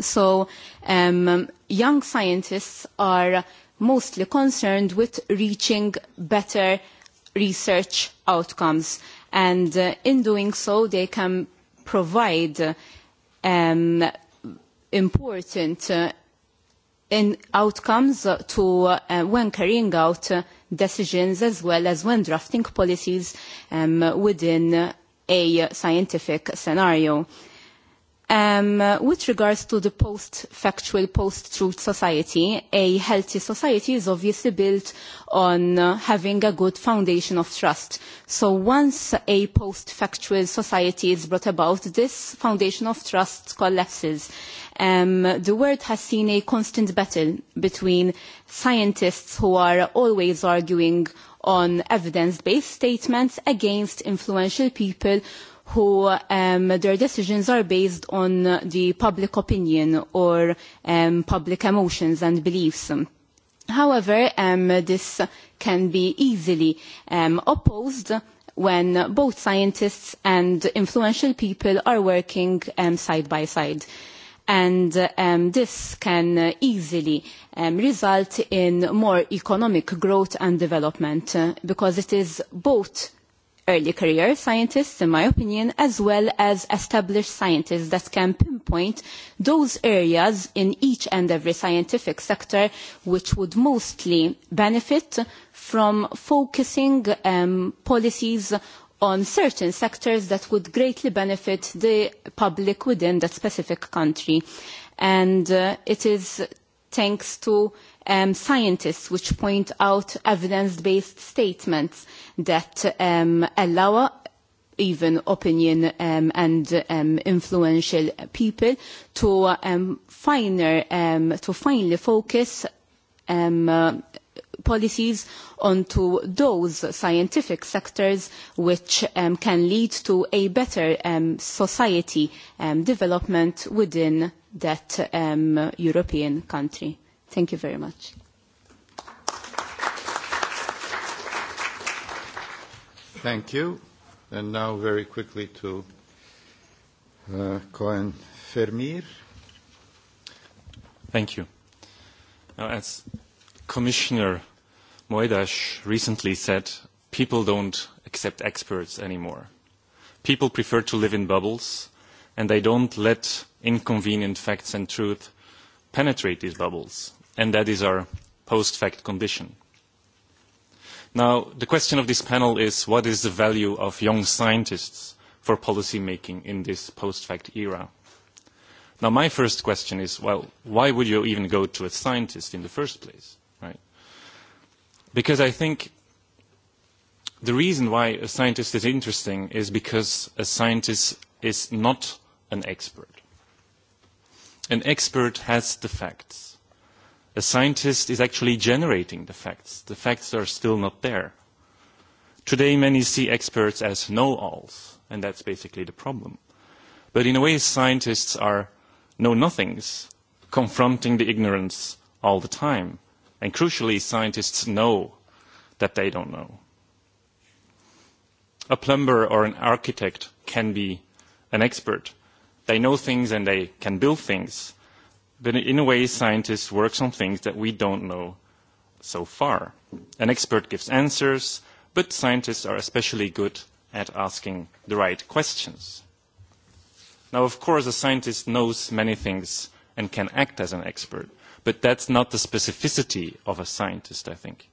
So um, young scientists are mostly concerned with reaching better research outcomes. And uh, in doing so, they can provide um, important uh, outcomes to uh, when carrying out decisions as well as when drafting policies um, within a scientific scenario. Um, with regards to the post-factual, post-truth society, a healthy society is obviously built on uh, having a good foundation of trust. So once a post-factual society is brought about, this foundation of trust collapses. Um, the world has seen a constant battle between scientists who are always arguing on evidence-based statements against influential people who um, their decisions are based on the public opinion or um, public emotions and beliefs. However, um, this can be easily um, opposed when both scientists and influential people are working um, side by side. And um, this can easily um, result in more economic growth and development uh, because it is both early career scientists, in my opinion, as well as established scientists that can pinpoint those areas in each and every scientific sector which would mostly benefit from focusing um, policies on certain sectors that would greatly benefit the public within that specific country. And uh, it is thanks to um, scientists which point out evidence-based statements that um, allow even opinion um, and um, influential people to um, finer, um, to finally focus um, uh, policies onto those scientific sectors which um, can lead to a better um, society um, development within that um, European country. Thank you very much. Thank you. And now very quickly to uh, Cohen Fermir. Thank you. Now, as Commissioner Moedas recently said, people don't accept experts anymore. People prefer to live in bubbles, and they don't let inconvenient facts and truth penetrate these bubbles and that is our post-fact condition. Now, the question of this panel is, what is the value of young scientists for policy making in this post-fact era? Now, my first question is, well, why would you even go to a scientist in the first place? Right? Because I think the reason why a scientist is interesting is because a scientist is not an expert. An expert has the facts a scientist is actually generating the facts. The facts are still not there. Today, many see experts as know-alls, and that's basically the problem. But in a way, scientists are know-nothings, confronting the ignorance all the time. And crucially, scientists know that they don't know. A plumber or an architect can be an expert. They know things and they can build things, but in a way scientists work on things that we don't know so far. An expert gives answers, but scientists are especially good at asking the right questions. Now, of course, a scientist knows many things and can act as an expert, but that's not the specificity of a scientist, I think.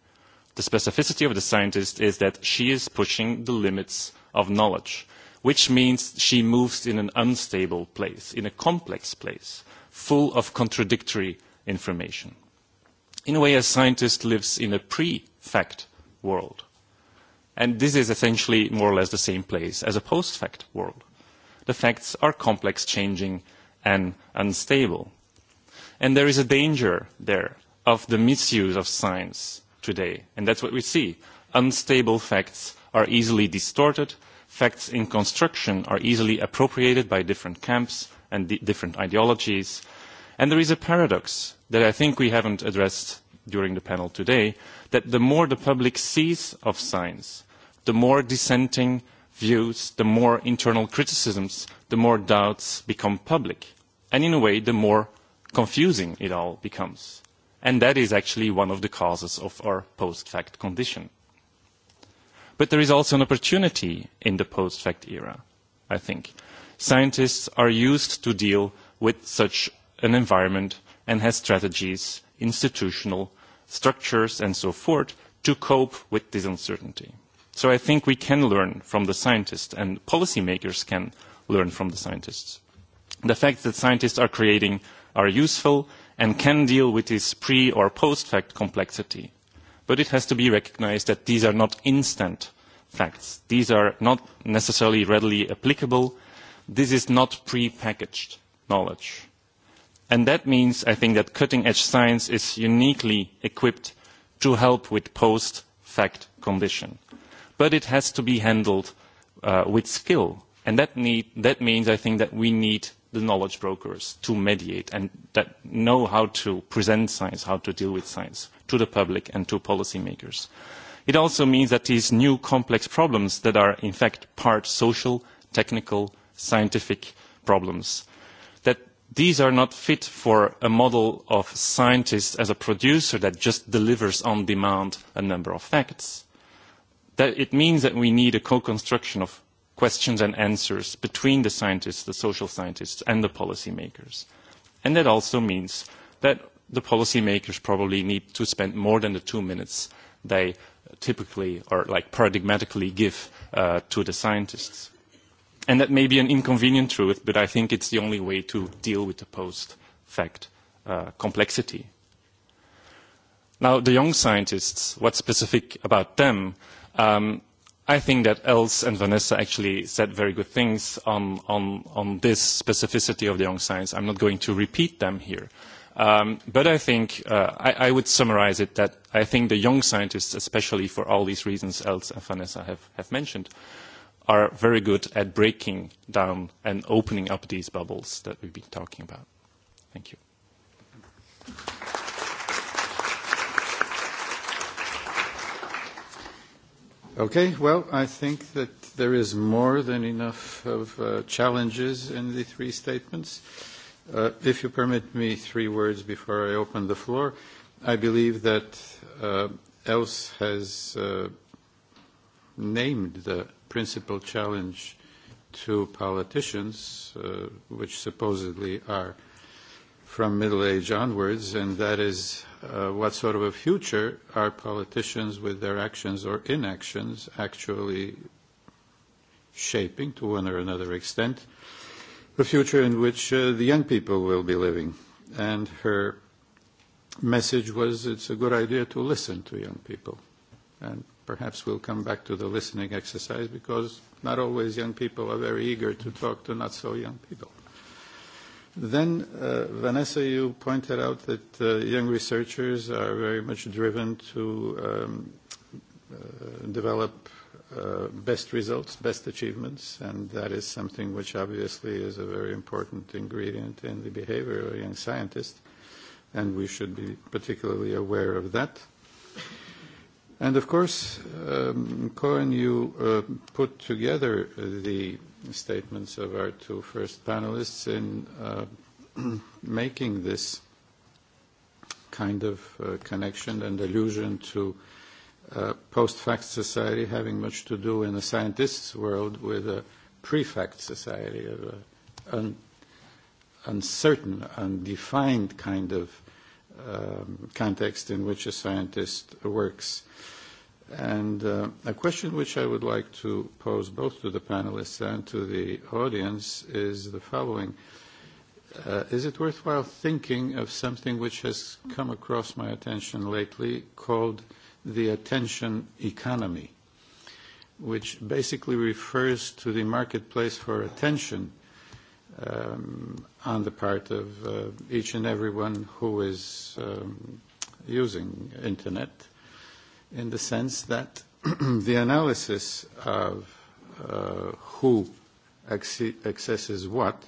The specificity of the scientist is that she is pushing the limits of knowledge, which means she moves in an unstable place, in a complex place full of contradictory information. In a way, a scientist lives in a pre-fact world. And this is essentially more or less the same place as a post-fact world. The facts are complex, changing, and unstable. And there is a danger there of the misuse of science today. And that's what we see. Unstable facts are easily distorted. Facts in construction are easily appropriated by different camps and di different ideologies. And there is a paradox that I think we haven't addressed during the panel today, that the more the public sees of science, the more dissenting views, the more internal criticisms, the more doubts become public. And in a way, the more confusing it all becomes. And that is actually one of the causes of our post-fact condition. But there is also an opportunity in the post-fact era, I think scientists are used to deal with such an environment and have strategies institutional structures and so forth to cope with this uncertainty. so i think we can learn from the scientists and policymakers can learn from the scientists. the facts that scientists are creating are useful and can deal with this pre or post fact complexity but it has to be recognised that these are not instant facts. these are not necessarily readily applicable this is not pre-packaged knowledge. And that means, I think, that cutting-edge science is uniquely equipped to help with post-fact condition. But it has to be handled uh, with skill. And that, that means, I think, that we need the knowledge brokers to mediate and that know how to present science, how to deal with science to the public and to policymakers. It also means that these new complex problems that are, in fact, part social, technical, scientific problems. That these are not fit for a model of scientists as a producer that just delivers on demand a number of facts. That it means that we need a co-construction of questions and answers between the scientists, the social scientists, and the policymakers. And that also means that the policymakers probably need to spend more than the two minutes they typically or like paradigmatically give uh, to the scientists. And that may be an inconvenient truth, but I think it's the only way to deal with the post-fact uh, complexity. Now, the young scientists, what's specific about them? Um, I think that Els and Vanessa actually said very good things on, on, on this specificity of the young science. I'm not going to repeat them here. Um, but I think uh, I, I would summarize it that I think the young scientists, especially for all these reasons Els and Vanessa have, have mentioned, are very good at breaking down and opening up these bubbles that we've been talking about. Thank you. Okay, well, I think that there is more than enough of uh, challenges in the three statements. Uh, if you permit me three words before I open the floor, I believe that uh, ELSE has uh, named the principal challenge to politicians, uh, which supposedly are from middle age onwards, and that is uh, what sort of a future are politicians with their actions or inactions actually shaping to one or another extent the future in which uh, the young people will be living. And her message was it's a good idea to listen to young people. And perhaps we'll come back to the listening exercise because not always young people are very eager to talk to not so young people. Then, uh, Vanessa, you pointed out that uh, young researchers are very much driven to um, uh, develop uh, best results, best achievements, and that is something which obviously is a very important ingredient in the behavior of a young scientist, and we should be particularly aware of that. And of course, um, Cohen, you uh, put together the statements of our two first panelists in uh, making this kind of uh, connection and allusion to post-fact society having much to do in a scientist's world with a pre-fact society of an uncertain, undefined kind of um, context in which a scientist works. And uh, a question which I would like to pose both to the panelists and to the audience is the following. Uh, is it worthwhile thinking of something which has come across my attention lately called the attention economy, which basically refers to the marketplace for attention – um, on the part of uh, each and everyone who is um, using internet in the sense that the analysis of uh, who accesses what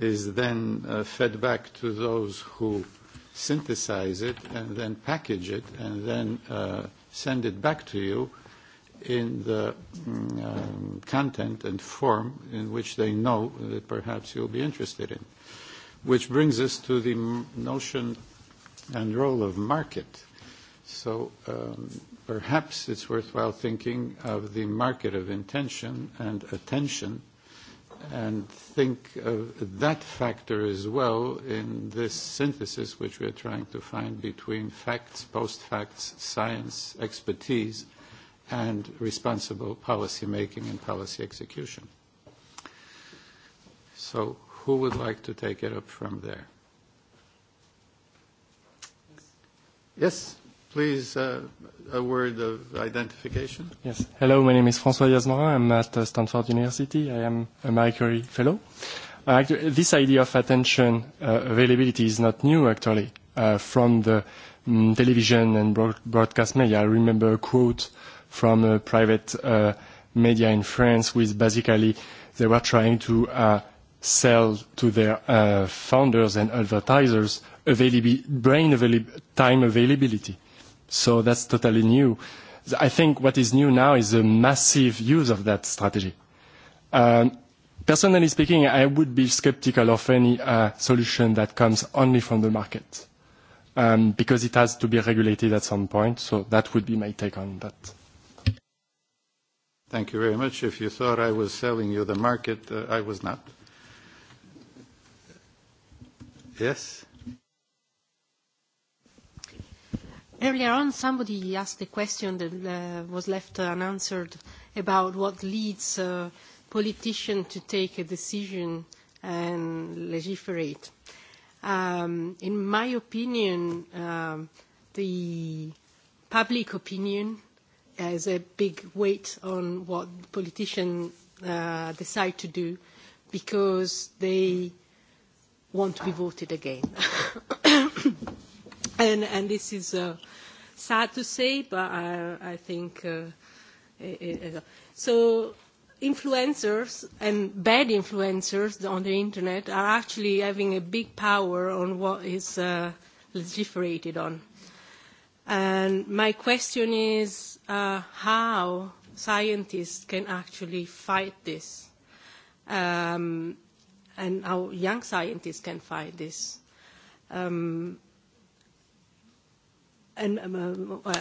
is then uh, fed back to those who synthesize it and then package it and then uh, send it back to you in the um, content and form in which they know that perhaps you'll be interested in. Which brings us to the notion and role of market. So um, perhaps it's worthwhile thinking of the market of intention and attention and think of that factor as well in this synthesis which we are trying to find between facts, post-facts, science, expertise, and responsible policy making and policy execution. So who would like to take it up from there? Yes, please, uh, a word of identification. Yes. Hello, my name is François Yasmarin. I'm at uh, Stanford University. I am a Marie Curie Fellow. Uh, this idea of attention uh, availability is not new, actually, uh, from the um, television and broad broadcast media. I remember a quote from a private uh, media in France with basically they were trying to uh, sell to their uh, founders and advertisers available, brain avail time availability. So that's totally new. I think what is new now is a massive use of that strategy. Um, personally speaking, I would be skeptical of any uh, solution that comes only from the market um, because it has to be regulated at some point. So that would be my take on that. Thank you very much. If you thought I was selling you the market, uh, I was not. Yes? Earlier on, somebody asked a question that uh, was left unanswered about what leads a politician to take a decision and legiferate. Um, in my opinion, um, the public opinion has a big weight on what politicians uh, decide to do because they want to be voted again. and, and this is uh, sad to say, but I, I think uh, so. Influencers and bad influencers on the internet are actually having a big power on what is uh, legislated on. And my question is uh, how scientists can actually fight this um, and how young scientists can fight this. Um, and um, uh,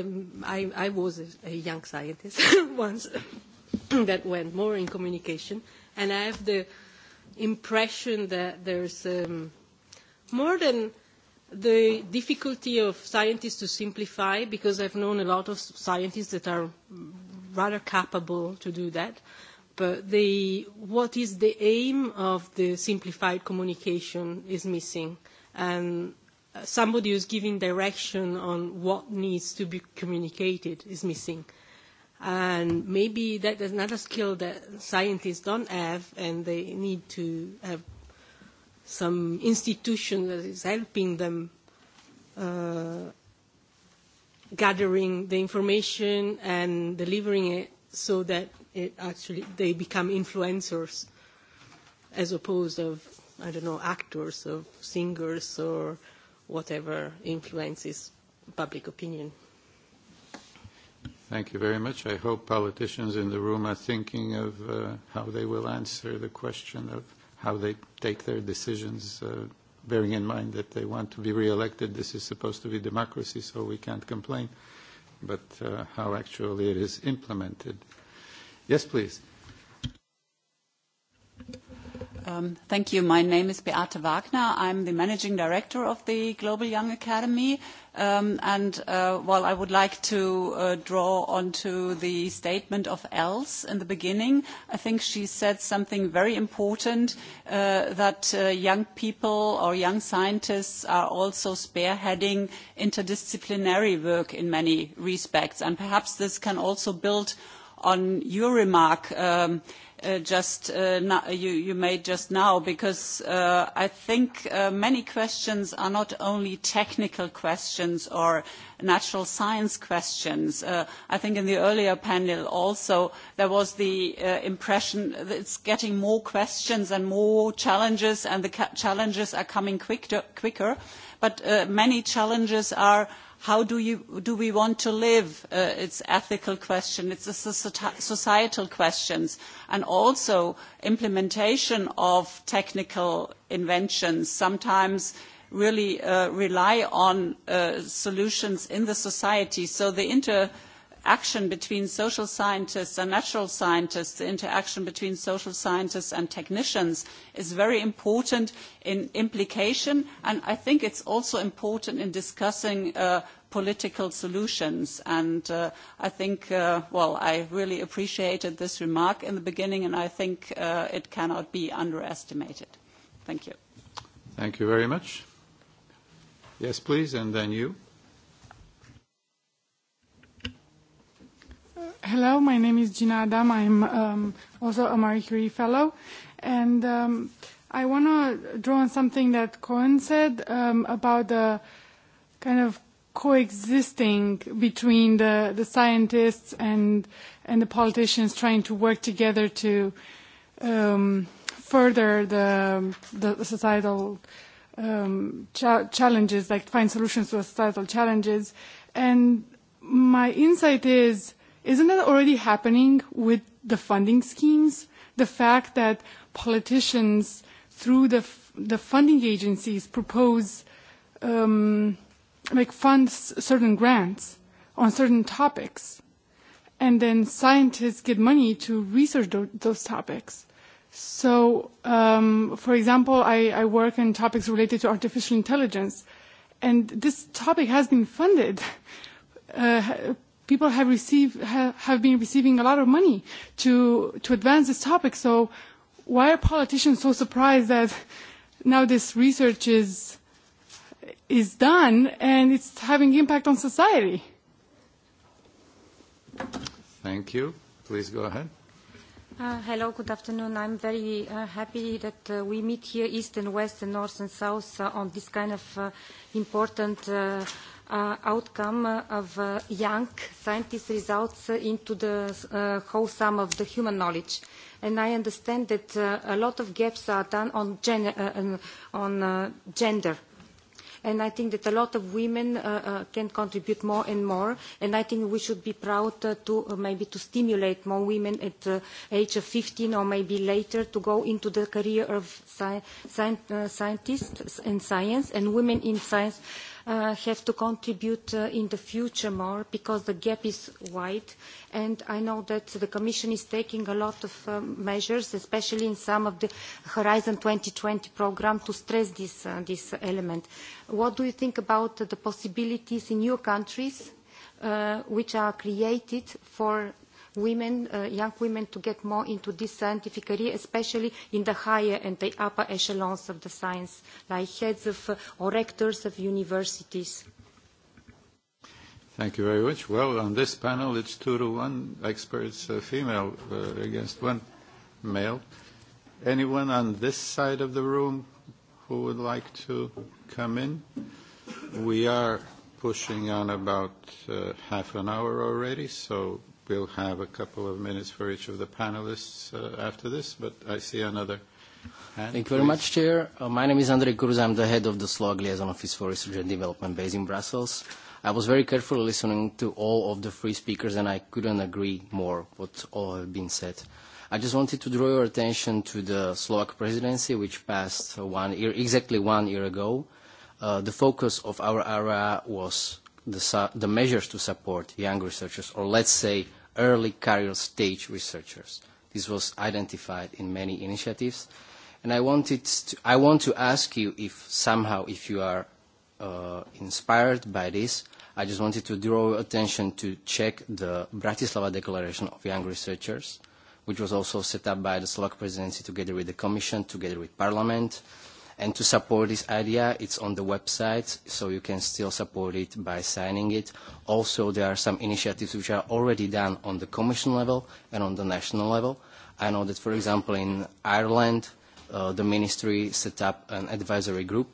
um I, I was a young scientist once that went more in communication, and I have the impression that there's um, more than – the difficulty of scientists to simplify, because I've known a lot of scientists that are rather capable to do that, but the, what is the aim of the simplified communication is missing. And somebody who's giving direction on what needs to be communicated is missing. And maybe that is another skill that scientists don't have and they need to have some institution that is helping them uh, gathering the information and delivering it so that it actually they become influencers as opposed of I don't know actors or singers or whatever influences public opinion. Thank you very much. I hope politicians in the room are thinking of uh, how they will answer the question of how they take their decisions, uh, bearing in mind that they want to be re-elected. This is supposed to be democracy, so we can't complain, but uh, how actually it is implemented. Yes, please. Um, thank you. My name is Beate Wagner. I'm the managing director of the Global Young Academy. Um, and uh, while I would like to uh, draw onto the statement of Els in the beginning, I think she said something very important uh, that young people or young scientists are also spearheading interdisciplinary work in many respects. And perhaps this can also build on your remark. Um, Uh, just uh, you, made just now, because uh, I think many questions are not only technical questions or natural science questions. I think in the earlier panel also, there was the impression that it's getting more questions and more challenges, and the challenges are coming quicker. But many challenges are how do, we want to live? Uh, it's ethical question. It's a societal questions. And also implementation of technical inventions sometimes really uh, rely on uh, solutions in the society. So the inter action between social scientists and natural scientists, the interaction between social scientists and technicians is very important in implication and I think it's also important in discussing uh, political solutions. And uh, I think, uh, well, I really appreciated this remark in the beginning and I think it cannot be underestimated. Thank you. Thank you very much. Yes, please, and then you. Hello, my name is Gina Adam. I'm um, also a Marie Curie Fellow. And um, I want to draw on something that Cohen said um, about the kind of coexisting between the, the scientists and, and the politicians trying to work together to um, further the, the societal um, cha challenges, like find solutions to societal challenges. And my insight is Isn't that already happening with the funding schemes? The fact that politicians, through the, the funding agencies, propose um, like funds certain grants on certain topics, and then scientists get money to research those topics. So, um, for example, I, I work on topics related to artificial intelligence, and this topic has been funded. Uh, people have received have been receiving a lot of money to to advance this topic so why are politicians so surprised that now this research is is done and it's having impact on society thank you please go ahead uh, hello, good afternoon. I'm very uh, happy that uh, we meet here, East and West and North and South, uh, on this kind of uh, important uh, outcome of uh, young scientists' results into the uh, whole sum of the human knowledge. And I understand that uh, a lot of gaps are done on, um, on gender and I think that a lot of women can contribute more and more, and I think we should be proud to maybe to stimulate more women at the age of 15 or maybe later to go into the career of sci scientists in science and women in science Uh, have to contribute uh, in the future more because the gap is wide and I know that the Commission is taking a lot of um, measures, especially in some of the Horizon 2020 program to stress this, uh, this element. What do you think about the possibilities in new countries which are created for women, uh, young women to get more into this scientific career, especially in the higher and the upper echelons of the science, like heads of uh, or rectors of universities. Thank you very much. Well, on this panel, it's two to one experts, uh, female uh, against one male. Anyone on this side of the room who would like to come in? We are pushing on about uh, half an hour already, so We'll have a couple of minutes for each of the panelists uh, after this, but I see another hand. Thank you very much, Chair. Uh, my name is Andrei Cruz. I'm the head of the SLOG Liaison Office for Research and Development based in Brussels. I was very carefully listening to all of the three speakers, and I couldn't agree more what all have been said. I just wanted to draw your attention to the Slovak presidency, which passed one year, exactly one year ago. Uh, the focus of our area was the, the measures to support young researchers, or let's say early career stage researchers. This was identified in many initiatives. And I, wanted to, I want to ask you if somehow, if you are uh, inspired by this, I just wanted to draw attention to check the Bratislava Declaration of Young Researchers, which was also set up by the Slovak presidency together with the Commission, together with Parliament. And to support this idea, it's on the website, so you can still support it by signing it. Also, there are some initiatives which are already done on the Commission level and on the national level. I know that, for example, in Ireland, uh, the ministry set up an advisory group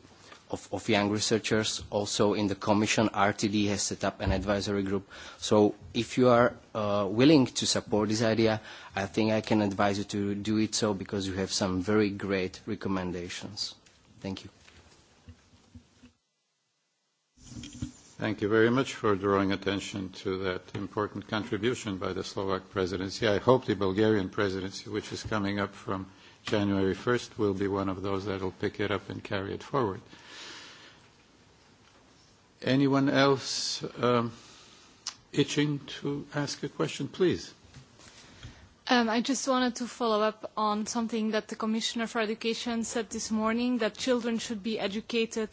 of, of young researchers. Also in the Commission, RTD has set up an advisory group. So if you are uh, willing to support this idea, I think I can advise you to do it so because you have some very great recommendations. Thank you. Thank you very much for drawing attention to that important contribution by the Slovak presidency. I hope the Bulgarian presidency, which is coming up from January 1st, will be one of those that will pick it up and carry it forward. Anyone else um, itching to ask a question, please? Um, I just wanted to follow up on something that the Commissioner for Education said this morning, that children should be educated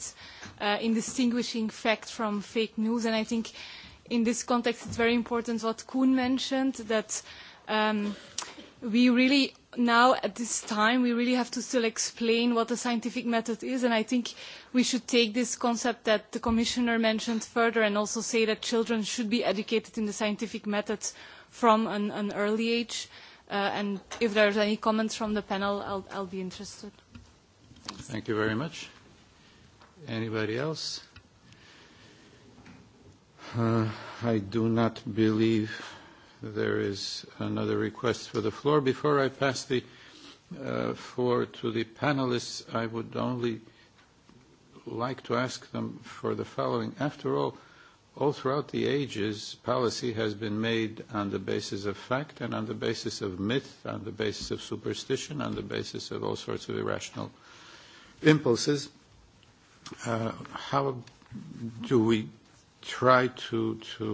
uh, in distinguishing fact from fake news. And I think in this context it's very important what Kuhn mentioned, that um, we really now at this time we really have to still explain what the scientific method is and i think we should take this concept that the commissioner mentioned further and also say that children should be educated in the scientific methods from an, an early age. Uh, and if there's any comments from the panel, I'll, I'll be interested. Thank you very much. Anybody else? Uh, I do not believe there is another request for the floor. Before I pass the uh, floor to the panelists, I would only like to ask them for the following. After all, all throughout the ages, policy has been made on the basis of fact and on the basis of myth, on the basis of superstition, on the basis of all sorts of irrational impulses. Uh, how do we try to, to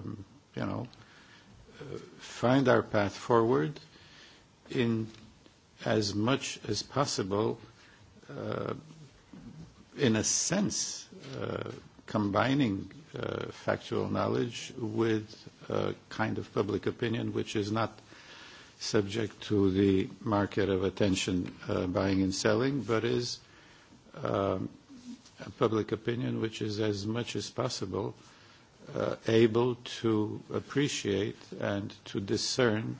um, you know, uh, find our path forward in as much as possible, uh, in a sense, uh, combining uh, factual knowledge with a kind of public opinion which is not subject to the market of attention uh, buying and selling, but is um, a public opinion which is as much as possible uh, able to appreciate and to discern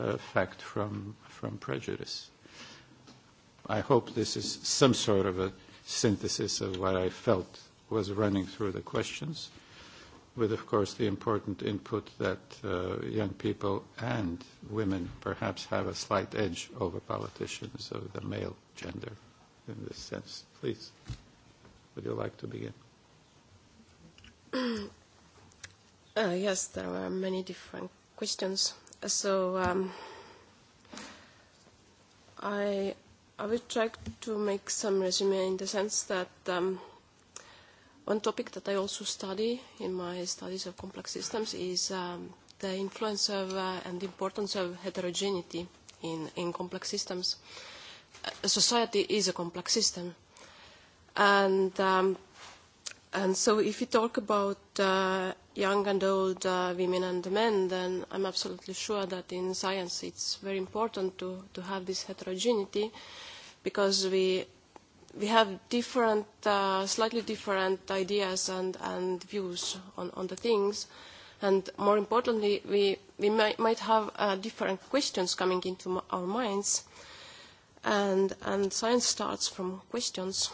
uh, fact from, from prejudice. I hope this is some sort of a synthesis of what I felt was running through the questions, with, of course, the important input that uh, young people and women perhaps have a slight edge over politicians of the male gender in this sense. Please, would you like to begin? Uh, yes, there are many different questions. So um, I, I would try to make some resume in the sense that um, – one topic that I also study in my studies of complex systems is um, the influence of uh, and importance of heterogeneity in, in complex systems. A society is a complex system. And, um, and so if you talk about uh, young and old uh, women and men, then I'm absolutely sure that in science it's very important to, to have this heterogeneity because we we have different, uh, slightly different ideas and, and views on, on the things. And more importantly, we, we might, might have uh, different questions coming into our minds. And, and science starts from questions.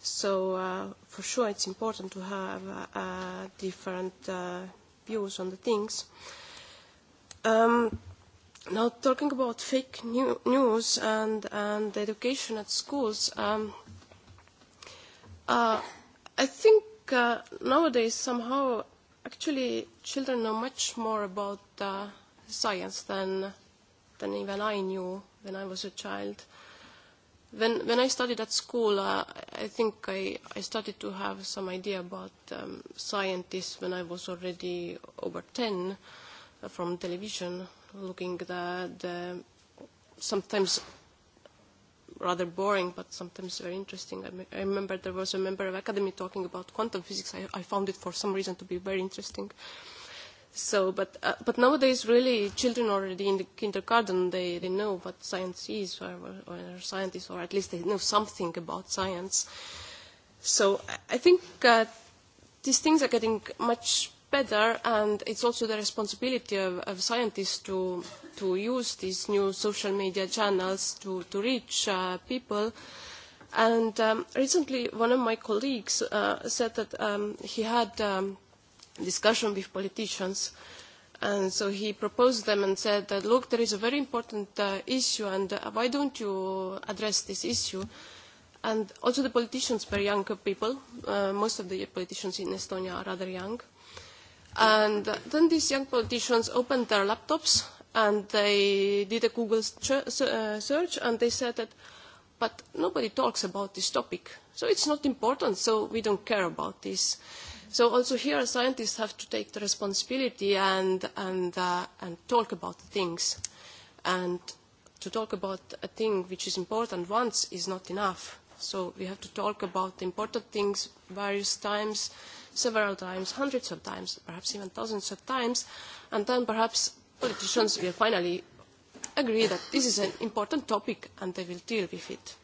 So uh, for sure it's important to have uh, different uh, views on the things. Um, Now, talking about fake new news and, and education at schools, um, uh, I think uh, nowadays somehow actually children know much more about uh, science than, than even I knew when I was a child. When, when I studied at school, uh, I think I, I started to have some idea about um, scientists when I was already over 10 uh, from television looking at the, sometimes rather boring, but sometimes very interesting. I, I remember there was a member of academy talking about quantum physics. I, I found it for some reason to be very interesting. So, but, uh, but nowadays, really, children already in the kindergarten, they, they know what science is, or, or are scientists, or at least they know something about science. So I, I think uh, these things are getting much better and it's also the responsibility of, scientists to, to use these new social media channels to, to reach uh, people. And um, recently one of my colleagues uh, said that um, he had a um, discussion with politicians and so he proposed them and said that look there is a very important uh, issue and why don't you address this issue? And also the politicians were young people. most of the politicians in Estonia are rather young And then these young politicians opened their laptops and they did a Google uh, search and they said that, but nobody talks about this topic, so it's not important, so we don't care about this. So also here scientists have to take the responsibility and, and, uh, and talk about things. And to talk about a thing which is important once is not enough. So we have to talk about important things various times several times, hundreds of times, perhaps even thousands of times, and then perhaps politicians will finally agree that this is an important topic and they will deal with it.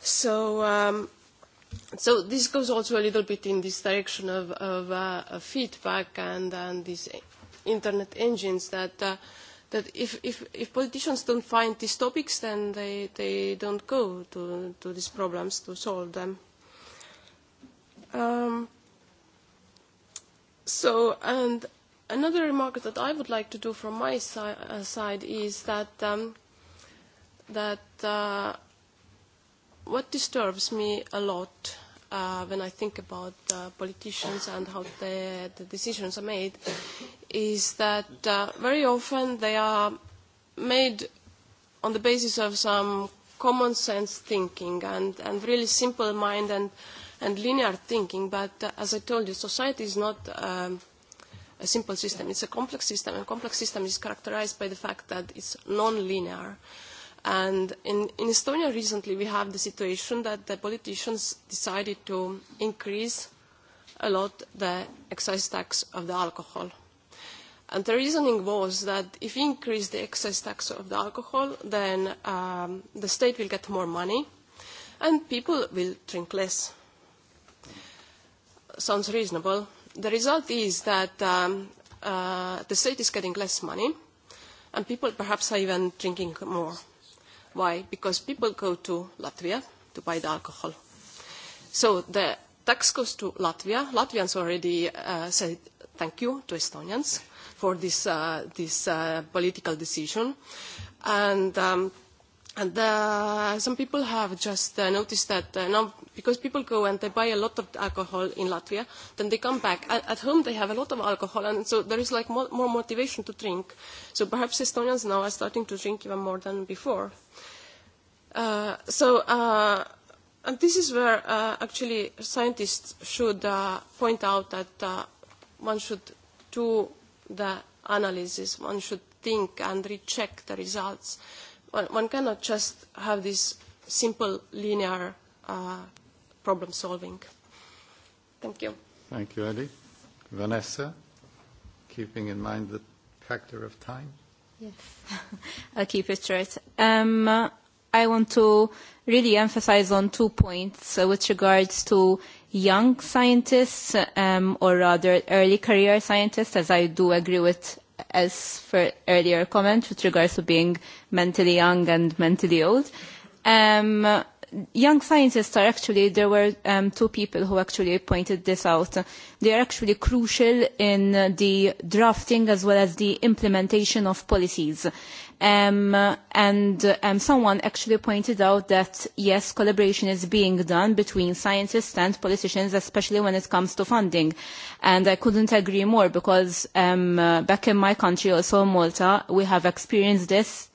So, um, this goes also a little bit in this direction of, uh, feedback and, these internet engines that, uh, that if, if, if politicians don't find these topics, then they, they don't go to, to these problems to solve them. Um, so, and another remark that I would like to do from my uh, side is that um, that uh, what disturbs me a lot uh, when I think about politicians and how the, decisions are made is that very often they are made on the basis of some common sense thinking and, and really simple mind and and linear thinking, but uh, as I told you, society is not um, a simple system. It's a complex system, and complex system is characterized by the fact that it's non-linear. And in, in Estonia recently, we have the situation that the politicians decided to increase a lot the excise tax of the alcohol. And the reasoning was that if we increase the excise tax of the alcohol, then um, the state will get more money and people will drink less sounds reasonable. The result is that um, uh, the state is getting less money and people perhaps are even drinking more. Why? Because people go to Latvia to buy the alcohol. So the tax goes to Latvia. Latvians already uh, said thank you to Estonians for this, uh, this uh, political decision. And, um, and uh, some people have just uh, noticed that uh, now because people go and they buy a lot of alcohol in Latvia, then they come back. At, at home they have a lot of alcohol, and so there is like more, motivation to drink. So perhaps Estonians now are starting to drink even more than before. Uh, so, uh, and this is where uh, actually scientists should uh, point out that one should do the analysis, one should think and recheck the results. One, one cannot just have this simple linear uh, problem solving. Thank you. Thank you, Ellie. Vanessa, keeping in mind the factor of time. Yes, I'll keep it short. Um, I want to really emphasize on two points uh, with regards to young scientists, um, or rather early career scientists, as I do agree with as for earlier comment with regards to being mentally young and mentally old. Um, young scientists are actually there were um, two people who actually pointed this out they are actually crucial in the drafting as well as the implementation of policies um, and um, someone actually pointed out that yes collaboration is being done between scientists and politicians especially when it comes to funding and i couldn't agree more because um, back in my country also malta we have experienced this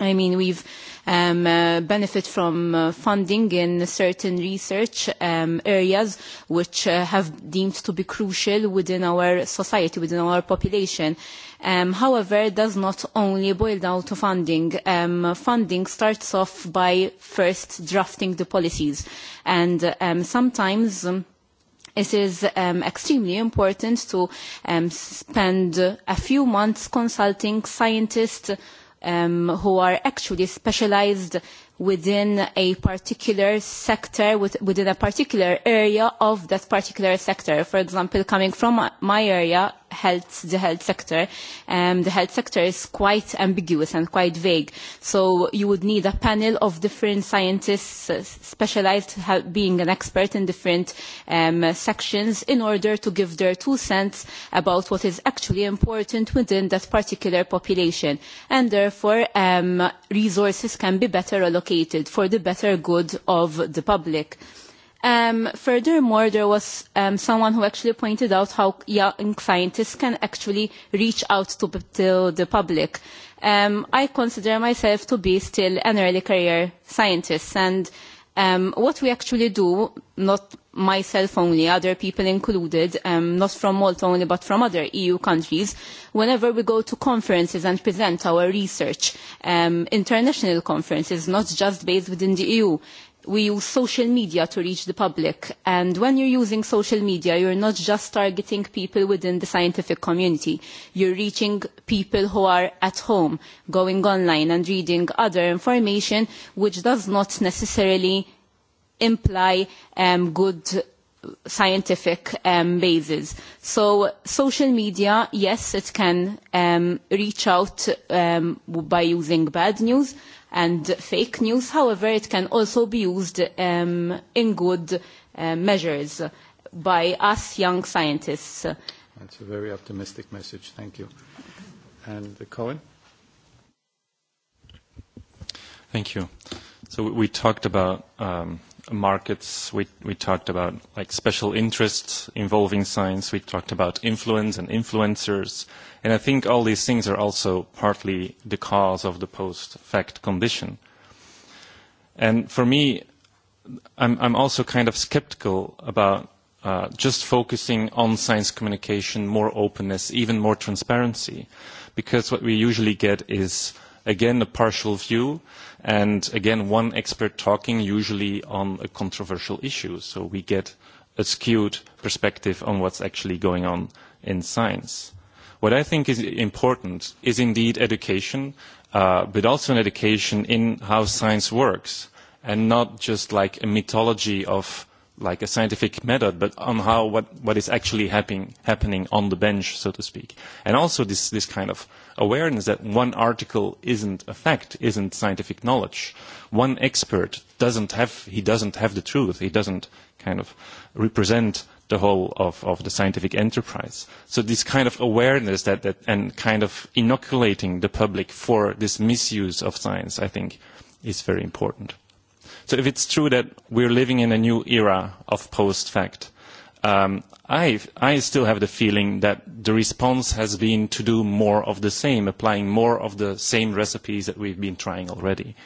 i mean, we've um, uh, benefit from uh, funding in certain research um, areas which uh, have deemed to be crucial within our society, within our population. Um, however, it does not only boil down to funding. Um, funding starts off by first drafting the policies. And um, sometimes... Um, it is um, extremely important to um, spend a few months consulting scientists, um, who are actually specialized within a particular sector, with, within a particular area of that particular sector. For example, coming from my area, health, the health sector, um, the health sector is quite ambiguous and quite vague. So you would need a panel of different scientists specialised uh, specialized being an expert in different um, sections in order to give their two cents about what is actually important within that particular population. And therefore, um, resources can be better allocated for the better good of the public. Um, furthermore, there was um, someone who actually pointed out how young scientists can actually reach out to, the public. Um, I consider myself to be still an early career scientist, and um, what we actually do, not myself only, other people included, um, not from Malta only, but from other EU countries, whenever we go to conferences and present our research, um, international conferences, not just based within the EU, we use social media to reach the public and when you're using social media you are not just targeting people within the scientific community you're reaching people who are at home going online and reading other information which does not necessarily imply um, good scientific um, basis. So social media, yes, it can um, reach out um, by using bad news, and fake news. However, it can also be used um, in good uh, measures by us young scientists. That's a very optimistic message. Thank you. And uh, Cohen? Thank you. So we talked about um, markets. We, we talked about like special interests involving science. We talked about influence and influencers. And I think all these things are also partly the cause of the post-fact condition. And for me, I'm, I'm also kind of skeptical about uh, just focusing on science communication, more openness, even more transparency, because what we usually get is, again, a partial view, and again one expert talking usually on a controversial issue so we get a skewed perspective on what's actually going on in science what i think is important is indeed education uh, but also an education in how science works and not just like a mythology of like a scientific method, but on how what, what is actually happening happening on the bench, so to speak. And also this this kind of awareness that one article isn't a fact, isn't scientific knowledge. One expert doesn't have he doesn't have the truth. He doesn't kind of represent the whole of, of the scientific enterprise. So this kind of awareness that, that and kind of inoculating the public for this misuse of science, I think, is very important. So if it's true that we're living in a new era of post-fact, um, I, I still have the feeling that the response has been to do more of the same, applying more of the same recipes that we've been trying already.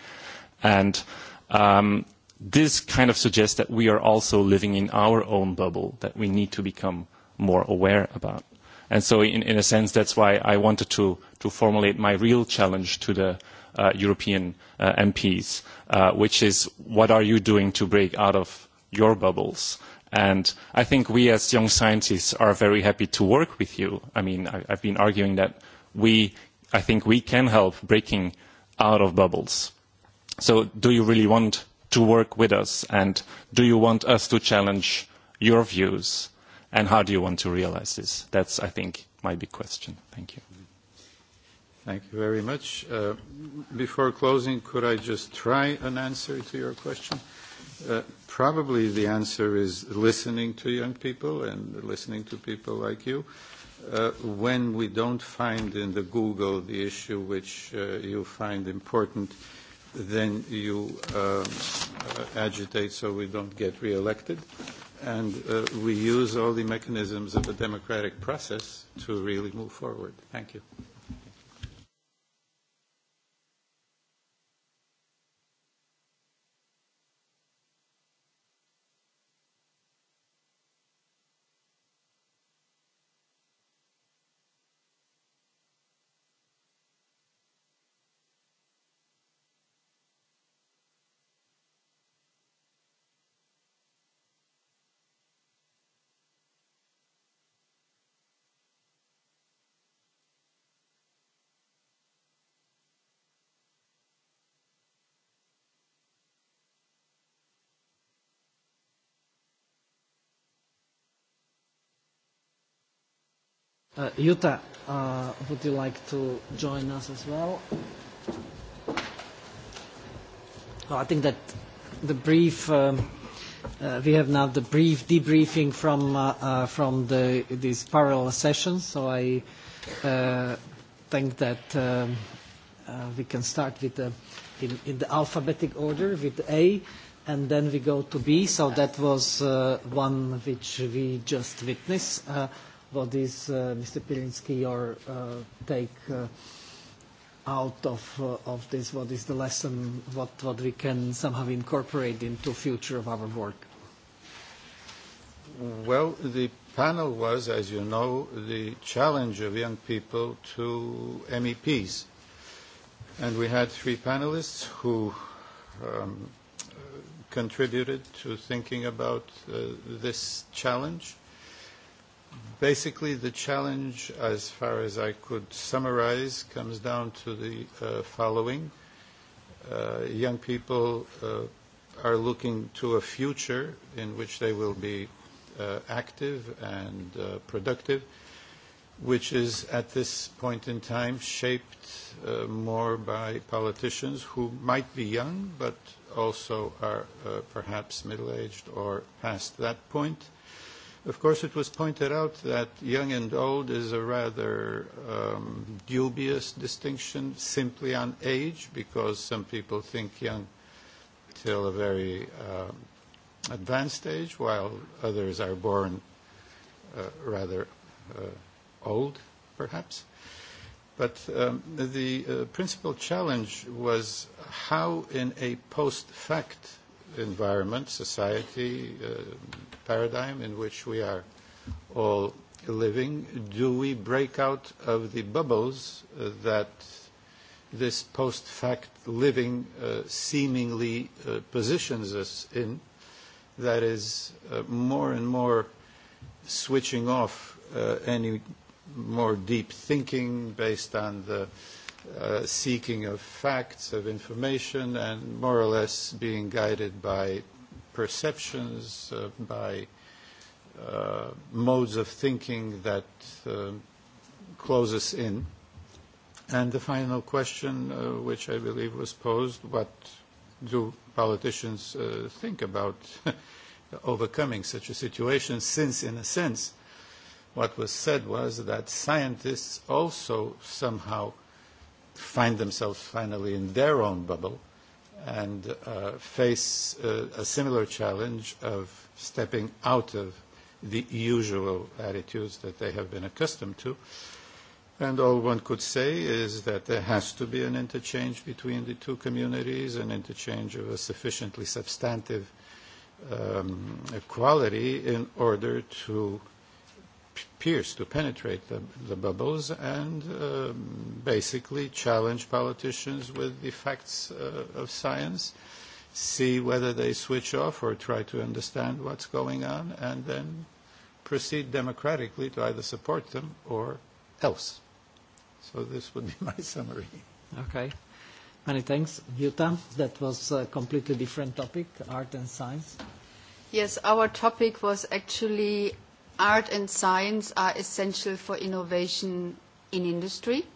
And um, this kind of suggests that we are also living in our own bubble that we need to become more aware about. And so in, in a sense, that's why I wanted to, to formulate my real challenge to the uh, European uh, MPs, uh, which is what are you doing to break out of your bubbles? And I think we as young scientists are very happy to work with you. I mean, I, I've been arguing that we, I think we can help breaking out of bubbles. So do you really want to work with us? And do you want us to challenge your views? And how do you want to realize this? That's, I think, my big question. Thank you. Thank you very much. Uh, before closing, could I just try an answer to your question? Uh, probably the answer is listening to young people and listening to people like you. Uh, when we don't find in the Google the issue which you find important, then you agitate so we don't get reelected. And we use all the mechanisms of a democratic process to really move forward. Thank you. Uh, uh, would you like to join us as well? well I think that the brief, um, uh, we have now the brief debriefing from, uh, uh, from the, these parallel sessions, so I uh, think that um, uh, we can start with the, in, in the alphabetic order with A, and then we go to B, so that was one which we just witnessed. Uh, what is, uh, Mr. Pilinski your uh, take uh, out of, of this? What is the lesson, what, what we can somehow incorporate into future of our work? Well, the panel was, as you know, the challenge of young people to MEPs. And we had three panelists who um, contributed to thinking about uh, this challenge. Basically, the challenge, as far as I could summarize, comes down to the uh, following. Uh, young people uh, are looking to a future in which they will be uh, active and uh, productive, which is, at this point in time, shaped more by politicians who might be young, but also are perhaps middle-aged or past that point Of course, it was pointed out that young and old is a rather um, dubious distinction simply on age, because some people think young till a very um, advanced age, while others are born uh, rather uh, old, perhaps. But um, the uh, principal challenge was how, in a post-fact environment, society, uh, paradigm in which we are all living, do we break out of the bubbles uh, that this post-fact living uh, seemingly uh, positions us in, that is uh, more and more switching off uh, any more deep thinking based on the Uh, seeking of facts, of information, and more or less being guided by perceptions, uh, by uh, modes of thinking that uh, close us in. And the final question, uh, which I believe was posed, what do politicians uh, think about overcoming such a situation, since, in a sense, what was said was that scientists also somehow find themselves finally in their own bubble and uh, face uh, a similar challenge of stepping out of the usual attitudes that they have been accustomed to. And all one could say is that there has to be an interchange between the two communities, an interchange of a sufficiently substantive um, quality in order to pierce to penetrate the, the bubbles and um, basically challenge politicians with the facts uh, of science, see whether they switch off or try to understand what's going on, and then proceed democratically to either support them or else. So this would be my summary. Okay. Many thanks. Jutta, that was a completely different topic, art and science. Yes, our topic was actually art and science are essential for innovation in industry.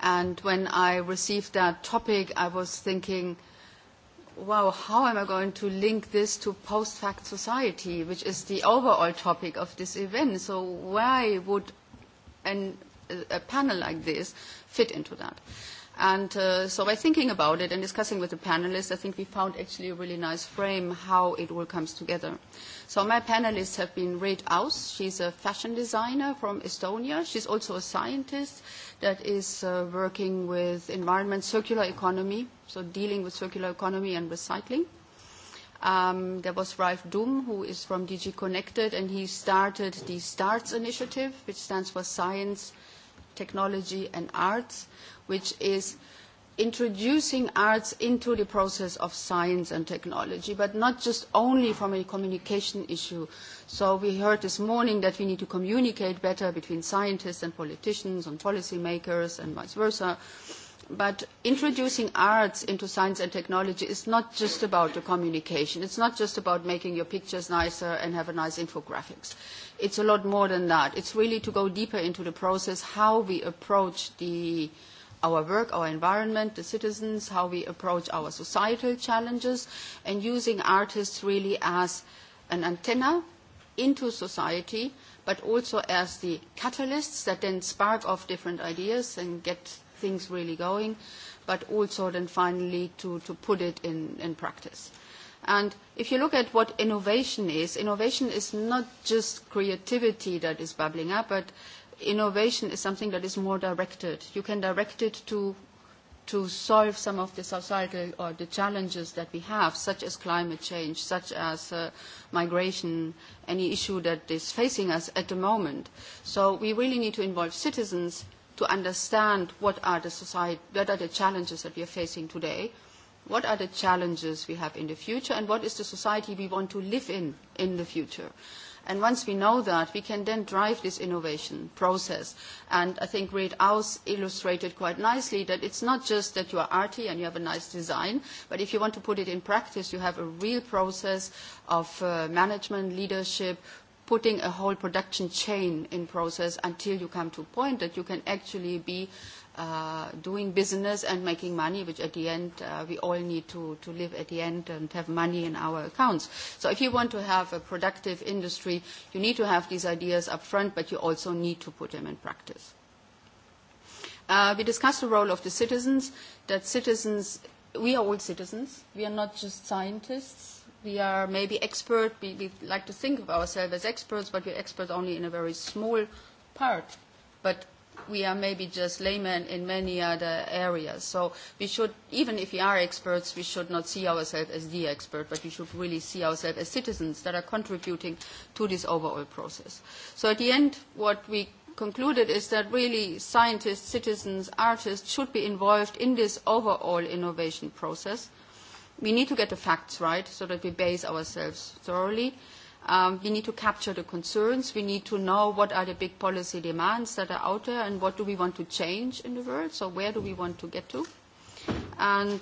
And when I received that topic, I was thinking, wow, how am I going to link this to post-fact society, which is the overall topic of this event? So why would an, a panel like this fit into that? And uh, so by thinking about it and discussing with the panelists, I think we found actually a really nice frame how it all comes together. So my panelists have been Reid Aus. She's a fashion designer from Estonia. She's also a scientist that is uh, working with environment, circular economy, so dealing with circular economy and recycling. Um, there was Ralph Doom, who is from DG Connected, and he started the STARTS initiative, which stands for Science, Technology and Arts, which is introducing arts into the process of science and technology, but not just only from a communication issue. So we heard this morning that we need to communicate better between scientists and politicians and policy makers and vice versa. But introducing arts into science and technology is not just about the communication. It's not just about making your pictures nicer and have a nice infographics. It's a lot more than that. It's really to go deeper into the process, how we approach the our work, our environment, the citizens, how we approach our societal challenges, and using artists really as an antenna into society, but also as the catalysts that then spark off different ideas and get things really going, but also then finally to, to put it in, in practice. And if you look at what innovation is, innovation is not just creativity that is bubbling up, but innovation is something that is more directed. You can direct it to, to solve some of the societal or the challenges that we have, such as climate change, such as uh, migration, any issue that is facing us at the moment. So we really need to involve citizens to understand what are the society, what are the challenges that we are facing today, what are the challenges we have in the future, and what is the society we want to live in in the future. And once we know that, we can then drive this innovation process. And I think Reid Aus illustrated quite nicely that it's not just that you are arty and you have a nice design, but if you want to put it in practice, you have a real process of uh, management, leadership, putting a whole production chain in process until you come to a point that you can actually be uh, doing business and making money, which at the end uh, we all need to, to live at the end and have money in our accounts. So if you want to have a productive industry, you need to have these ideas up front, but you also need to put them in practice. Uh, we discussed the role of the citizens, that citizens, we are all citizens. We are not just scientists. We are maybe experts, We, like to think of ourselves as experts, but we are experts only in a very small part. But we are maybe just laymen in many other areas. So we should, even if we are experts, we should not see ourselves as the expert, but we should really see ourselves as citizens that are contributing to this overall process. So at the end, what we concluded is that really scientists, citizens, artists should be involved in this overall innovation process. We need to get the facts right so that we base ourselves thoroughly. Um, we need to capture the concerns. We need to know what are the big policy demands that are out there and what do we want to change in the world. So where do we want to get to? And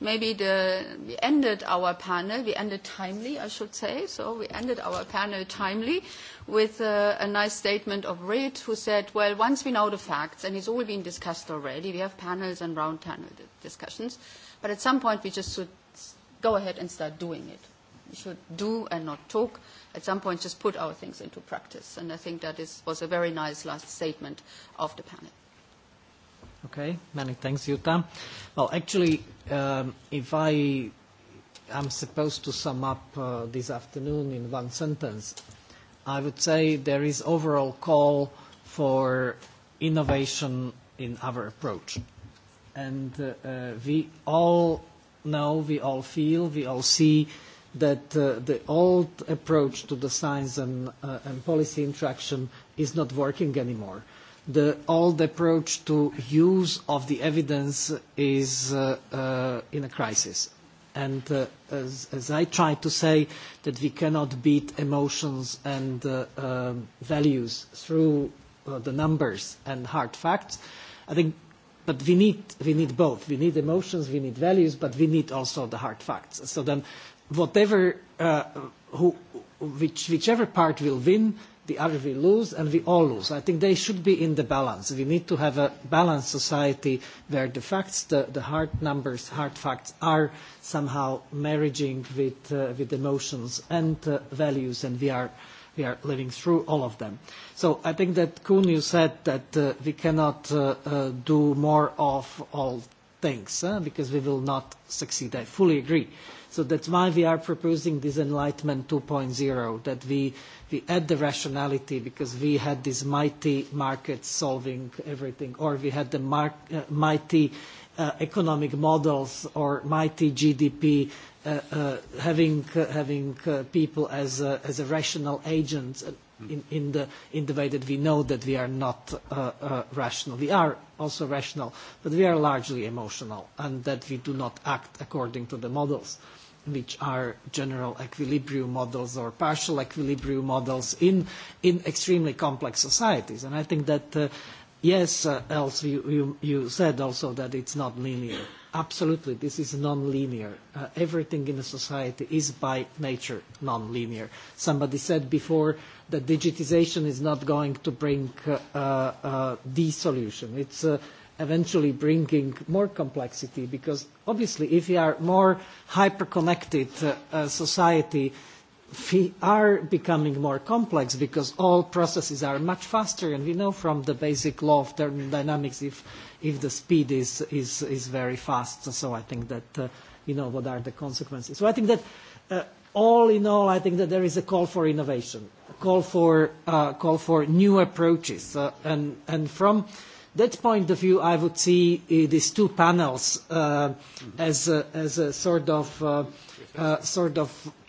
maybe the, we ended our panel, we ended timely, I should say. So we ended our panel timely with uh, a, nice statement of Reid who said, well, once we know the facts, and it's all been discussed already, we have panels and round panel discussions, but at some point we just should go ahead and start doing it should do and not talk, at some point just put our things into practice. And I think that is, was a very nice last statement of the panel. Okay, many thanks, Jutta. Well, actually, um, if I am supposed to sum up uh, this afternoon in one sentence, I would say there is overall call for innovation in our approach. And uh, uh, we all know, we all feel, we all see that uh, the old approach to the science uh, and, policy interaction is not working anymore. The old approach to use of the evidence is uh, in a crisis. And as, I try to say, that we cannot beat emotions and um, values through the numbers and hard facts, I think but we need we need both we need emotions we need values but we need also the hard facts so then whatever uh, who, which, whichever part will win, the other will lose and we all lose. I think they should be in the balance. We need to have a balanced society where the facts, the, the hard numbers, hard facts are somehow marrying with, uh, with emotions and uh, values and we are, we are living through all of them. So I think that Kuhn, you said that uh, we cannot uh, uh, do more of all things because we will not succeed. I fully agree. So that's why we are proposing this Enlightenment 2.0, that we, we add the rationality because we had this mighty market solving everything, or we had the uh, mighty uh, economic models or mighty GDP uh, uh, having, having people as a, as a rational agents in, in, the, in the way that we know that we are not rational. We are also rational, but we are largely emotional and that we do not act according to the models which are general equilibrium models or partial equilibrium models in, in extremely complex societies. And I think that, uh, yes, uh, else you, you, you said also that it's not linear. Absolutely, this is non-linear. Uh, everything in a society is by nature non-linear. Somebody said before that digitization is not going to bring uh, uh, the solution. It's uh, eventually bringing more complexity because obviously if we are more hyper-connected society, we are becoming more complex because all processes are much faster and we know from the basic law of thermodynamics if, if the speed is, is, is very fast. So I think that you know what are the consequences. So I think that uh, all in all, I think that there is a call for innovation, a call for, uh, new approaches. Uh, and, from that point of view, I would see uh, these two panels as, a, sort of,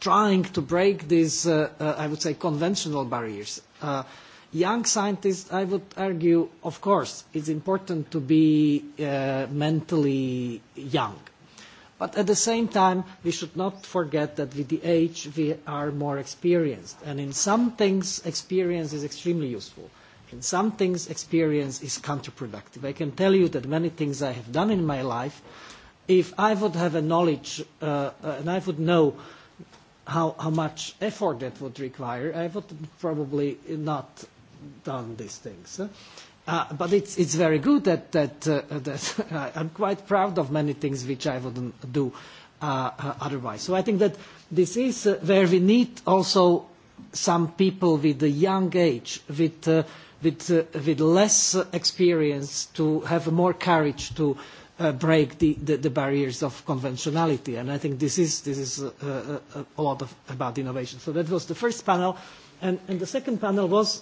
trying to break these, I would say, conventional barriers. young scientists, I would argue, of course, it's important to be mentally young But at the same time, we should not forget that with the age, we are more experienced. And in some things, experience is extremely useful. In some things, experience is counterproductive. I can tell you that many things I have done in my life, if I would have a knowledge uh, and I would know how, how much effort that would require, I would probably not done these things. Uh, but it's, it's very good that, that, uh, that I'm quite proud of many things which I wouldn't do uh, uh otherwise. So I think that this is uh, where we need also some people with a young age, with, with, with less experience to have more courage to break the, the, the barriers of conventionality. And I think this is, this is a lot of, about innovation. So that was the first panel. And, and the second panel was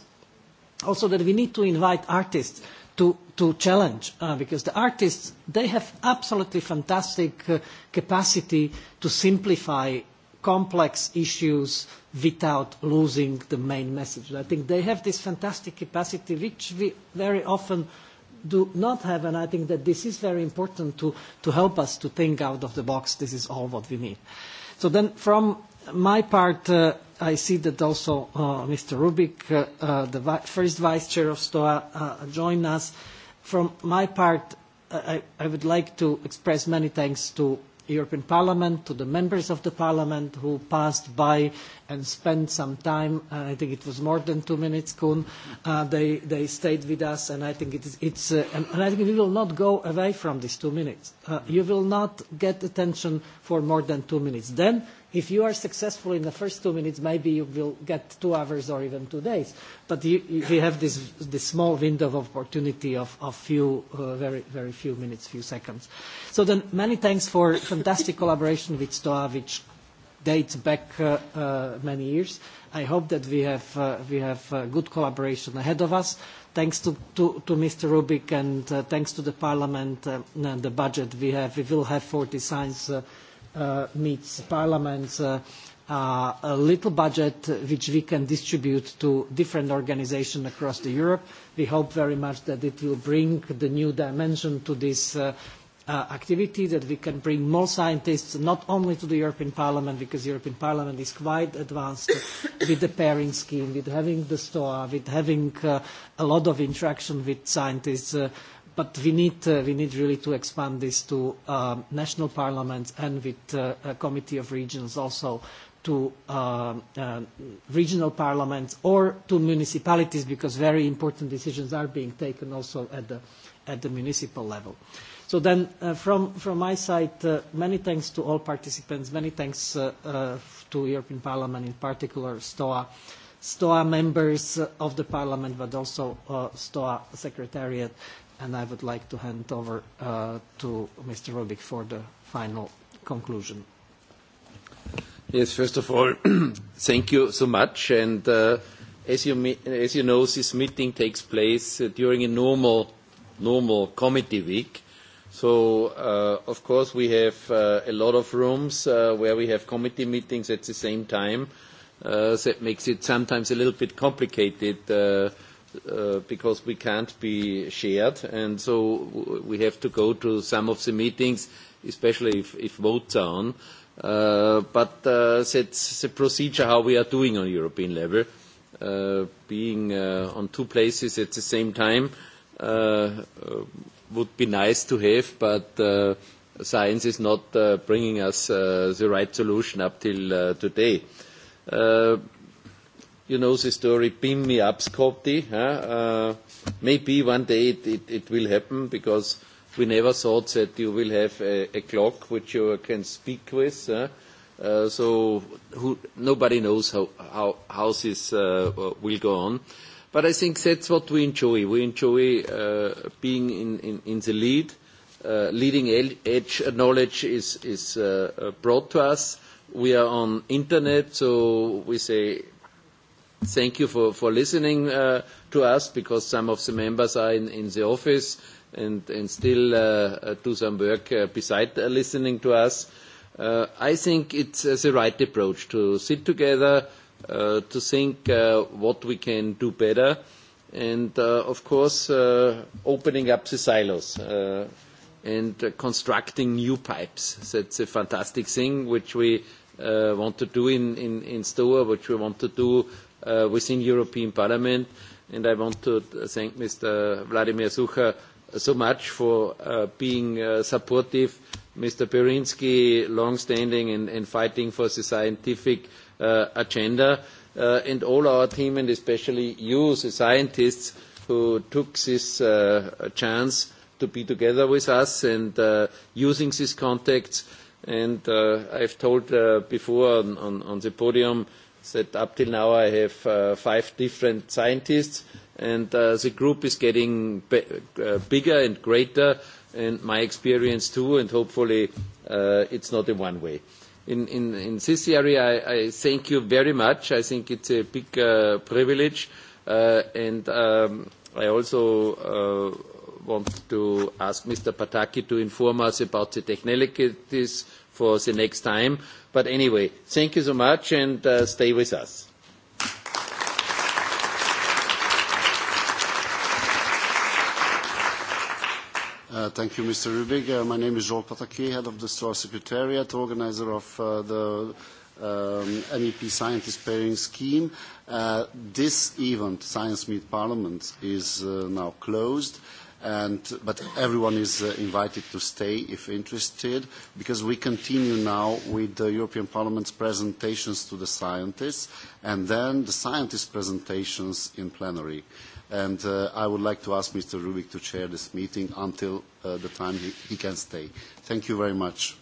also that we need to invite artists to, to challenge uh, because the artists they have absolutely fantastic uh, capacity to simplify complex issues without losing the main message. I think they have this fantastic capacity which we very often do not have and I think that this is very important to, to help us to think out of the box. This is all what we need. So then from my part, uh, i see that also uh, Mr. Rubik, uh, uh, the first vice chair of STOA, joined us. From my part, I, would like to express many thanks to the European Parliament, to the members of the Parliament who passed by and spent some time. I think it was more than two minutes, Kuhn. they, stayed with us, and I think it and I think we will not go away from these two minutes. You will not get attention for more than two minutes. Then If you are successful in the first two minutes, maybe you will get two hours or even two days. But you, you have this, this small window of opportunity of, of few, uh, very, very few minutes, few seconds. So then many thanks for fantastic collaboration with STOA, which dates back uh, uh many years. I hope that we have, uh, we have uh, good collaboration ahead of us. Thanks to, to, to Mr. Rubik and uh, thanks to the Parliament and the budget we have, we will have 40 signs Uh, meets Parliament's uh, a little budget which we can distribute to different organisations across the Europe. We hope very much that it will bring the new dimension to this uh, activity that we can bring more scientists not only to the European Parliament because the European Parliament is quite advanced with the pairing scheme, with having the STOA, with having a lot of interaction with scientists, but uh, we need really to expand this to um, national parliaments and with uh, a committee of regions also to um, uh, regional parliaments or to municipalities because very important decisions are being taken also at the at the municipal level so then uh, from from my side many thanks to all participants many thanks to european parliament in particular stoa stoa members of the parliament but also stoa secretariat and I would like to hand over uh, to Mr. Rubik for the final conclusion. Yes, first of all, thank you so much. And uh, as, you, as you know, this meeting takes place uh, during a normal, committee week. So, of course, we have a lot of rooms where we have committee meetings at the same time. that makes it sometimes a little bit complicated uh, because we can't be shared. And so we have to go to some of the meetings, especially if, if votes are on. Uh, but uh, that's the procedure how we are doing on European level. Uh, being uh, on two places at the same time would be nice to have, but science is not bringing us the right solution up till today you know the story, beam me up, Scotty. Uh, maybe one day it, it, it will happen because we never thought that you will have a, a clock which you can speak with. Uh, so who, nobody knows how, how, how this uh, will go on. But I think that's what we enjoy. We enjoy uh, being in, in, in the lead. Uh, leading edge knowledge is, is uh, brought to us. We are on internet, so we say thank you for, for listening uh, to us because some of the members are in, in the office and, and still uh, uh do some work uh, beside uh, listening to us. Uh, I think it's the right approach to sit together, to think what we can do better, and of course opening up the silos and constructing new pipes. That's a fantastic thing which we Uh, want to do in, in, in Stoa, which we want to do Uh, within European Parliament. And I want to thank Mr. Vladimir Sucha so much for uh, being uh, supportive. Mr. Perinsky, long-standing and, fighting for the scientific agenda, and all our team, and especially you, the scientists, who took this chance to be together with us and using these contacts. And I've told before on, on, on the podium that up till now I have uh, five different scientists, and uh, the group is getting b uh, bigger and greater, and my experience too, and hopefully uh, it's not in one-way. In, in, in this area, I, I thank you very much. I think it's a big uh, privilege, uh, and um, I also uh, want to ask Mr. Pataki to inform us about the technicalities for the next time. But anyway, thank you so much and uh, stay with us. Uh, thank you, Mr. Rubig. Uh, my name is Joel Pataki, head of the Straw Secretariat, organizer of the um, NEP MEP Scientist Pairing Scheme. this event, Science Meet Parliament, is now closed. And, but everyone is uh, invited to stay if interested, because we continue now with the European Parliament's presentations to the scientists, and then the scientists' presentations in plenary. And uh, I would like to ask Mr. Rubik to chair this meeting until uh, the time he can stay. Thank you very much.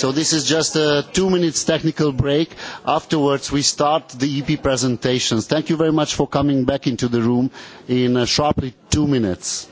So this is just a two minutes technical break. Afterwards, we start the EP presentations. Thank you very much for coming back into the room in uh, sharply two minutes.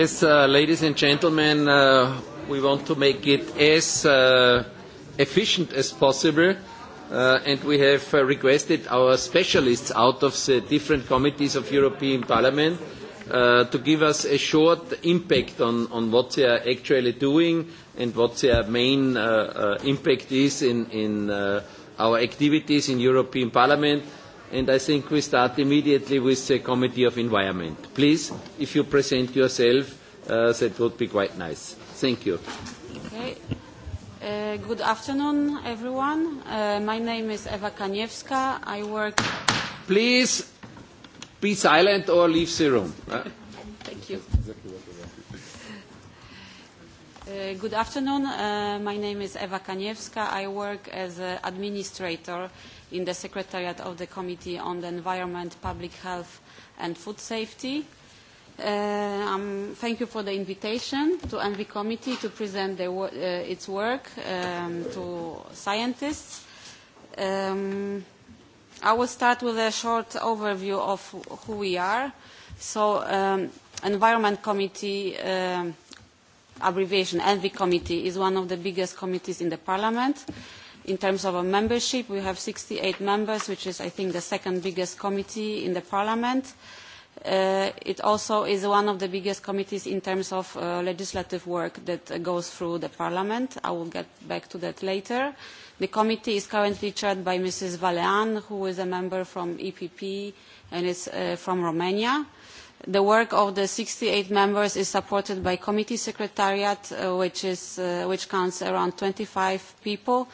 Yes, uh, ladies and gentlemen, uh, we want to make it as uh, efficient as possible. and we have requested our specialists out of the different committees of European Parliament to give us a short impact on, what they are actually doing and what their main impact is in our activities in European Parliament and I think we start immediately with the Committee of Environment. Please, if you present yourself, uh, that would be quite nice. Thank you. Okay. Uh, good afternoon, everyone. Uh, my name is Eva Kaniewska. I work... Please be silent or leave the room. Thank you. Uh, good afternoon. my name is Eva Kaniewska. I work as an administrator in the Secretariat of the Committee on the Environment, Public Health and Food Safety. Uh, um, thank you for the invitation to ENVI Committee to present the, uh, its work um, to scientists. Um, I will start with a short overview of who we are. So, um, Environment Committee, um, abbreviation ENVI Committee, is one of the biggest committees in the Parliament in terms of our membership we have 68 members which is i think the second biggest committee in the parliament uh, it also is one of the biggest committees in terms of uh, legislative work that goes through the parliament i will get back to that later the committee is currently chaired by mrs Valean, who is a member from epp and is uh, from romania the work of the 68 members is supported by committee secretariat uh, which is uh, which counts around 25 people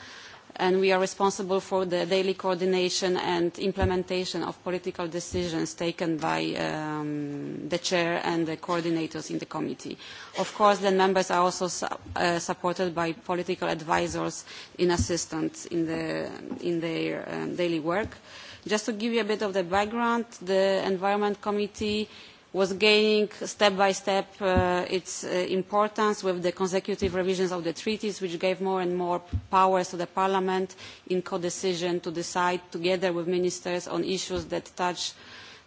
and we are responsible for the daily coordination and implementation of political decisions taken by um, the chair and the coordinators in the committee. Of course, the members are also uh, supported by political advisors in assistance in, their um, daily work. Just to give you a bit of the background, the Environment Committee was gaining step by step uh, its uh, importance with the consecutive revisions of the treaties which gave more and more powers to the parliament in codecision to decide together with ministers on issues that touch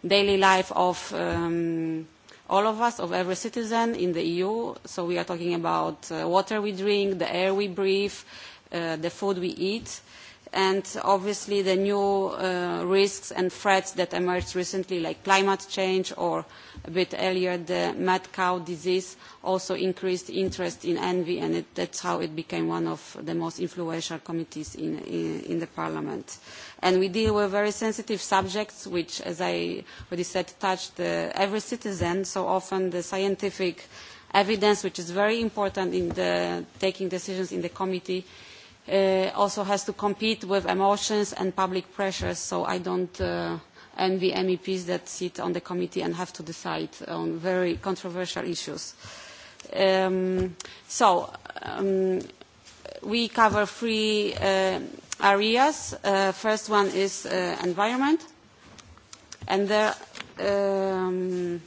daily life of um, all of us, of every citizen in the EU. So we are talking about uh, water we drink, the air we breathe, uh, the food we eat and obviously the new uh, risks and threats that emerged recently like climate change or a bit earlier the mad cow disease also increased interest in envy and that that's how it became one of the most influential committees in, the parliament. And we deal with very sensitive subjects which as I already said touch every citizen so often the scientific evidence which is very important in taking decisions in the committee Uh, also has to compete with emotions and public pressures, so I don't not uh, envy MEPs that sit on the committee and have to decide on very controversial issues. Um, so, um, we cover three uh, areas. first one is environment, and there um,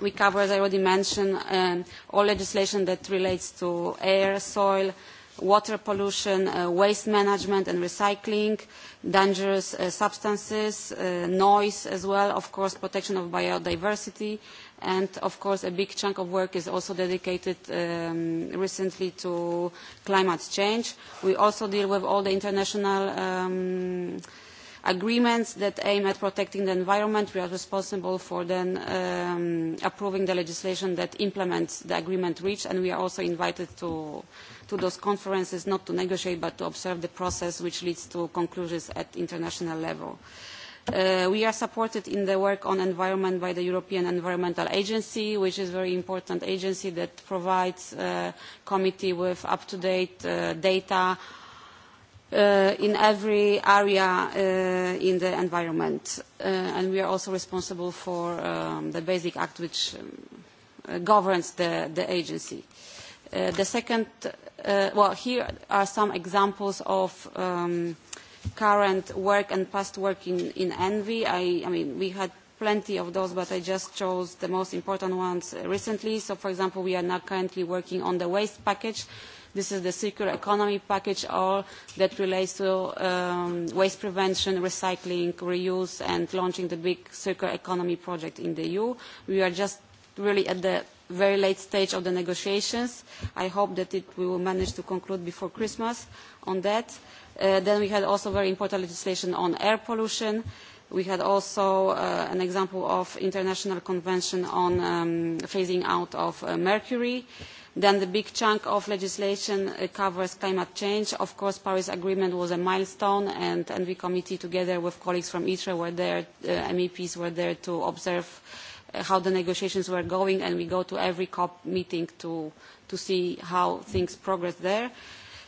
we cover, as I already mentioned, um, all legislation that relates to air, soil, water pollution, uh, waste management and recycling, dangerous uh, substances, uh, noise as well, of course, protection of biodiversity, and of course, a big chunk of work is also dedicated um, recently to climate change. We also deal with all the international um, agreements that aim at protecting the environment. We are responsible for then um, approving the legislation that implements the agreement reached, and we are also invited to to those conferences not to negotiate but to observe the process which leads to conclusions at international level. Uh, we are supported in the work on environment by the European Environmental Agency, which is a very important agency that provides the uh, committee with up-to-date uh, data in every area in the environment. and we are also responsible for um, the Basic Act which um, governs the, the agency. Uh, the second, uh, well, here are some examples of um, current work and past work in, in Envy. I, I mean, we had plenty of those, but I just chose the most important ones uh, recently. So, for example, we are now currently working on the waste package. This is the circular economy package, all that relates to um, waste prevention, recycling, reuse, and launching the big circular economy project in the EU. We are just really at the very late stage of the negotiations. I hope that it, will manage to conclude before Christmas on that. Uh, then we had also very important legislation on air pollution. We had also uh, an example of international convention on um, phasing out of uh, mercury. Then the big chunk of legislation covers climate change. Of course, Paris Agreement was a milestone, and the Committee, together with colleagues from ITRE, were there, MEPs were there to observe Uh, how the negotiations were going and we go to every COP meeting to, to see how things progress there.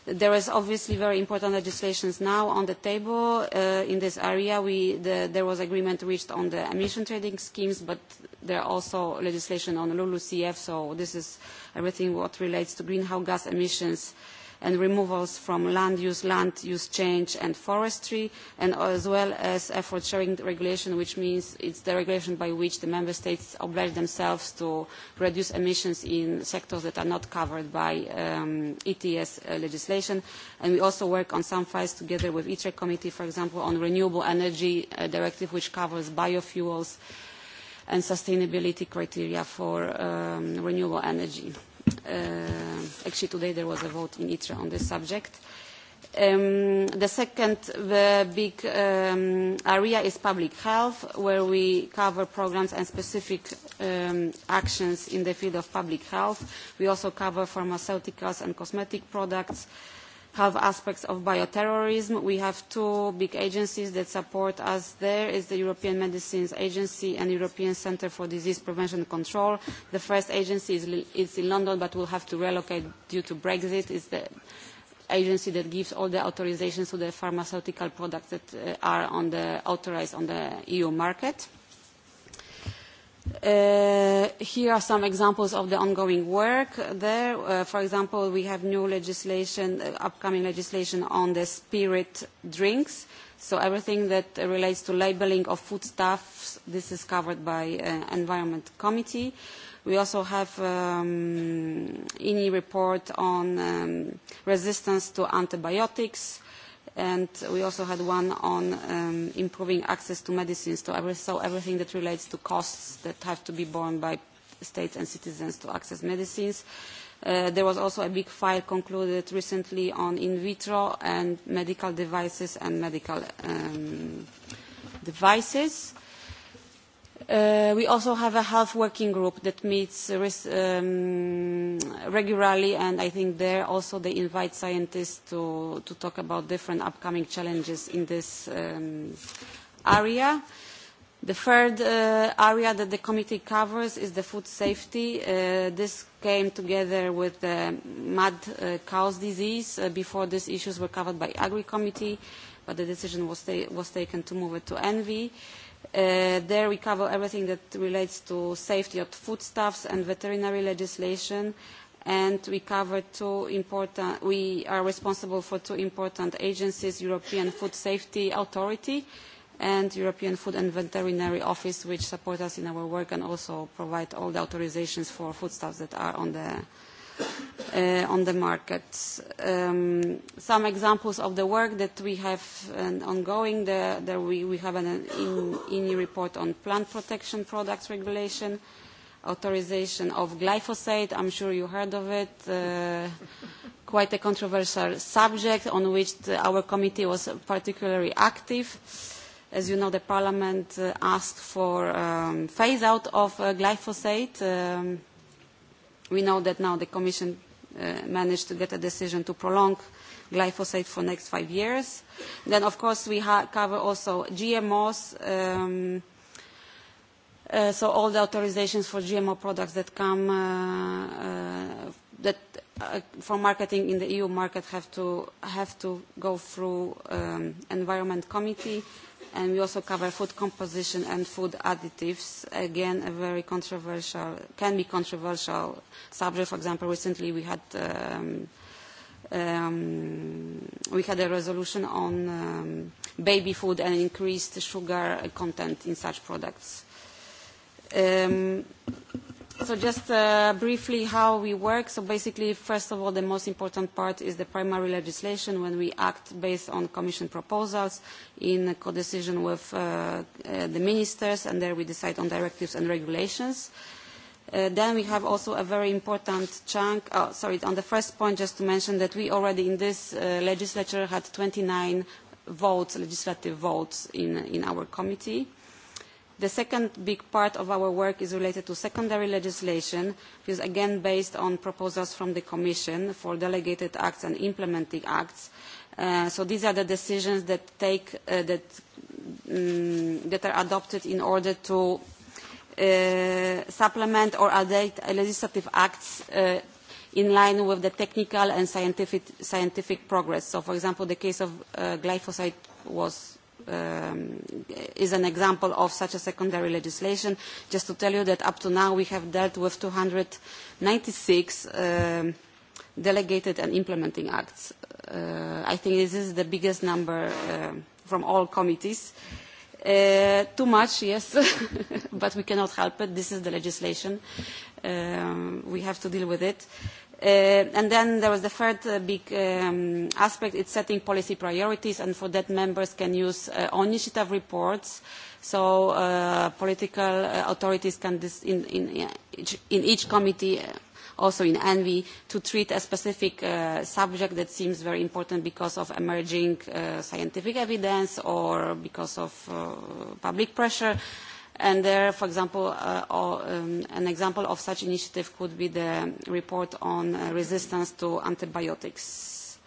There is obviously very important legislation now on the table uh, in this area. We, the, there was agreement reached on the emission trading schemes, but there are also legislation on LULUCF, so this is everything what relates to greenhouse gas emissions and removals from land use, land use change and forestry, and as well as effort sharing regulation, which means it's the regulation by which the member states oblige themselves to reduce emissions in sectors that are not covered by um, ETS uh, legislation. And we also work on some files together with ITRE committee, for example, on renewable energy uh, directive, which covers biofuels, and sustainability criteria for um, renewable energy. Uh, actually today there was a vote in ITRA on this subject. Um, the second the big um, area is public health, where we cover programs and specific um, actions in the field of public health. We also cover pharmaceuticals and cosmetic products, have aspects of bioterrorism. We have two big agencies that support us there. is the European Medicines Agency and European Centre for Disease Prevention and Control. The first agency is, in London, but will have to relocate due to Brexit. is the agency that gives all the authorizations to the pharmaceutical products that uh, are authorised authorized on the EU market. Uh, here are some examples of the ongoing work there. Uh, for example, we have new legislation, uh, upcoming legislation on the spirit drinks. So everything that relates to labeling of foodstuffs, this is covered by uh, Environment Committee. We also have um, any e report on um, resistance to antibiotics, and we also had one on um, improving access to medicines, to so everything that relates to costs that have to be borne by states and citizens to access medicines. Uh, there was also a big file concluded recently on in vitro and medical devices and medical um, devices. Uh, we also have a health working group that meets um, regularly and I think there also they invite scientists to, to talk about different upcoming challenges in this um, area. The third uh, area that the committee covers is the food safety. Uh, this came together with the mad cows disease. Before these issues were covered by Agri Committee, but the decision was, was taken to move it to ENVI. Uh, there we cover everything that relates to safety of foodstuffs and veterinary legislation and we cover two important we are responsible for two important agencies european food safety authority and european food and veterinary office which support us in our work and also provide all the authorizations for foodstuffs that are on the Uh, on the market. Um, some examples of the work that we have um, ongoing, the, we, we have an in-EU report on plant protection products regulation, authorization of glyphosate. I'm sure you heard of it. Uh, quite a controversial subject on which our committee was particularly active. As you know, the Parliament uh, asked for um, phase out of glyphosate. We know that now the Commission uh, managed to get a decision to prolong glyphosate for the next five years. Then, of course, we ha cover also GMOs, um, uh, so all the authorizations for GMO products that come uh, uh that uh, for marketing in the EU market have to, have to go through um, Environment Committee and we also cover food composition and food additives. Again, a very controversial, can be controversial subject. For example, recently we had um, um, we had a resolution on um, baby food and increased sugar content in such products. Um, So just uh, briefly how we work. So basically, first of all, the most important part is the primary legislation when we act based on Commission proposals in co-decision with uh, uh, the ministers, and there we decide on directives and regulations. Uh, then we have also a very important chunk. Oh, sorry, on the first point, just to mention that we already in this uh, legislature had 29 votes, legislative votes in, in our committee. The second big part of our work is related to secondary legislation, which is again based on proposals from the Commission for delegated acts and implementing acts. Uh, so these are the decisions that, take, uh, that, mm, that are adopted in order to uh, supplement or adapt legislative acts in line with the technical and scientific, scientific progress. So, for example, the case of glyphosate was Um, is an example of such a secondary legislation. Just to tell you that up to now we have dealt with 296 um, delegated and implementing acts. Uh, I think this is the biggest number um, from all committees. Uh, too much, yes, but we cannot help it. This is the legislation. Um, we have to deal with it. Uh, and then there was the third uh, big um, aspect it's setting policy priorities and for that members can use uh, initiative reports so uh, political authorities can dis in, in, each, in each committee also in envy to treat a specific uh, subject that seems very important because of emerging uh, scientific evidence or because of uh, public pressure And there, for example, uh, um, an example of such initiative could be the report on uh, resistance to antibiotics.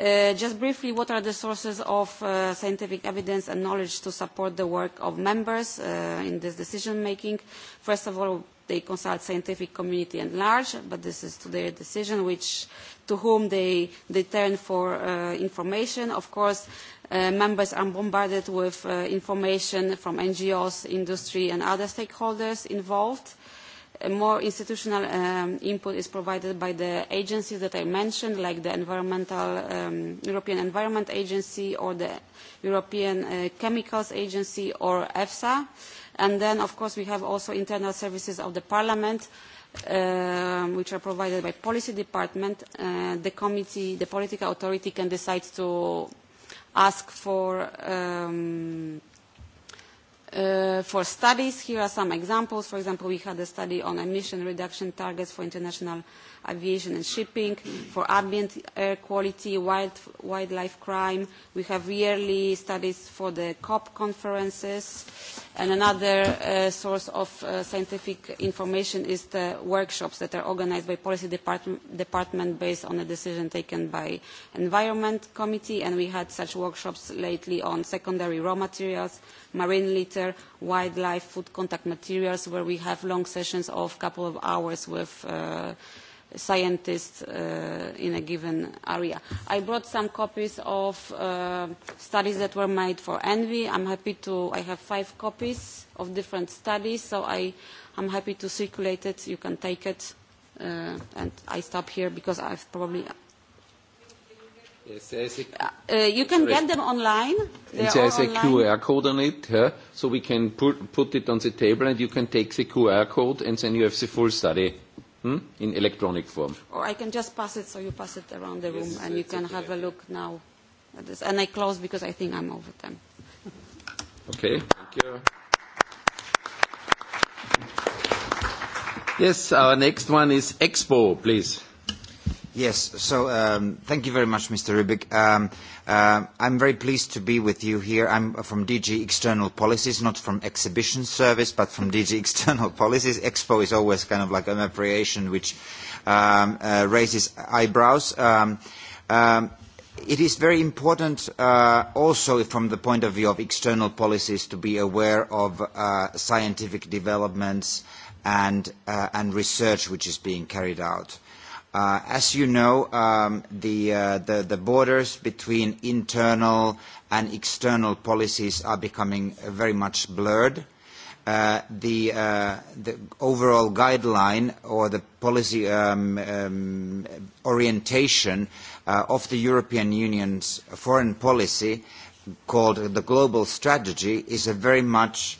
Uh, just briefly, what are the sources of scientific evidence and knowledge to support the work of members in this decision-making? First of all, they consult scientific community at large, but this is to their decision, which, to whom they, they turn for information. Of course, Uh, members are bombarded with uh, information from NGOs, industry and other stakeholders involved. Uh, more institutional um, input is provided by the agencies that I mentioned, like the Environmental, um, European Environment Agency or the European Chemicals Agency or EFSA. And then, of course, we have also internal services of the Parliament, um, which are provided by Policy Department. The committee, the political authority can decide to ask for um, uh, for studies. Here are some examples. For example, we had a study on emission reduction targets for international aviation and shipping, for ambient air quality, wild, wildlife crime. We have yearly studies for the COP conferences. And another uh, source of uh, scientific information is the workshops that are organized by policy department, department based on a decision taken by Environment Committee. And we had such workshops lately on secondary raw materials, marine litter, wildlife, food contact materials, where we have long sessions of a couple of hours with uh, scientists uh, in a given area. I brought some copies of uh, studies that were made for Envy. I'm happy to, I have five copies of different studies, so I, I'm happy to circulate it. You can take it. Uh, and I stop here because I've probably... uh, uh you can get them online. They there is a QR code on it, huh? so we can put, put it on the table and you can take the QR code and then you have the full study hmm? in electronic form. Or I can just pass it, so you pass it around the room, yes, and you can okay. have a look now. At this. And I close because I think I'm over time. okay, thank you. Yes, our next one is Expo, please. Yes. So, um, thank you very much, Mr. Rubik. Um, uh, I'm very pleased to be with you here. I'm from DG External Policies, not from Exhibition Service, but from DG External Policies. Expo is always kind of like an abbreviation which um, uh, raises eyebrows. Um, um, it is very important uh, also from the point of view of external policies to be aware of uh, scientific developments and, and research which is being carried out. Uh, as you know, um, uh, the, borders between internal and external policies are becoming very much blurred. Uh, the, overall guideline or the policy um, um, orientation of the European Union's foreign policy, called the Global Strategy, is a very much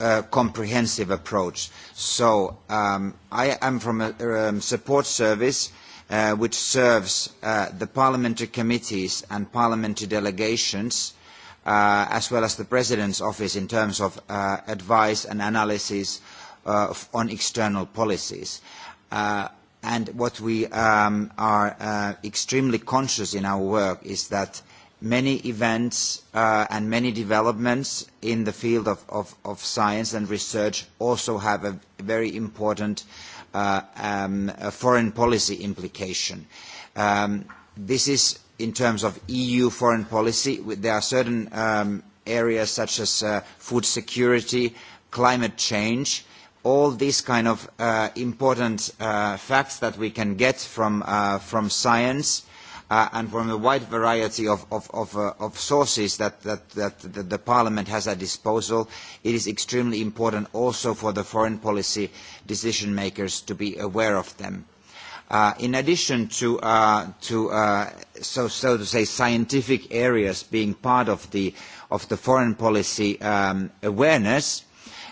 Uh, comprehensive approach. So um, I am from a um, support service uh, which serves uh, the parliamentary committees and parliamentary delegations as well as the President's office in terms of advice and analysis on external policies. And what we um, are extremely conscious in our work is that many events uh, and many developments in the field of, of, science and research also have a very important uh, um, a foreign policy implication. Um, this is in terms of EU foreign policy. There are certain um, areas such as uh, food security, climate change, all these kind of important facts that we can get from, from science Uh, and from a wide variety of, of, of, uh, of sources that, that, that, the Parliament has at disposal, it is extremely important also for the foreign policy decision makers to be aware of them. Uh, in addition to, to so, so to say, scientific areas being part of the, of the foreign policy um, awareness,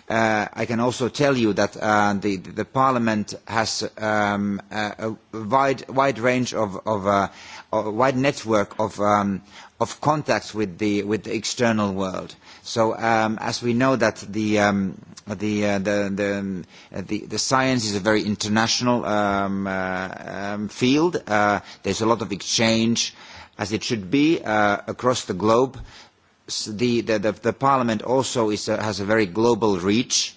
Uh, I can also tell you that uh, the, Parliament has um, uh, a, wide, range of, a wide network of, um, of contacts with the, with the external world. So um, as we know that the, the, the, the, science is a very international field, There is a lot of exchange, as it should be, across the globe the, the, the, the Parliament also is has a very global reach.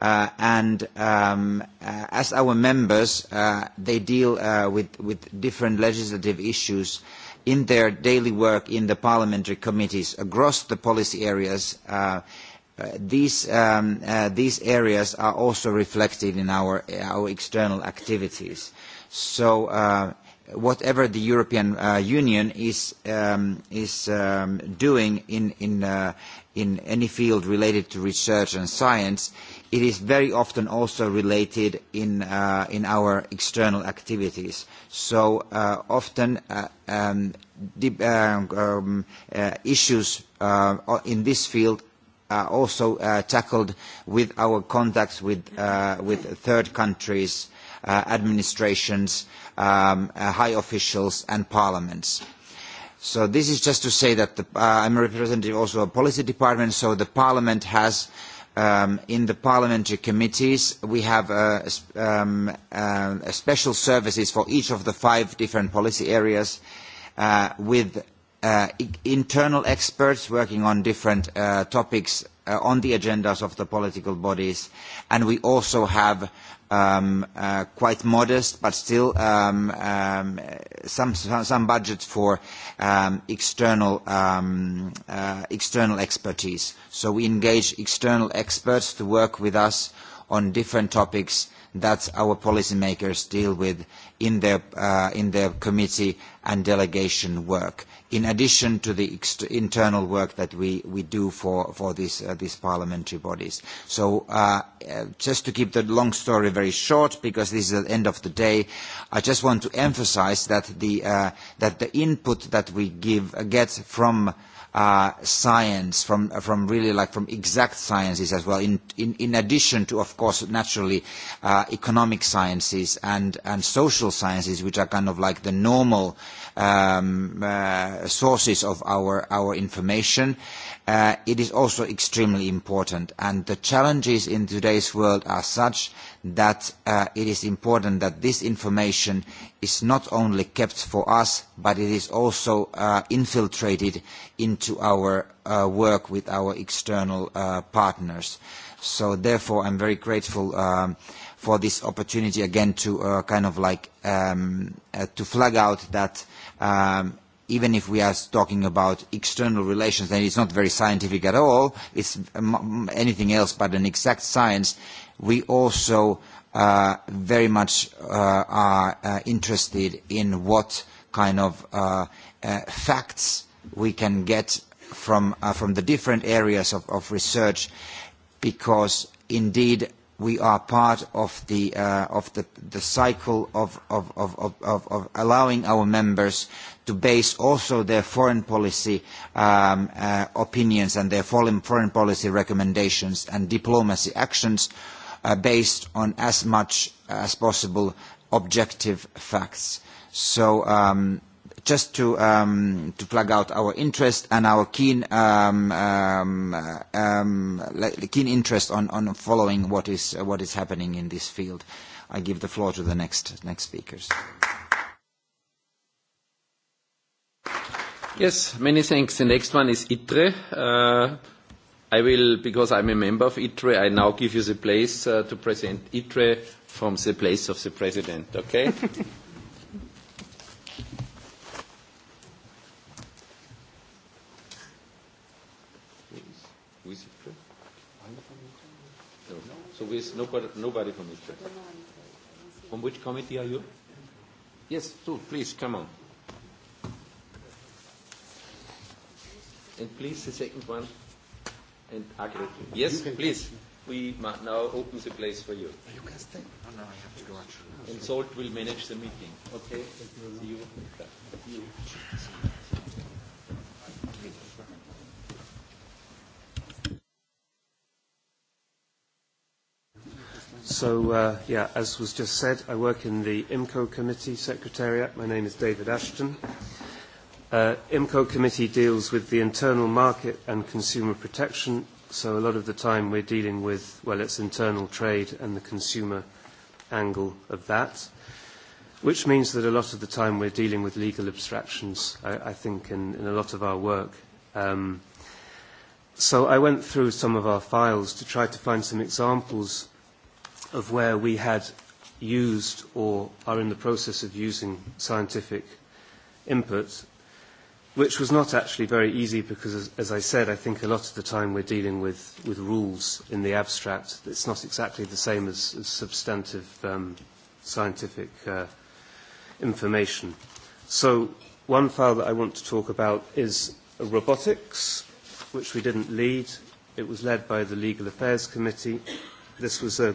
Uh, and um, uh, as our members, uh, they deal uh, with, with different legislative issues in their daily work in the parliamentary committees across the policy areas. Uh, uh, these, um, these areas are also reflected in our, our external activities. So whatever the European uh, Union is, um, is um, doing in, in, uh, in any field related to research and science, it is very often also related in, uh, in our external activities. So often um, um issues in this field are also tackled with our contacts with, with third countries, administrations, um, uh, high officials and parliaments. So this is just to say that I am uh, I'm a representative also of policy department, so the parliament has um, in the parliamentary committees we have uh, um, special services for each of the five different policy areas with internal experts working on different topics on the agendas of the political bodies and we also have um, uh, quite modest, but still um, um, some, some budget for um, uh, external, expertise. So we engage external experts to work with us on different topics that our policymakers deal with in uh, in their committee and delegation work, in addition to the internal work that we, we do for, for uh, these parliamentary bodies. So uh, uh, just to keep the long story very short, because this is the end of the day, I just want to emphasize that the, that the input that we give, get from uh, science from uh, from really like from exact sciences as well in in, addition to of course naturally uh, economic sciences and and social sciences which are kind of like the normal um, uh, sources of our our information it is also extremely important and the challenges in today's world are such that uh, it is important that this information is not only kept for us but it is also uh, infiltrated into our uh, work with our external uh, partners. So therefore I am very grateful um, for this opportunity again to kind of like um, to flag out that um, even if we are talking about external relations, and it's not very scientific at all, it's anything else but an exact science, we also uh, very much uh, are uh, interested in what kind of facts we can get from, the different areas of, research because indeed we are part of the cycle of allowing our members to base also their foreign policy um, opinions and their foreign policy recommendations and diplomacy actions Uh, based on as much as possible objective facts. So um, just to, um, to flag out our interest and our keen, um, um, um keen interest on, on following what is, uh, what is happening in this field. I give the floor to the next, next speakers. Yes, many thanks. The next one is ITRE. Uh, i will, because I'm a member of ITRE, I now give you the place uh, to present ITRE from the place of the president, okay? So with nobody, nobody from ITRE. From which committee are you? Yes, so please, come on. And please, the second one and accurately. Ah, yes, please. We must now open the place for you. You can stay. Oh, no, I have to go actually. And Salt will manage the meeting. Okay. See you. See you. So, uh, yeah, as was just said, I work in the IMCO committee secretariat. My name is David Ashton. Uh, IMCO committee deals with the internal market and consumer protection, so a lot of the time we're dealing with, well, it's internal trade and the consumer angle of that, which means that a lot of the time we're dealing with legal abstractions, I, I think, in, in a lot of our work. Um, so I went through some of our files to try to find some examples of where we had used or are in the process of using scientific input which was not actually very easy because, as, as I said, I think a lot of the time we're dealing with, with rules in the abstract. It's not exactly the same as, as substantive um, scientific uh, information. So one file that I want to talk about is robotics, which we didn't lead. It was led by the Legal Affairs Committee. This was an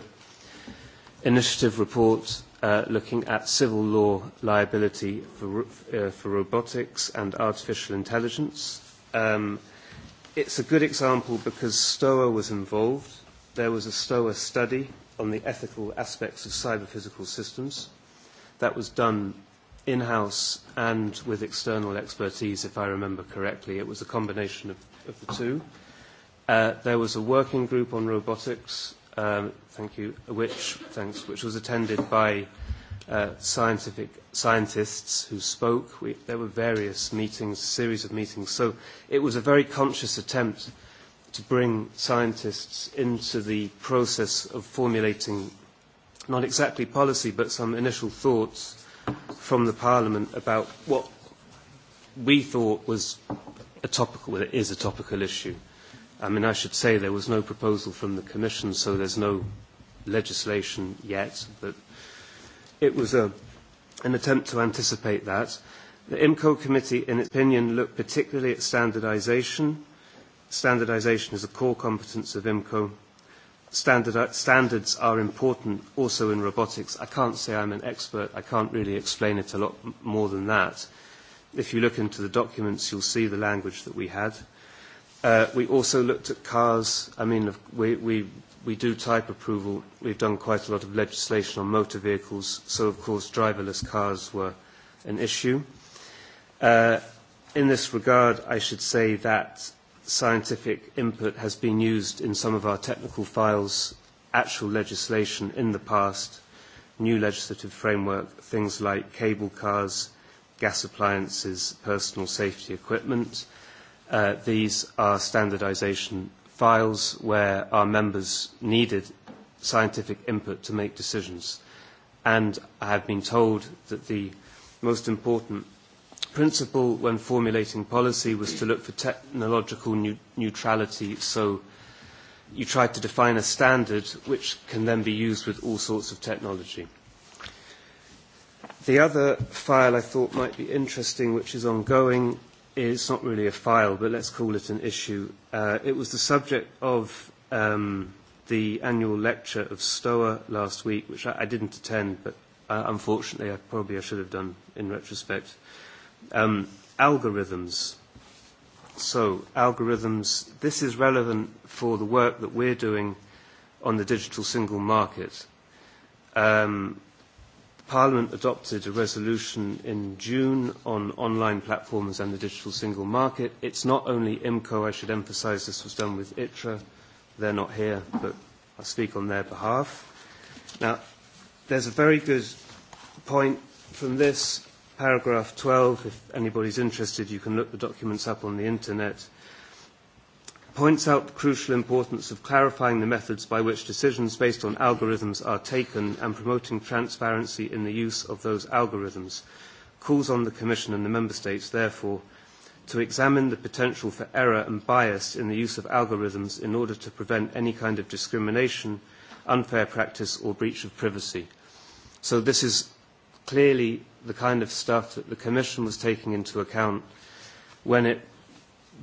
initiative report Uh, looking at civil law liability for, uh, robotics and artificial intelligence. Um, it's a good example because STOA was involved. There was a STOA study on the ethical aspects of cyber-physical systems. That was done in-house and with external expertise, if I remember correctly. It was a combination of, the two. Uh, there was a working group on robotics um, thank you, which, thanks, which was attended by uh, scientific scientists who spoke. We, there were various meetings, series of meetings. So it was a very conscious attempt to bring scientists into the process of formulating not exactly policy, but some initial thoughts from the Parliament about what we thought was a topical, well, it is a topical issue. I mean, I should say there was no proposal from the Commission, so there's no legislation yet, but it was a, an attempt to anticipate that. The IMCO committee, in its opinion, looked particularly at standardisation. Standardisation is a core competence of IMCO. Standard, standards are important also in robotics. I can't say I'm an expert. I can't really explain it a lot more than that. If you look into the documents, you'll see the language that we had. Uh, we also looked at cars. I mean, we, we, we do type approval. We've done quite a lot of legislation on motor vehicles, so of course driverless cars were an issue. Uh, in this regard, I should say that scientific input has been used in some of our technical files, actual legislation in the past, new legislative framework, things like cable cars, gas appliances, personal safety equipment. Uh, these are standardization files where our members needed scientific input to make decisions. And I have been told that the most important principle when formulating policy was to look for technological neutrality, so you tried to define a standard which can then be used with all sorts of technology. The other file I thought might be interesting, which is ongoing, it's not really a file, but let's call it an issue. Uh, it was the subject of um, the annual lecture of STOA last week, which I, I didn't attend, but uh, unfortunately I probably I should have done in retrospect. Um, algorithms. So, algorithms, this is relevant for the work that we're doing on the digital single market. Um, Parliament adopted a resolution in June on online platforms and the digital single market. It's not only IMCO, I should emphasize this was done with ITRA. They're not here, but I speak on their behalf. Now, there's a very good point from this, paragraph 12. If anybody's interested, you can look the documents up on the internet points out the crucial importance of clarifying the methods by which decisions based on algorithms are taken and promoting transparency in the use of those algorithms, calls on the Commission and the Member States, therefore, to examine the potential for error and bias in the use of algorithms in order to prevent any kind of discrimination, unfair practice or breach of privacy. So this is clearly the kind of stuff that the Commission was taking into account when it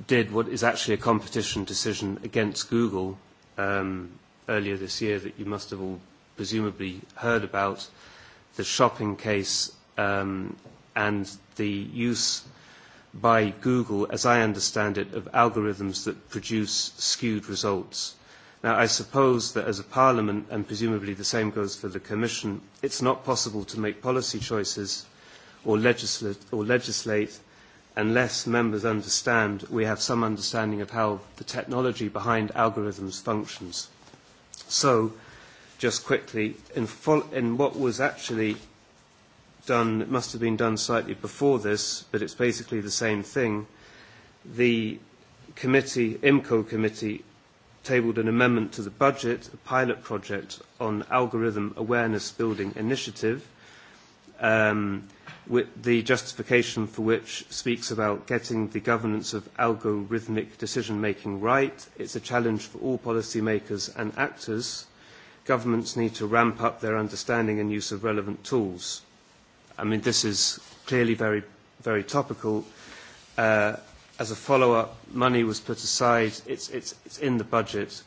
did what is actually a competition decision against Google um, earlier this year that you must have all presumably heard about, the shopping case um, and the use by Google, as I understand it, of algorithms that produce skewed results. Now, I suppose that as a parliament, and presumably the same goes for the commission, it's not possible to make policy choices or legislate, or legislate unless members understand we have some understanding of how the technology behind algorithms functions. So, just quickly, in, in what was actually done, it must have been done slightly before this, but it's basically the same thing. The committee, IMCO committee, tabled an amendment to the budget, a pilot project on algorithm awareness building initiative, um, with the justification for which speaks about getting the governance of algorithmic decision-making right. It's a challenge for all policymakers and actors. Governments need to ramp up their understanding and use of relevant tools. I mean, this is clearly very, very topical. Uh, as a follow-up, money was put aside. It's, it's, it's in the budget.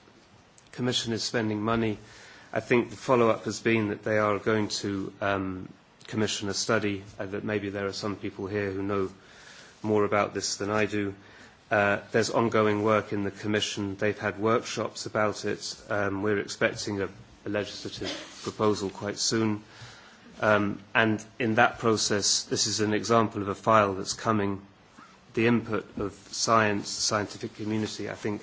Commission is spending money. I think the follow-up has been that they are going to um, – commission a study uh, that maybe there are some people here who know more about this than I do. Uh, there's ongoing work in the Commission. They've had workshops about it. Um, we're expecting a, a legislative proposal quite soon. Um, and in that process, this is an example of a file that's coming. The input of science, the scientific community, I think,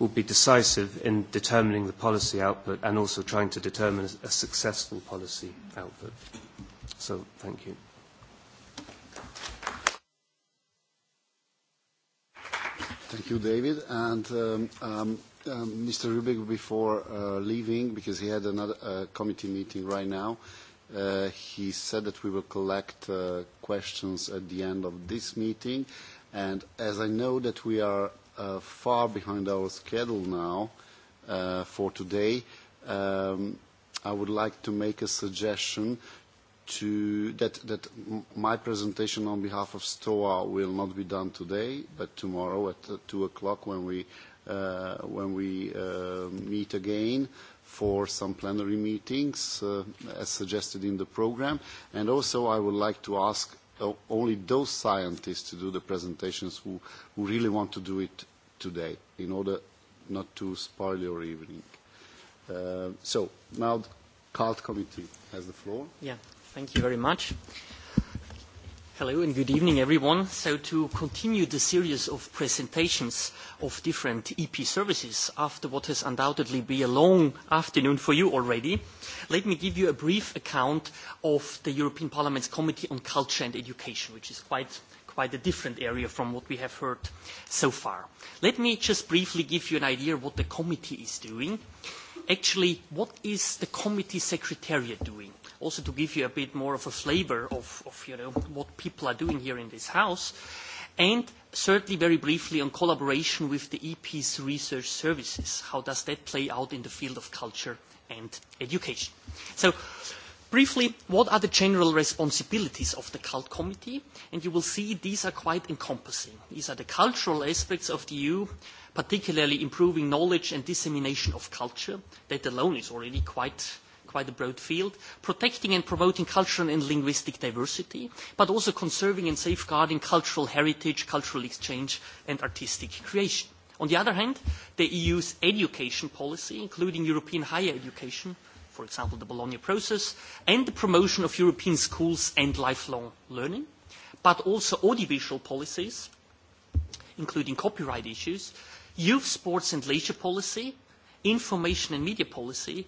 will be decisive in determining the policy output and also trying to determine a successful policy output. So, thank you. Thank you, David. And um, um, Mr. Um, Rubik, before uh, leaving, because he had another uh, committee meeting right now, uh, he said that we will collect questions at the end of this meeting. And as I know that we are far behind our schedule now for today, um, I would like to make a suggestion to that that my presentation on behalf of STOA will not be done today, but tomorrow at two o'clock when we uh, when we uh, meet again for some plenary meetings uh, as suggested in the program. And also, I would like to ask only those scientists to do the presentations who really want to do it today, in order not to spoil your evening. so now. CALT committee has the floor. Yeah, Thank you very much. Hello and good evening, everyone. So to continue the series of presentations of different EP services after what has undoubtedly been a long afternoon for you already, let me give you a brief account of the European Parliament's Committee on Culture and Education, which is quite quite a different area from what we have heard so far. Let me just briefly give you an idea of what the committee is doing. Actually, what is the committee secretariat doing? also to give you a bit more of a flavor of, you know, what people are doing here in this house. And certainly very briefly on collaboration with the EP's research services. How does that play out in the field of culture and education? So briefly, what are the general responsibilities of the CULT Committee? And you will see these are quite encompassing. These are the cultural aspects of the EU, particularly improving knowledge and dissemination of culture. That alone is already quite quite a broad field, protecting and promoting cultural and linguistic diversity, but also conserving and safeguarding cultural heritage, cultural exchange and artistic creation. On the other hand, the EU's education policy, including European higher education, for example the Bologna process, and the promotion of European schools and lifelong learning, but also audiovisual policies, including copyright issues, youth sports and leisure policy, information and media policy,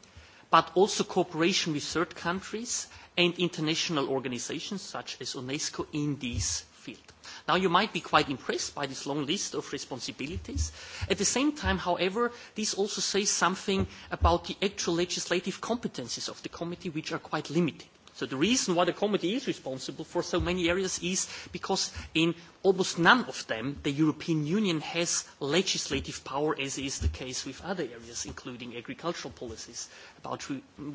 but also cooperation with third countries and international organisations such as UNESCO in this field. Now you might be quite impressed by this long list of responsibilities. At the same time, however, this also says something about the actual legislative competences of the committee, which are quite limited. So the reason why the committee is responsible for so many areas is because in almost none of them the European Union has legislative power as is the case with other areas including agricultural policies about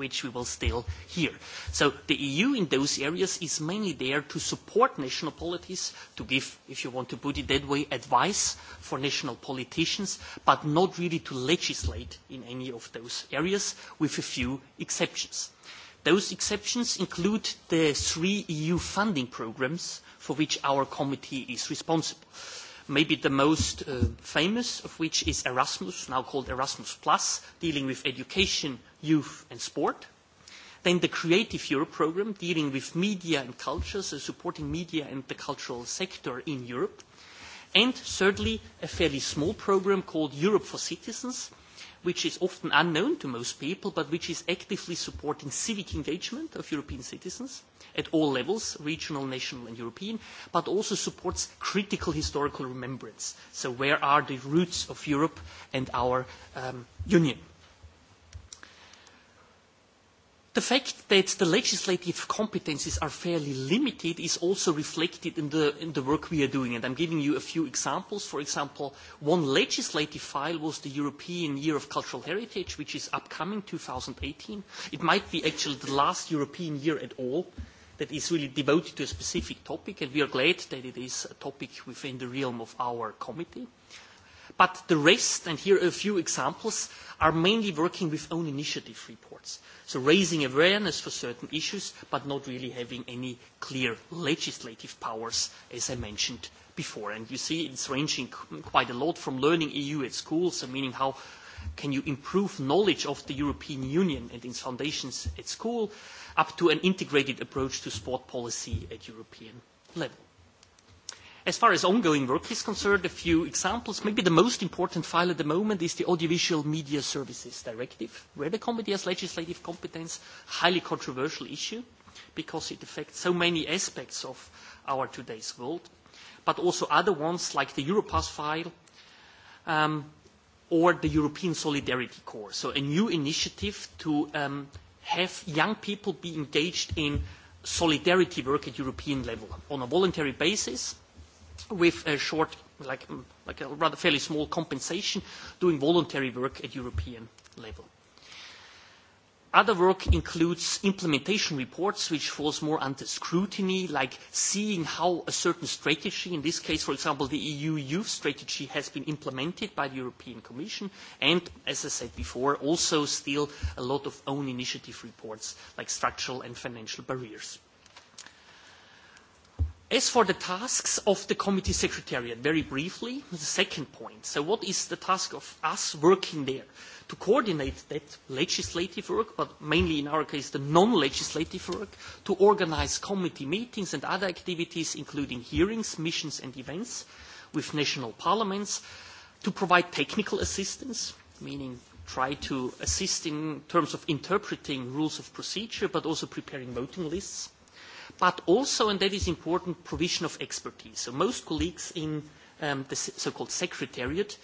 which we will still hear. So the EU in those areas is mainly there to support national policies, to give, if you want to put it that way, advice for national politicians, but not really to legislate in any of those areas with a few exceptions. Those exceptions include the three EU funding programmes for which our committee is responsible. Maybe the most uh, famous of which is Erasmus, now called Erasmus Plus, dealing with education, youth and sport. Then the Creative Europe programme, dealing with media and culture, so supporting media and the cultural sector in Europe. And thirdly, a fairly small programme called Europe for Citizens, which is often unknown to most people but which is actively supporting civic engagement of European citizens at all levels, regional, national and European, but also supports critical historical remembrance. So where are the roots of Europe and our um, Union? The fact that the legislative competences are fairly limited is also reflected in the, work we are doing. And I'm giving you a few examples. For example, one legislative file was the European Year of Cultural Heritage, which is upcoming 2018. It might be actually the last European year at all that is really devoted to a specific topic, and we are glad that it is a topic within the realm of our committee but the rest, and here are a few examples, are mainly working with own initiative reports. So raising awareness for certain issues, but not really having any clear legislative powers, as I mentioned before. And you see it's ranging quite a lot from learning EU at school, so meaning how can you improve knowledge of the European Union and its foundations at school, up to an integrated approach to sport policy at European level. As far as ongoing work is concerned, a few examples. Maybe the most important file at the moment is the Audiovisual Media Services Directive, where the committee has legislative competence, highly controversial issue, because it affects so many aspects of our today's world, but also other ones like the Europass file um, or the European Solidarity Corps. So a new initiative to um, have young people be engaged in solidarity work at European level on a voluntary basis with a short, like, mm, like a rather fairly small compensation, doing voluntary work at European level. Other work includes implementation reports, which falls more under scrutiny, like seeing how a certain strategy, in this case, for example, the EU youth strategy, has been implemented by the European Commission, and, as I said before, also still a lot of own initiative reports, like structural and financial barriers. As for the tasks of the committee secretariat, very briefly, the second point. So what is the task of us working there? To coordinate that legislative work, but mainly in our case the non-legislative work, to organize committee meetings and other activities, including hearings, missions and events with national parliaments, to provide technical assistance, meaning try to assist in terms of interpreting rules of procedure, but also preparing voting lists, but also, and that is important, provision of expertise. So most colleagues in um, the so-called secretariat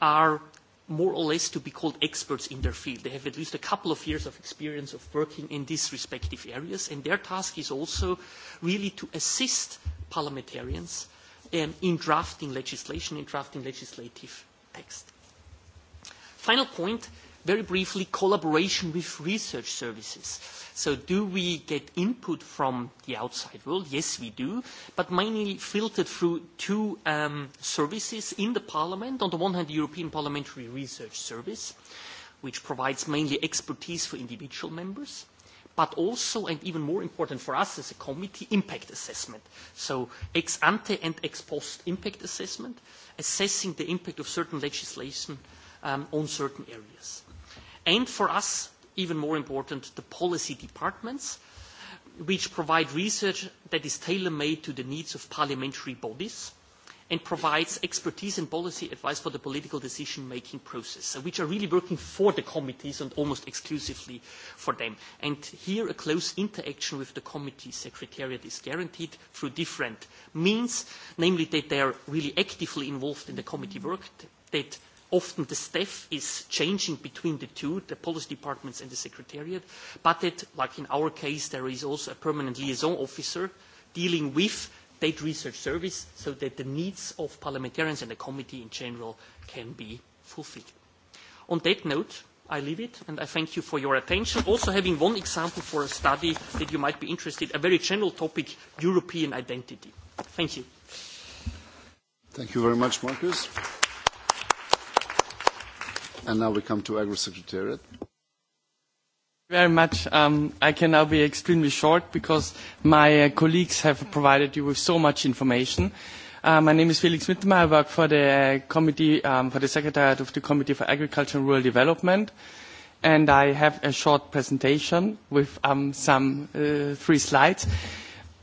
are more or less to be called experts in their field. They have at least a couple of years of experience of working in these respective areas, and their task is also really to assist parliamentarians um, in drafting legislation, in drafting legislative text. Final point, Very briefly, collaboration with research services. So do we get input from the outside world? Yes, we do, but mainly filtered through two um, services in the Parliament. On the one hand, the European Parliamentary Research Service, which provides mainly expertise for individual members but also, and even more important for us as a committee, impact assessment. So ex ante and ex post impact assessment, assessing the impact of certain legislation um, on certain areas and for us even more important the policy departments which provide research that is tailor made to the needs of parliamentary bodies and provides expertise and policy advice for the political decision making process which are really working for the committees and almost exclusively for them and here a close interaction with the committee secretariat is guaranteed through different means namely that they are really actively involved in the committee work that often the staff is changing between the two, the policy departments and the secretariat, but that, like in our case, there is also a permanent liaison officer dealing with State Research Service so that the needs of parliamentarians and the committee in general can be fulfilled. On that note, I leave it and I thank you for your attention. Also having one example for a study that you might be interested, a very general topic, European identity. Thank you. Thank you very much, Marcus. And now we come to Agri Secretariat. Very much. Um, I can now be extremely short because my uh, colleagues have provided you with so much information. Uh, my name is Felix Mittermeier. I work for the uh, committee, um, for the Secretariat of the Committee for Agriculture and Rural Development, and I have a short presentation with um, some three slides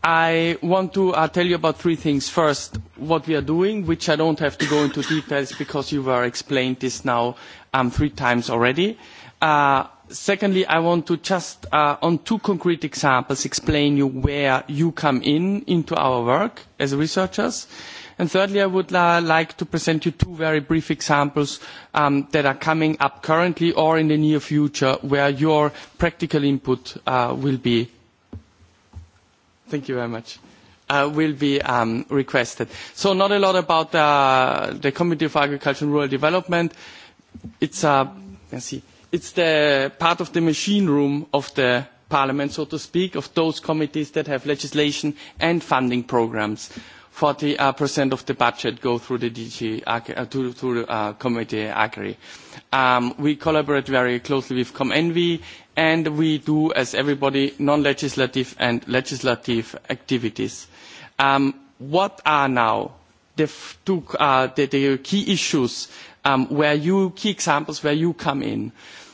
i want to uh, tell you about three things. First, what we are doing, which I don't have to go into details because you were explained this now um, three times already. Uh, secondly, I want to just, uh, on two concrete examples, explain you where you come in into our work as researchers. And thirdly, I would like to present you two very brief examples um, that are coming up currently or in the near future where your practical input will be Thank you very much. Uh, will be um, requested. So not a lot about uh, the Committee for Agriculture and Rural Development. It's, uh, see, it's the part of the machine room of the Parliament, so to speak, of those committees that have legislation and funding programs. 40% uh, of the budget go through the DG, uh, to, uh, Committee Agri. Um, we collaborate very closely with ComEnvy and we do, as everybody, non-legislative and legislative activities. Um, what are now the, two, uh, the, key issues um, where you, key examples where you come in?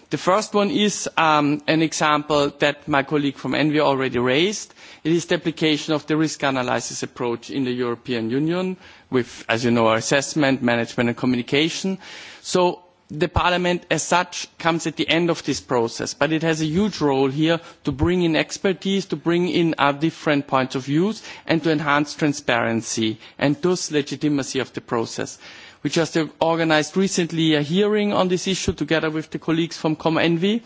The first one is um, an example that my colleague from ENVI already raised. It is the application of the risk analysis approach in the European Union with, as you know, assessment, management and communication. So the parliament as such comes at the end of this process but it has a huge role here to bring in expertise to bring in our different points of view and to enhance transparency and thus legitimacy of the process. we just organised recently a hearing on this issue together with the colleagues from comenvi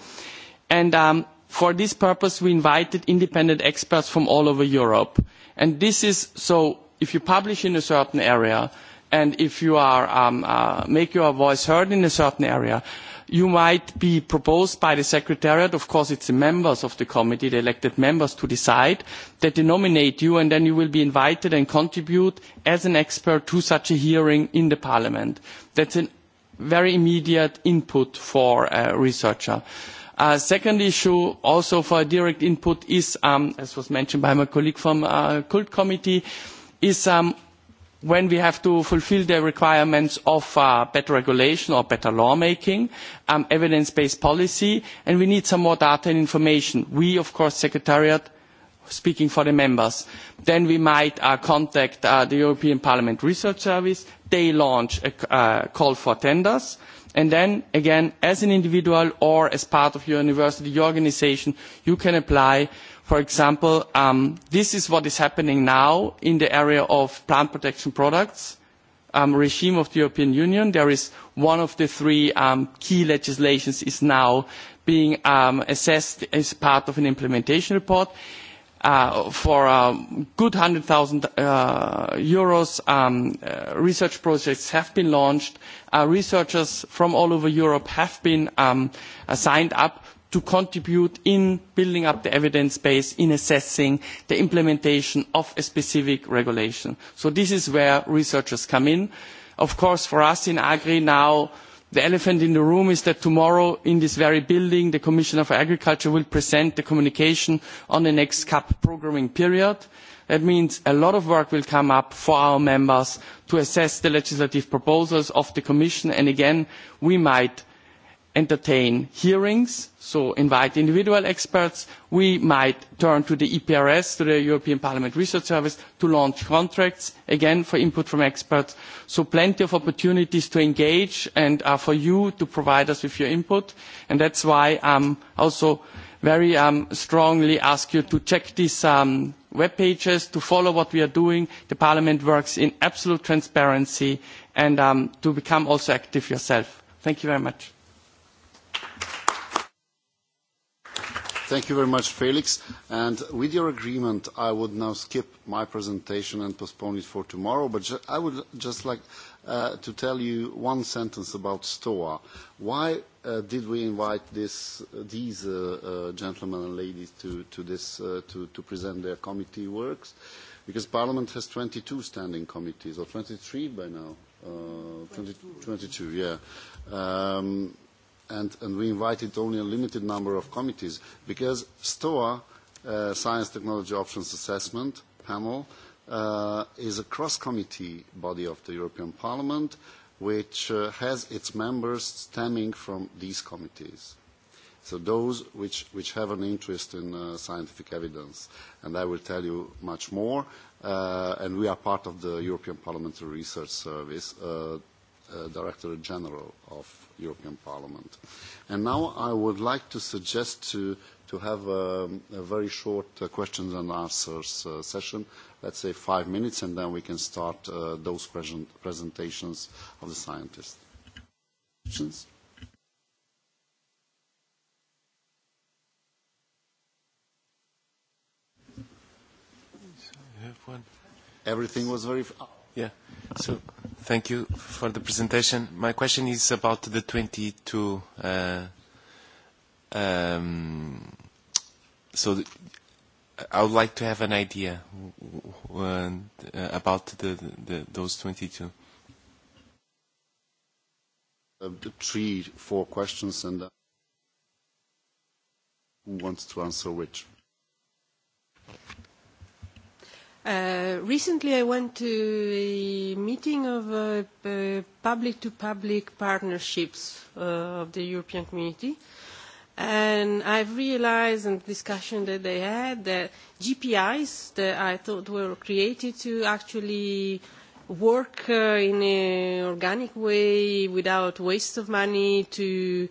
and um, for this purpose we invited independent experts from all over europe this is so if you publish in a certain area and if you are um, uh, make your voice heard in a certain area you might be proposed by the secretariat of course it's the members of the committee the elected members to decide that they nominate you and then you will be invited and contribute as an expert to such a hearing in the parliament that's a very immediate input for a researcher uh, second issue also for direct input is um, as was mentioned by my colleague from the uh, cult committee is um, when we have to fulfil the requirements of uh, better regulation or better law making, um, evidence-based policy, and we need some more data and information. We, of course, Secretariat, speaking for the members. Then we might uh, contact uh, the European Parliament Research Service. They launch a call for tenders. And then, again, as an individual or as part of your university, your organization, you can apply For example, um, this is what is happening now in the area of plant protection products um, regime of the European Union. There is one of the three um, key legislations is now being assessed as part of an implementation report. Uh, for a good 100,000 uh, euros, uh, research projects have been launched. Researchers from all over Europe have been signed up to contribute in building up the evidence base in assessing the implementation of a specific regulation. So this is where researchers come in. Of course, for us in Agri now, the elephant in the room is that tomorrow in this very building, the Commission for Agriculture will present the communication on the next CAP programming period. That means a lot of work will come up for our members to assess the legislative proposals of the Commission. And again, we might entertain hearings so invite individual experts we might turn to the eprs to the european parliament research service to launch contracts again for input from experts so plenty of opportunities to engage and for you to provide us with your input and that's why i also very um, strongly ask you to check these um, web pages to follow what we are doing the parliament works in absolute transparency and um, to become also active yourself. thank you very much. Thank you very much, Felix. And with your agreement, I would now skip my presentation and postpone it for tomorrow. But I would just like uh, to tell you one sentence about STOA. Why uh, did we invite this, uh, these gentlemen and ladies to, this, to, present their committee works? Because Parliament has 22 standing committees, or 23 by now. 22. 22, yeah. Um, and, and we invited only a limited number of committees because STOA, uh, Science Technology Options Assessment panel, uh, is a cross-committee body of the European Parliament which uh, has its members stemming from these committees. So those which, which have an interest in scientific evidence. And I will tell you much more. and we are part of the European Parliamentary Research Service, Director General of European Parliament. And now I would like to suggest to, to have um, a, very short uh, questions and answers uh, session, let's say five minutes, and then we can start uh, those presentations of the scientists. Questions? Everything was very... Yeah thank you for the presentation. My question is about the 22. Uh, um, so, I would like to have an idea uh, about the, the, those 22. Uh, three, four questions, and who wants to answer which? Uh, recently, I went to a meeting of uh, uh, public-to-public partnerships of the European Community, and I realized in the discussion that they had that GPIs that I thought were created to actually work in an organic way without waste of money to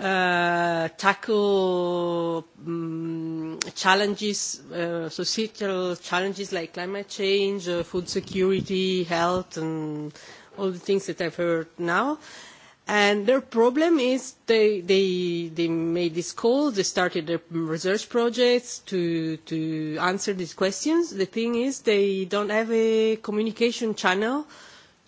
Uh, tackle mm, challenges, uh, societal challenges like climate change, uh, food security, health, and all the things that I've heard now. And their problem is they, they, they made this call, they started their research projects to, to answer these questions. The thing is they don't have a communication channel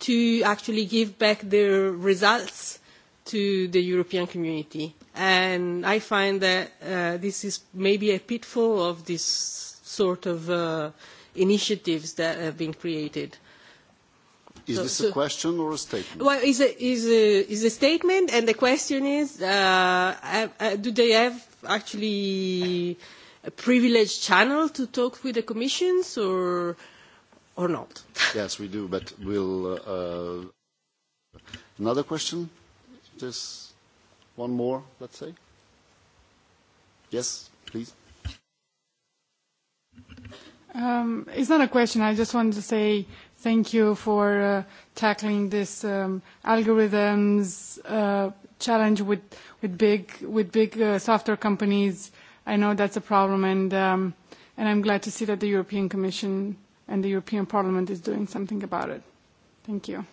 to actually give back their results to the European community. And I find that uh, this is maybe a pitfall of this sort of uh, initiatives that have been created. Is this a question or a statement? Well, is a, statement, and the question is, uh, do they have actually a privileged channel to talk with the commissions or, or not? yes, we do, but we'll... another question? this one more, let's say. Yes, please. Um, it's not a question. I just wanted to say thank you for uh, tackling this um, algorithms uh, challenge with with big with big uh, software companies. I know that's a problem, and um, and I'm glad to see that the European Commission and the European Parliament is doing something about it. Thank you.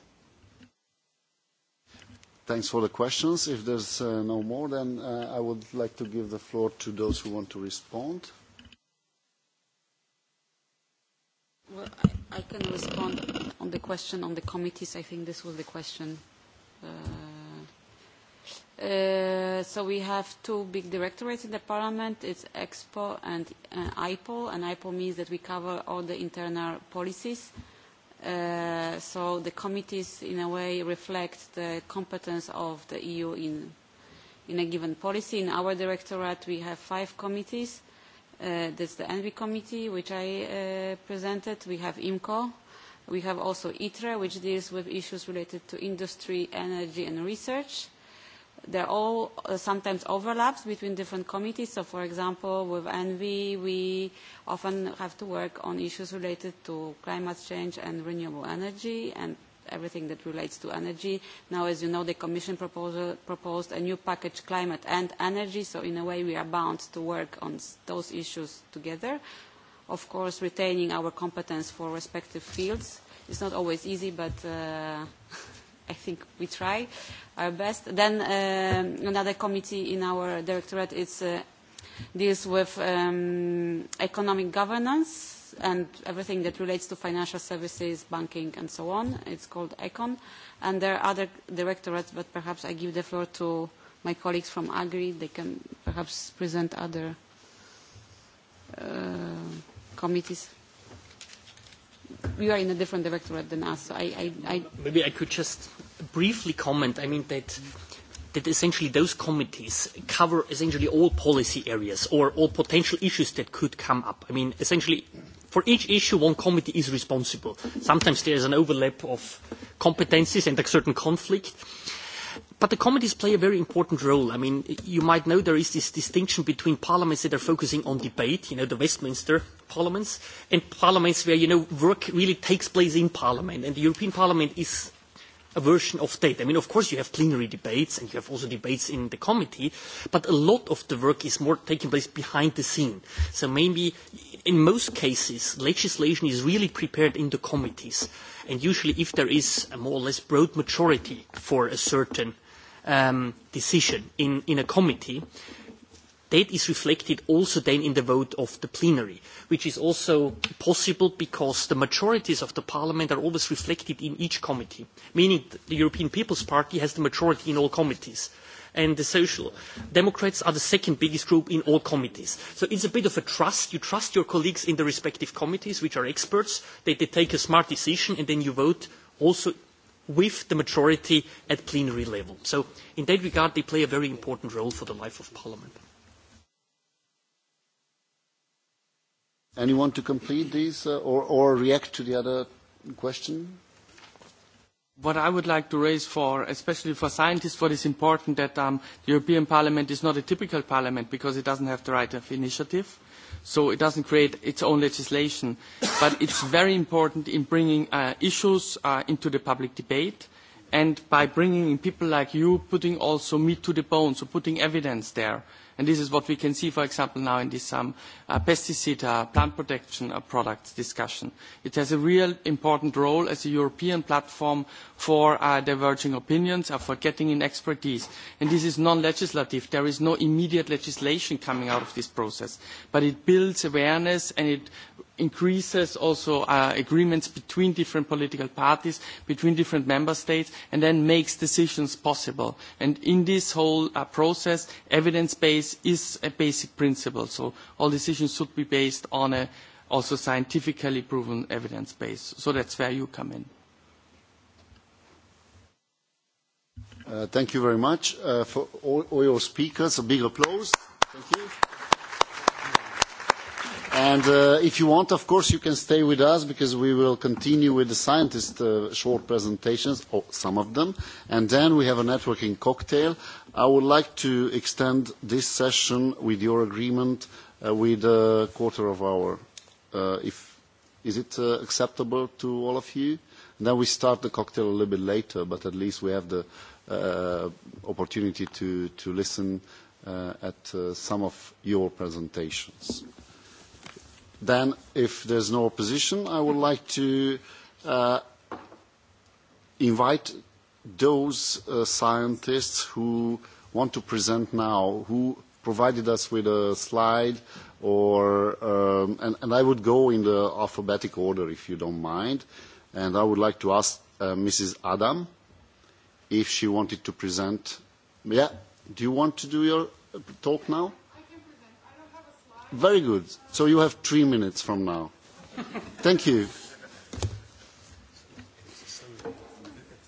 Thanks for the questions. If there's uh, no more, then uh, I would like to give the floor to those who want to respond. Well, I, can respond on the question on the committees. I think this was the question. Uh, so we have two big directorates in the parliament. It's EXPO and IPO, And IPO means that we cover all the internal policies Uh, so the committees in a way reflect the competence of the EU in, in a given policy. In our directorate we have five committees. Uh, is the ENVI committee which I uh, presented. We have IMCO. We have also ITRE which deals with issues related to industry, energy and research there are all uh, sometimes overlaps between different committees. So, for example, with ENVI, we often have to work on issues related to climate change and renewable energy and everything that relates to energy. Now, as you know, the Commission proposal, proposed a new package, climate and energy, so in a way we are bound to work on those issues together. Of course, retaining our competence for respective fields is not always easy, but uh, i think we try our best. Then um, another committee in our directorate is, uh, deals with um, economic governance and everything that relates to financial services, banking, and so on. It's called ECON. And there are other directorates, but perhaps I give the floor to my colleagues from Agri. They can perhaps present other uh, committees you are in a different directorate than us. So I, I, I Maybe I could just briefly comment. I mean that that essentially those committees cover essentially all policy areas or all potential issues that could come up. I mean, essentially, for each issue, one committee is responsible. Sometimes there is an overlap of competencies and a certain conflict But the committees play a very important role. I mean, you might know there is this distinction between parliaments that are focusing on debate, you know, the Westminster parliaments, and parliaments where, you know, work really takes place in parliament. And the European Parliament is a version of that. I mean, of course, you have plenary debates and you have also debates in the committee, but a lot of the work is more taking place behind the scene. So maybe in most cases, legislation is really prepared in the committees. And usually if there is a more or less broad majority for a certain um, decision in, in a committee, that is reflected also then in the vote of the plenary, which is also possible because the majorities of the parliament are always reflected in each committee, meaning the European People's Party has the majority in all committees. And the Social Democrats are the second biggest group in all committees. So it's a bit of a trust. You trust your colleagues in the respective committees, which are experts, that they take a smart decision, and then you vote also with the majority at plenary level. So in that regard, they play a very important role for the life of Parliament. Anyone to complete these uh, or, or react to the other question? What I would like to raise for, especially for scientists, what is important that um, the European Parliament is not a typical parliament because it doesn't have the right of initiative so it doesn't create its own legislation. But it's very important in bringing uh, issues uh, into the public debate and by bringing in people like you, putting also meat to the bone, so putting evidence there And this is what we can see, for example, now in this um, uh, pesticide, uh, plant protection uh, products discussion. It has a real important role as a European platform for diverging opinions, and for getting in expertise. And this is non-legislative. There is no immediate legislation coming out of this process. But it builds awareness and it increases also uh, agreements between different political parties, between different member states, and then makes decisions possible. And in this whole uh, process, evidence base is a basic principle. So all decisions should be based on a also scientifically proven evidence base. So that's where you come in. Uh, thank you very much. Uh, for all, all your speakers, a big applause. Thank you. And uh, if you want, of course, you can stay with us because we will continue with the scientists' uh, short presentations, or some of them, and then we have a networking cocktail. I would like to extend this session with your agreement uh, with a quarter of hour. Uh, if, is it uh, acceptable to all of you? then we start the cocktail a little bit later, but at least we have the opportunity to, to listen at some of your presentations. Then, if there's no opposition, I would like to uh, invite those uh, scientists who want to present now, who provided us with a slide, or um, and, I would go in the alphabetic order, if you don't mind. And I would like to ask uh, Mrs. Adam if she wanted to present. Yeah, do you want to do your talk now? Very good. So you have three minutes from now. Thank you.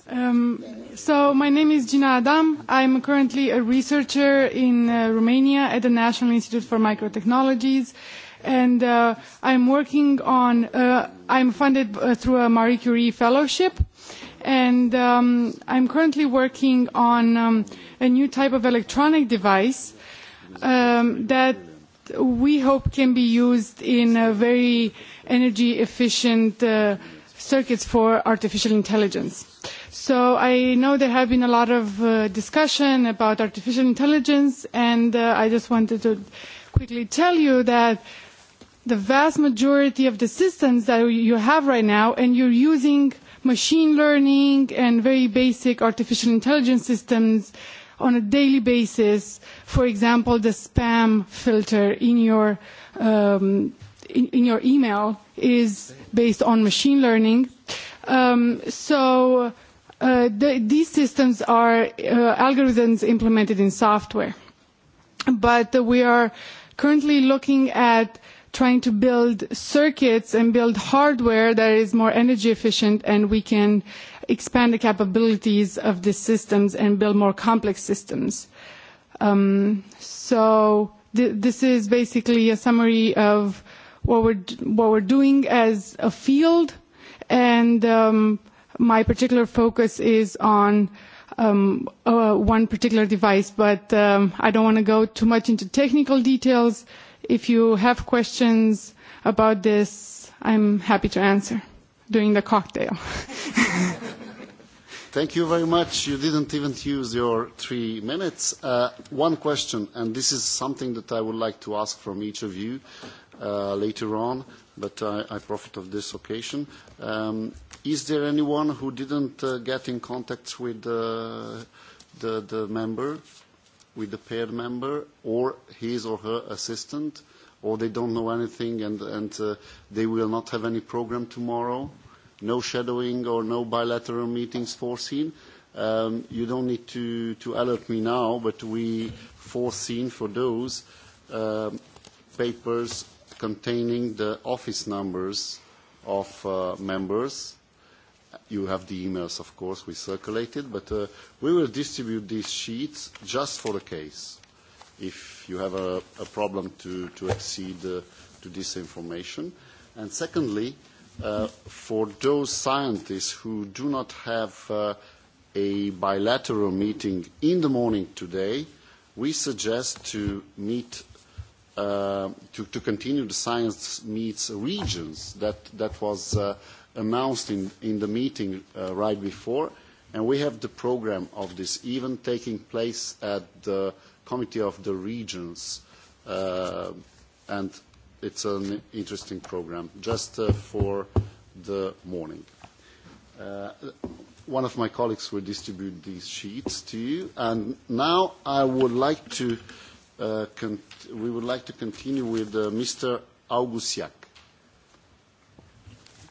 Um, so my name is Gina Adam. I'm currently a researcher in uh, Romania at the National Institute for Microtechnologies. And uh, I'm working on, uh, I'm funded uh, through a Marie Curie fellowship. And um, I'm currently working on um, a new type of electronic device um, that we hope can be used in very energy efficient uh, circuits for artificial intelligence. So I know there have been a lot of uh, discussion about artificial intelligence, and uh, I just wanted to quickly tell you that the vast majority of the systems that you have right now, and you're using machine learning and very basic artificial intelligence systems on a daily basis, for example, the spam filter in your, um, in, your email is based on machine learning. Um, so uh, these systems are uh, algorithms implemented in software. But we are currently looking at trying to build circuits and build hardware that is more energy efficient and we can expand the capabilities of these systems and build more complex systems. Um, so this is basically a summary of what we're, what we're doing as a field, and um, my particular focus is on um, uh, one particular device, but um, I don't want to go too much into technical details. If you have questions about this, I'm happy to answer during the cocktail. Thank you very much. You didn't even use your three minutes. Uh, one question, and this is something that I would like to ask from each of you uh, later on, but I, I profit of this occasion. Um, is there anyone who didn't uh, get in contact with uh, the, the member, with the paired member, or his or her assistant, or they don't know anything and, and they will not have any program tomorrow? no shadowing or no bilateral meetings foreseen. Um, you don't need to, alert me now, but we foreseen for those um, papers containing the office numbers of uh, members. You have the emails, of course, we circulated, but uh, we will distribute these sheets just for the case. If you have a, problem to, to accede uh, to this information. And secondly, Uh, for those scientists who do not have uh, a bilateral meeting in the morning today, we suggest to meet uh, to, continue the science meets regions that, that was announced in, the meeting right before. And we have the program of this even taking place at the Committee of the Regions. and it's an interesting program, just uh, for the morning. Uh, one of my colleagues will distribute these sheets to you. And now I would like to, uh, con we would like to continue with uh, Mr. Augusiak.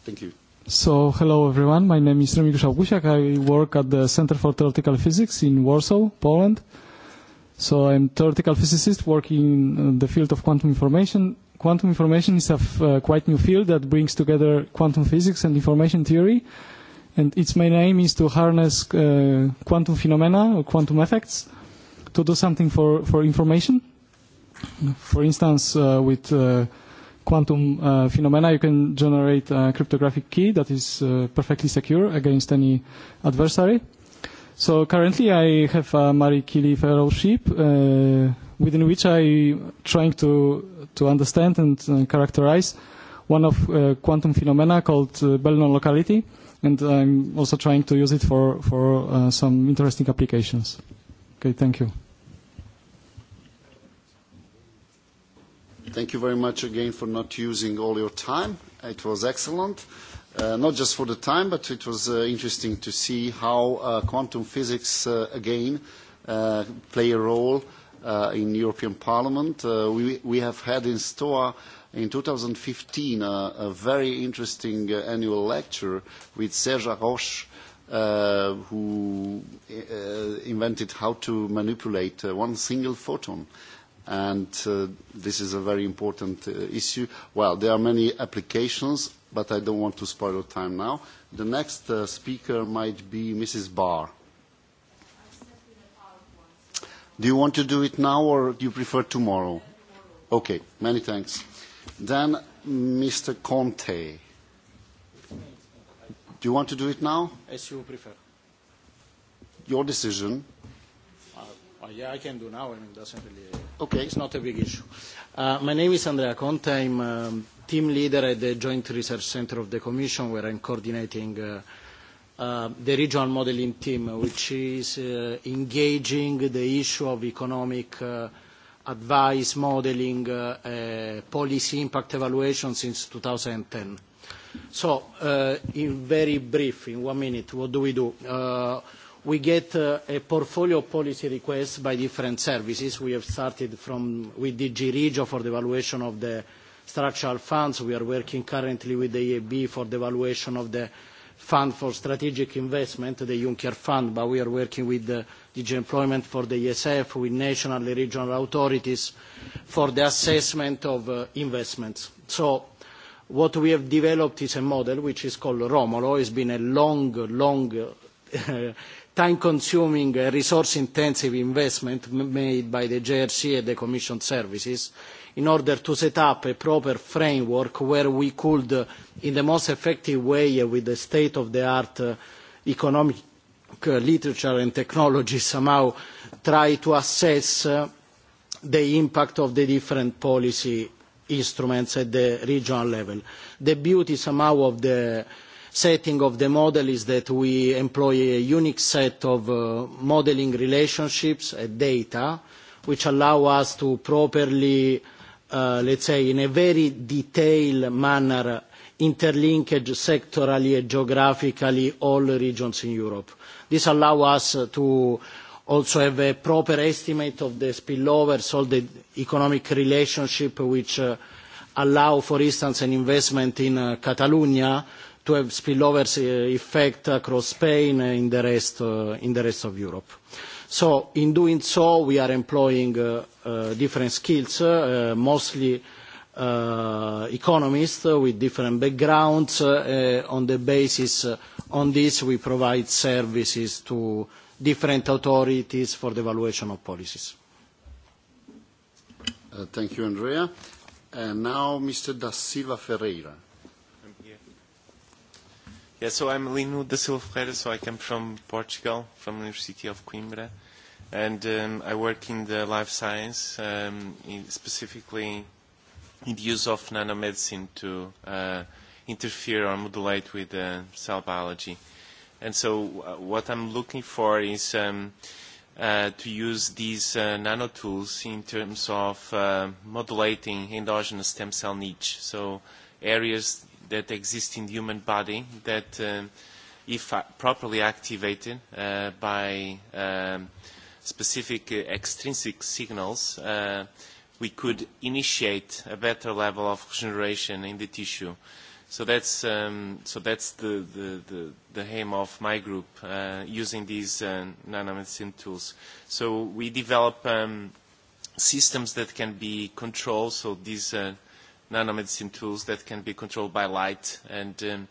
Thank you. So, hello everyone. My name is Remigiusz Augusiak. I work at the Center for Theoretical Physics in Warsaw, Poland. So I'm a theoretical physicist working in uh, the field of quantum information. Quantum information is a uh, quite new field that brings together quantum physics and information theory. And its main aim is to harness uh, quantum phenomena or quantum effects to do something for, for information. For instance, uh, with uh, quantum uh, phenomena, you can generate a cryptographic key that is uh, perfectly secure against any adversary. So currently I have a Marie Curie fellowship uh, within which I trying to to understand and uh, characterize one of uh, quantum phenomena called uh, Bell non-locality and I'm also trying to use it for for uh, some interesting applications. Okay, thank you. Thank you very much again for not using all your time. It was excellent. Uh, not just for the time, but it was uh, interesting to see how uh, quantum physics uh, again uh, play a role in European Parliament. We, we have had in store in 2015 a very interesting annual lecture with Serge Roche, who invented how to manipulate one single photon and uh, this is a very important uh, issue. Well, there are many applications but I don't want to spoil time now. The next uh, speaker might be Mrs. Barr. Do you want to do it now or do you prefer tomorrow? Okay, many thanks. Then Mr. Conte. Do you want to do it now? As you prefer. Your decision. Uh, uh, yeah, I can do now. I mean, doesn't really... Okay. It's not a big issue. Uh, my name is Andrea Conte. I'm um, team leader at the Joint Research Center of the Commission, where I'm coordinating uh, uh, the regional modeling team, which is uh, engaging the issue of economic advice, modeling, policy impact evaluation since 2010. So, in very brief, in one minute, what do we do? We get a portfolio of policy requests by different services. We have started from, with DG Regio for the evaluation of the structural funds. We are working currently with the EIB for the evaluation of the fund for strategic investment, the Juncker Fund, but we are working with the DG Employment for the ESF, with national and regional authorities for the assessment of uh, investments. So what we have developed is a model which is called Romolo. has been a long, long, time-consuming, uh, resource-intensive investment made by the JRC and the Commission services in order to set up a proper framework where we could, in the most effective way, with the state-of-the-art uh, economic uh, literature and technology, somehow try to assess uh, the impact of the different policy instruments at the regional level. The beauty somehow of the setting of the model is that we employ a unique set of modelling relationships and data which allow us to properly Eh, let's say, in a very detailed manner, interlinkage sectorally and geographically all regions in Europe. This allows us to also have a proper estimate of the spillovers, all the economic relationship which eh, allow, for instance, an investment in eh, Catalonia to have spillover effect across Spain and the rest in the rest of Europe. So in doing so, we are employing Uh, different skills, uh, mostly uh, economists with different backgrounds. On the basis on this, we provide services to different authorities for the evaluation of policies. thank you, Andrea. And now, Mr. Da Silva Ferreira. I'm here. Yeah, so I'm Lino da Silva Ferreira, so I come from Portugal, from the University of Coimbra and um, I work in the life science, um, specifically in the use of nanomedicine to uh, interfere or modulate with uh, cell biology. And so uh, what I'm looking for is um, uh, to use these uh, nanotools in terms of uh, modulating endogenous stem cell niche, so areas that exist in the human body that, um, if properly activated by um, specific uh, extrinsic signals, uh, we could initiate a better level of regeneration in the tissue. So that's, um, so that's the, the, the, the aim of my group, uh, using these uh, nanomedicine tools. So we develop um, systems that can be controlled, so these uh, nanomedicine tools that can be controlled by light and um,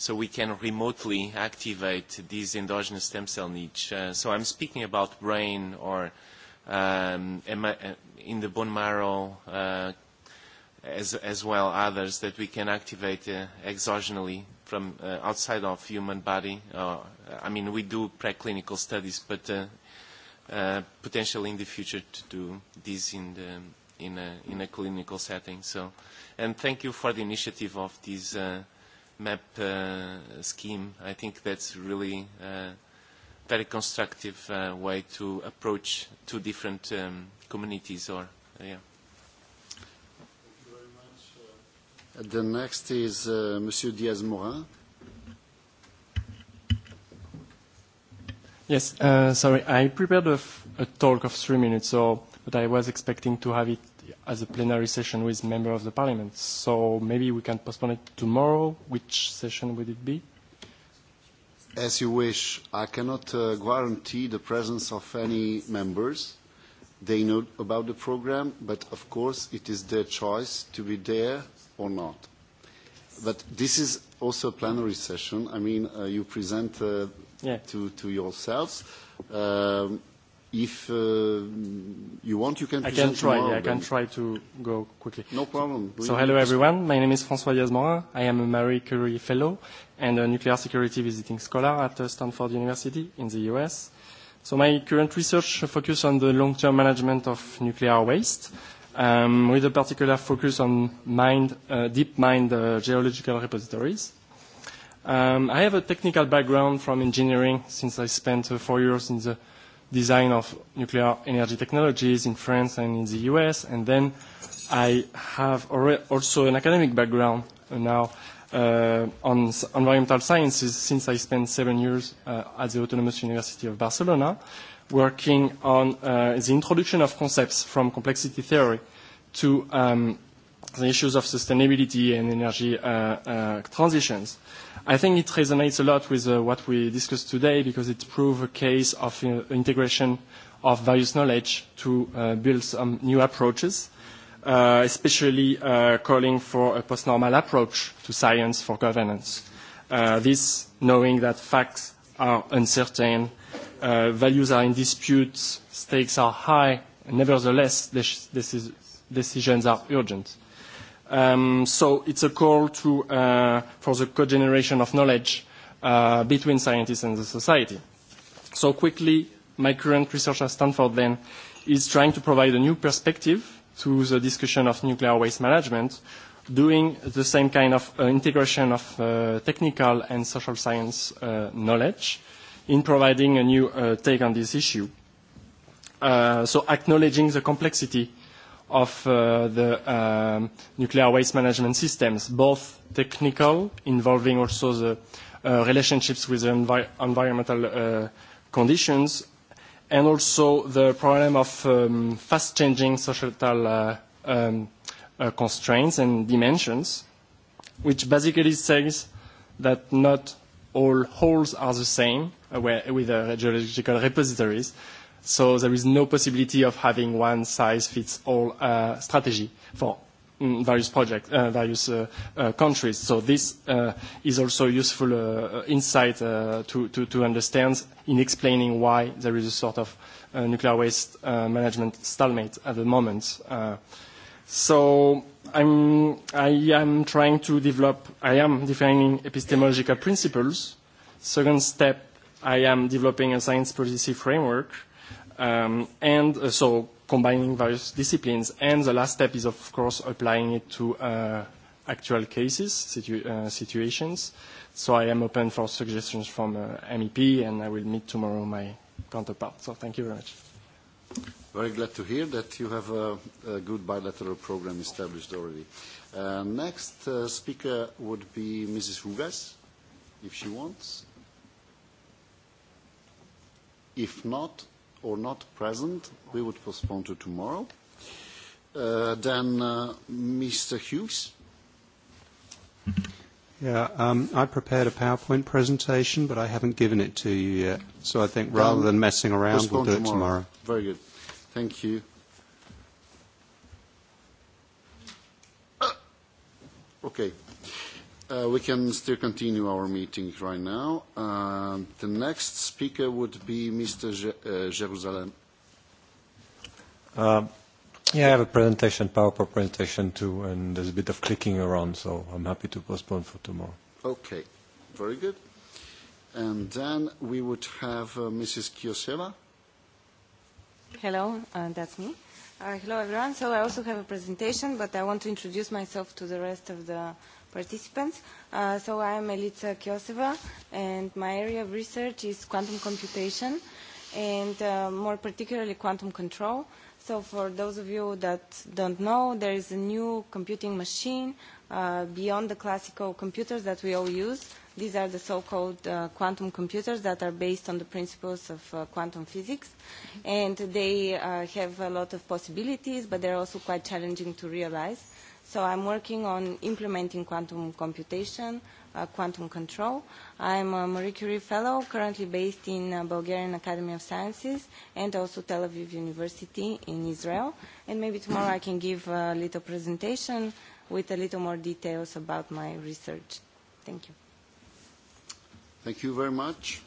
so we can remotely activate these endogenous stem cell niche. Uh, so I'm speaking about brain or um, uh, in the bone marrow uh, as, as well others that we can activate uh, exogenally from uh, outside of human body. Uh, I mean, we do preclinical studies, but uh, uh, potentially in the future to do this in the in a, in a clinical setting. So, and thank you for the initiative of these uh, map uh, scheme. I think that's really a uh, very constructive uh, way to approach two different um, communities. Or uh, yeah. Thank you very much. The next is uh, Monsieur Diaz Morin. Yes, uh, sorry, I prepared a, f a talk of three minutes, so, but I was expecting to have it as a plenary session with Members of the parliament. So maybe we can postpone it tomorrow. Which session would it be? As you wish. I cannot uh, guarantee the presence of any members. They know about the program, but of course it is their choice to be there or not. But this is also a plenary session. I mean, uh, you present uh, to, yourselves. Um, If uh, you want, you can I can try. I can try to go quickly. No problem. So hello everyone. My name is François diaz I am a Marie Curie Fellow and a nuclear security visiting scholar at uh, Stanford University in the US. So my current research focuses on the long-term management of nuclear waste, um, with a particular focus on mined, uh, deep mined geological repositories. Um, I have a technical background from engineering since I spent uh, four years in the design of nuclear energy technologies in France and in the US. And then I have also an academic background now uh, on environmental sciences since I spent seven years uh, at the Autonomous University of Barcelona working on uh, the introduction of concepts from complexity theory to um, the issues of sustainability and energy uh, uh, transitions. I think it resonates a lot with uh, what we discussed today because it proves a case of uh, integration of various knowledge to uh, build some new approaches, uh, especially calling for a post-normal approach to science for governance. This knowing that facts are uncertain, values are in dispute, stakes are high, and nevertheless, this is decisions are urgent. Um, so it's a call to, uh, for the co-generation of knowledge uh, between scientists and the society. So quickly, my current research at Stanford then is trying to provide a new perspective to the discussion of nuclear waste management, doing the same kind of uh, integration of uh, technical and social science uh, knowledge in providing a new uh, take on this issue. Uh, so acknowledging the complexity of uh, the um, nuclear waste management systems, both technical, involving also the uh, relationships with the environmental uh, conditions, and also the problem of um, fast-changing societal um, constraints and dimensions, which basically says that not all holes are the same with geological repositories, So there is no possibility of having one size fits all uh, strategy for mm, various projects, uh, various uh, uh, countries. So this uh, is also useful insight to, to, to understand in explaining why there is a sort of nuclear waste management stalemate at the moment. So I'm, I am trying to develop, I am defining epistemological principles. Second step, I am developing a science policy framework um, and uh, so combining various disciplines. And the last step is, of course, applying it to uh, actual cases, uh, situations. So I am open for suggestions from uh, MEP, and I will meet tomorrow my counterpart. So thank you very much. Very glad to hear that you have a, good bilateral program established already. Uh, next speaker would be Mrs. Hugas, if she wants. If not, or not present, we would postpone to tomorrow. Uh, then uh, Mr. Hughes. Yeah, um, I prepared a PowerPoint presentation, but I haven't given it to you yet. So I think rather than messing around, we'll do tomorrow. it tomorrow. Very good. Thank you. Uh, okay. Uh, we can still continue our meeting right now. Um, the next speaker would be Mr. Je uh, Jerusalem. Um, I have a presentation, PowerPoint presentation too, and there's a bit of clicking around, so I'm happy to postpone for tomorrow. Okay, very good. And then we would have uh, Mrs. Kiosela. Hello, uh, that's me. Hello, everyone. So I also have a presentation, but I want to introduce myself to the rest of the participants. Uh, so I am Elitsa Kioseva, and my area of research is quantum computation, and uh, more particularly quantum control. So for those of you that don't know, there is a new computing machine uh, beyond the classical computers that we all use. These are the so-called uh, quantum computers that are based on the principles of uh, quantum physics. And they uh, have a lot of possibilities, but they're also quite challenging to realize. So I'm working on implementing quantum computation, uh, quantum control. I'm a Marie Curie Fellow, currently based in uh, Bulgarian Academy of Sciences and also Tel Aviv University in Israel. And maybe tomorrow I can give a little presentation with a little more details about my research. Thank you. Thank you very much.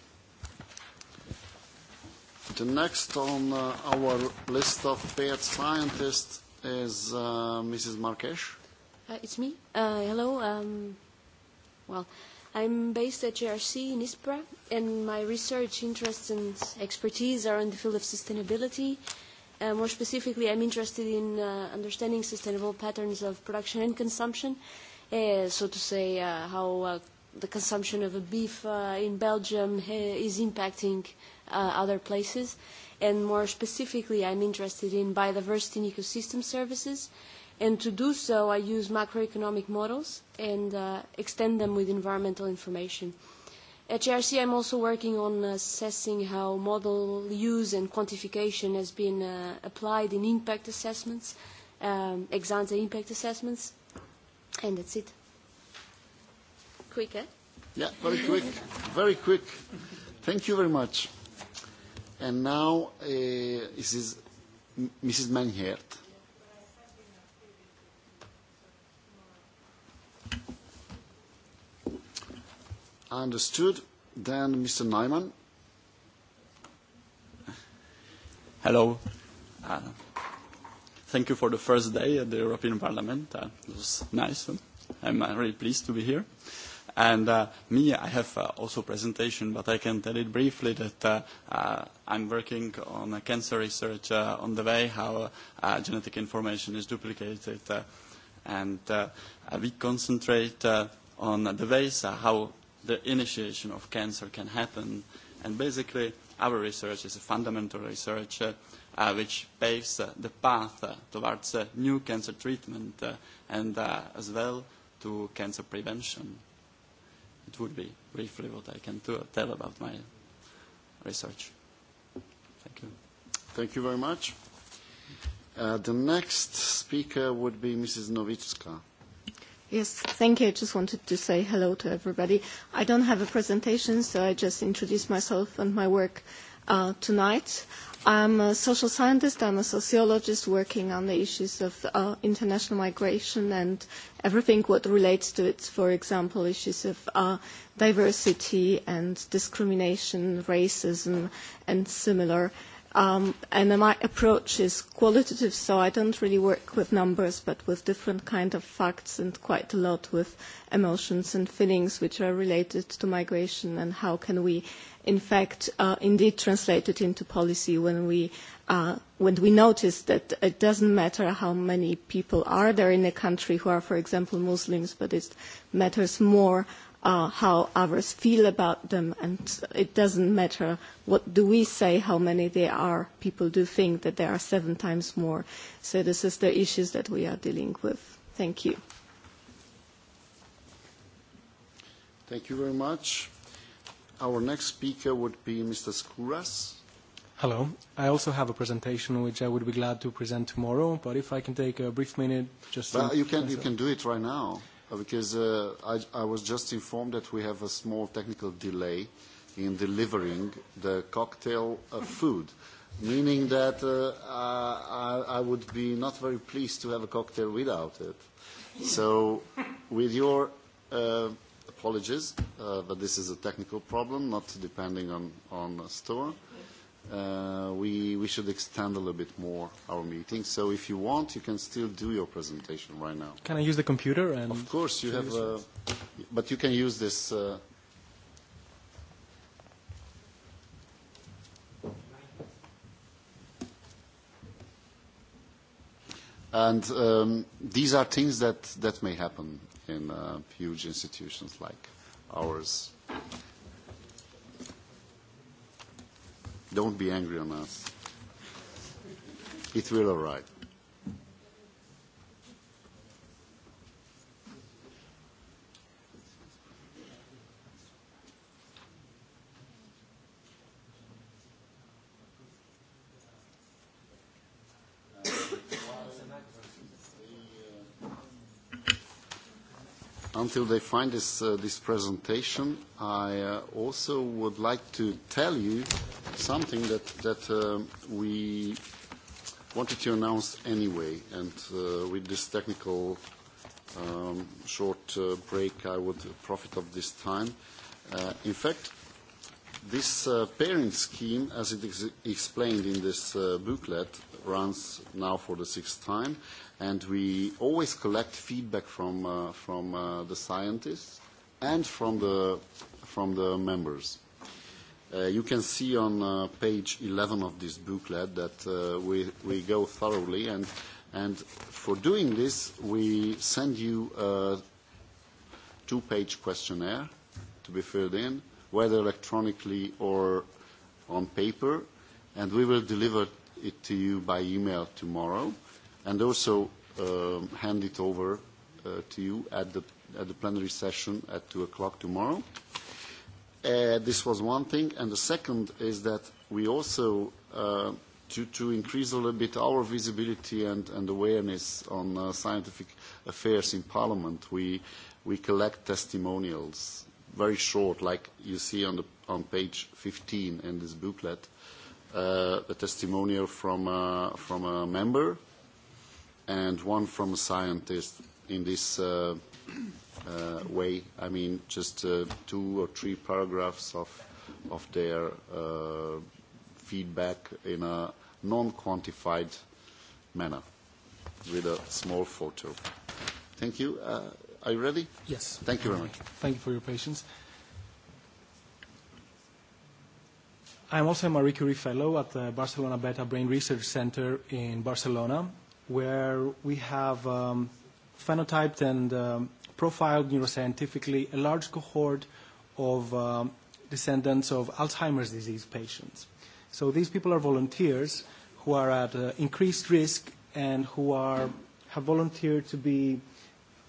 The next on uh, our list of paired scientists is uh, Mrs. Marques. Uh, it's me. Uh, hello. Um, well, I'm based at GRC in ISPRA, and my research interests and expertise are in the field of sustainability. Uh, more specifically, I'm interested in understanding sustainable patterns of production and consumption, so to say how the consumption of a beef in Belgium is impacting other places and more specifically I'm interested in biodiversity and ecosystem services. And to do so, I use macroeconomic models and uh, extend them with environmental information. At GRC, I'm also working on assessing how model use and quantification has been uh, applied in impact assessments, um, ex ante impact assessments, and that's it. Quick, eh? Yeah, very quick. very quick. Thank you very much. And now uh, this is Mrs. Manhert. Understood. Then Mr. Neumann. Hello. Uh, thank you for the first day at the European Parliament. Uh, it was nice. I'm uh, really pleased to be here. And uh, me, I have uh, also presentation, but I can tell it briefly that uh, uh, I'm working on cancer research uh, on the way how uh, genetic information is duplicated. and we concentrate on the ways how the initiation of cancer can happen. And basically, our research is a fundamental research which paves the path towards new cancer treatment and as well to cancer prevention it would be briefly what I can to, tell about my research. Thank you. Thank you very much. Uh, the next speaker would be Mrs. Novitska. Yes, thank you. I just wanted to say hello to everybody. I don't have a presentation, so I just introduce myself and my work uh, tonight. I'm a social scientist. I'm a sociologist working on the issues of uh, international migration and everything what relates to it. For example, issues of uh, diversity and discrimination, racism, and similar Um, and my approach is qualitative, so I don't really work with numbers, but with different kind of facts and quite a lot with emotions and feelings which are related to migration and how can we, in fact, uh, indeed translate it into policy when we uh, when we notice that it doesn't matter how many people are there in a country who are, for example, Muslims, but it matters more uh, how others feel about them, and it doesn't matter what do we say, how many there are. People do think that there are seven times more. So this is the issues that we are dealing with. Thank you. Thank you very much. Our next speaker would be Mr. Skouras. Hello. I also have a presentation which I would be glad to present tomorrow, but if I can take a brief minute just to... you can, you can do it right now. Uh, because uh, I, I was just informed that we have a small technical delay in delivering the cocktail uh, food meaning that uh, I, I would be not very pleased to have a cocktail without it. So, with your uh, apologies, uh, but this is a technical problem, not depending on, on store uh, we, we should extend a little bit more our meeting. So if you want, you can still do your presentation right now. Can I use the computer? And of course, you have, uh, but you can use this. Uh, and um, these are things that, that may happen in uh, huge institutions like ours. Don't be angry on us. It will alright. until they find this, uh, this presentation, I uh, also would like to tell you something that, that um, we wanted to announce anyway. And uh, with this technical um, short uh, break, I would profit of this time. Uh, in fact, this parent scheme, as it is explained in this booklet, runs now for the sixth time, and we always collect feedback from, uh, from uh, the scientists and from the, from the members. Uh, you can see on uh, page 11 of this booklet that uh, we, we go thoroughly, and, and for doing this, we send you a two-page questionnaire to be filled in, whether electronically or on paper, and we will deliver it to you by email tomorrow and also um, hand it over uh, to you at the, at the plenary session at 2 o'clock tomorrow. Uh, this was one thing. And the second is that we also, uh, to, to increase a little bit our visibility and, and awareness on uh, scientific affairs in Parliament, we, we collect testimonials, very short, like you see on, the, on page 15 in this booklet the uh, a testimonial from a, from a member and one from a scientist in this uh, uh, way. I mean, just uh, two or three paragraphs of, of their uh, feedback in a non-quantified manner with a small photo. Thank you. Uh, are you ready? Yes. Thank you very much. Thank you for your patience. I'm also a Marie Curie Fellow at the Barcelona Beta Brain Research Center in Barcelona, where we have um, phenotyped and um, profiled neuroscientifically a large cohort of um, descendants of Alzheimer's disease patients. So these people are volunteers who are at uh, increased risk and who are, have volunteered to be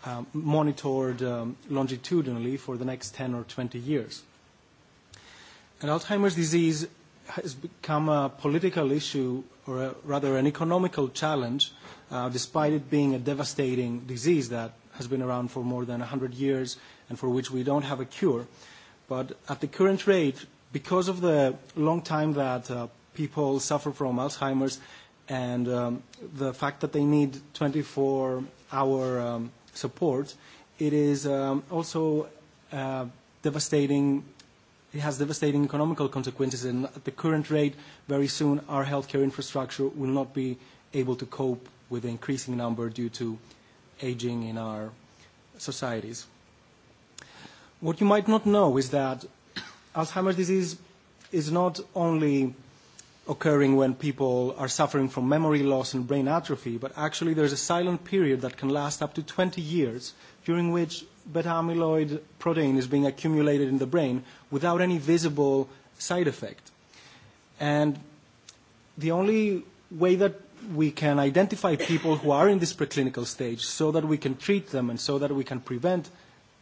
um, monitored um, longitudinally for the next 10 or 20 years. And Alzheimer's disease has become a political issue, or rather an economical challenge, uh, despite it being a devastating disease that has been around for more than 100 years and for which we don't have a cure. But at the current rate, because of the long time that uh, people suffer from Alzheimer's and um, the fact that they need 24-hour um, support, it is um, also a uh, devastating it has devastating economical consequences, and at the current rate, very soon our healthcare infrastructure will not be able to cope with the increasing number due to aging in our societies. What you might not know is that Alzheimer's disease is not only occurring when people are suffering from memory loss and brain atrophy, but actually there's a silent period that can last up to 20 years during which beta amyloid protein is being accumulated in the brain without any visible side effect. And the only way that we can identify people who are in this preclinical stage so that we can treat them and so that we can prevent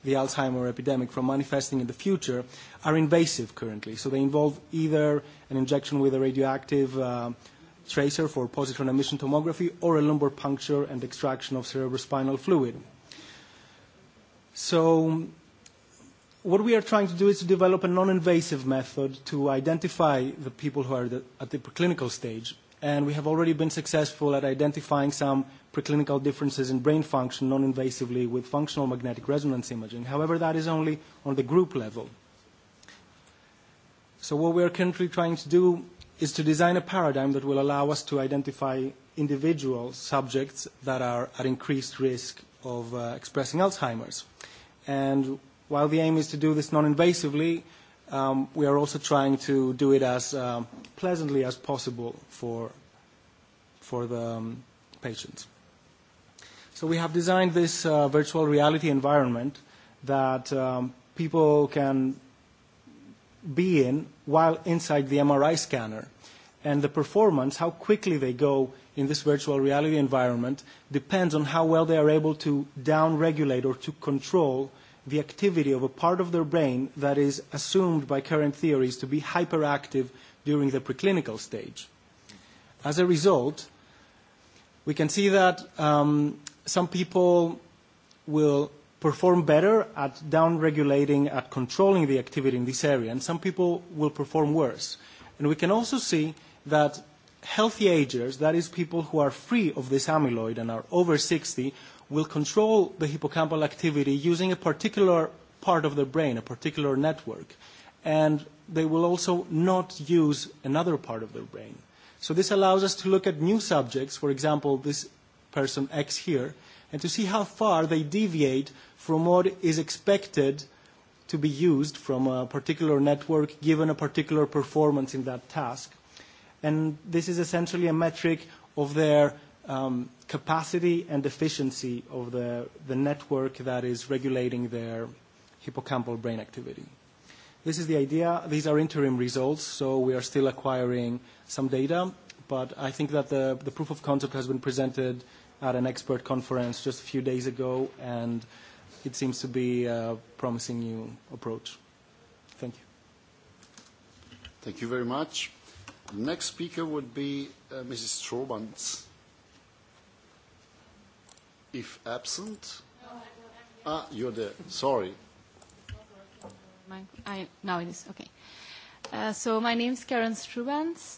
the Alzheimer epidemic from manifesting in the future are invasive currently. So they involve either an injection with a radioactive uh, tracer for positron emission tomography or a lumbar puncture and extraction of cerebrospinal fluid. So what we are trying to do is to develop a non-invasive method to identify the people who are the, at the preclinical stage and we have already been successful at identifying some preclinical differences in brain function non-invasively with functional magnetic resonance imaging. However, that is only on the group level. So what we are currently trying to do is to design a paradigm that will allow us to identify individual subjects that are at increased risk of uh, expressing Alzheimer's. And while the aim is to do this non-invasively, um, we are also trying to do it as um, pleasantly as possible for, for the um, patients. So we have designed this uh, virtual reality environment that um, people can be in while inside the MRI scanner. And the performance, how quickly they go in this virtual reality environment, depends on how well they are able to down-regulate or to control the activity of a part of their brain that is assumed by current theories to be hyperactive during the preclinical stage. As a result, we can see that um, some people will perform better at downregulating, at controlling the activity in this area, and some people will perform worse. And we can also see that healthy agers, that is people who are free of this amyloid and are over 60, will control the hippocampal activity using a particular part of the brain, a particular network, and they will also not use another part of their brain. So this allows us to look at new subjects, for example, this person X here, and to see how far they deviate from what is expected to be used from a particular network given a particular performance in that task. And this is essentially a metric of their um, capacity and efficiency of the, the network that is regulating their hippocampal brain activity. This is the idea. These are interim results, so we are still acquiring some data, but I think that the, the proof of concept has been presented at an expert conference just a few days ago, and it seems to be a promising new approach. Thank you. Thank you very much. Next speaker would be uh, Mrs. Strobans if absent. Ah, you're there. Sorry. I, now it is. Okay. Uh, so my name is Karen Strubans.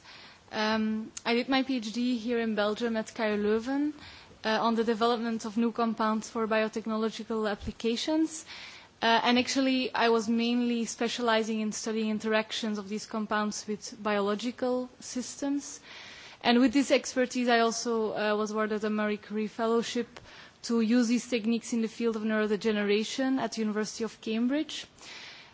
Um, I did my PhD here in Belgium at KU Leuven uh, on the development of new compounds for biotechnological applications. Uh, and actually, I was mainly specializing in studying interactions of these compounds with biological systems. And with this expertise, I also uh, was awarded a Marie Curie Fellowship to use these techniques in the field of neurodegeneration at the University of Cambridge.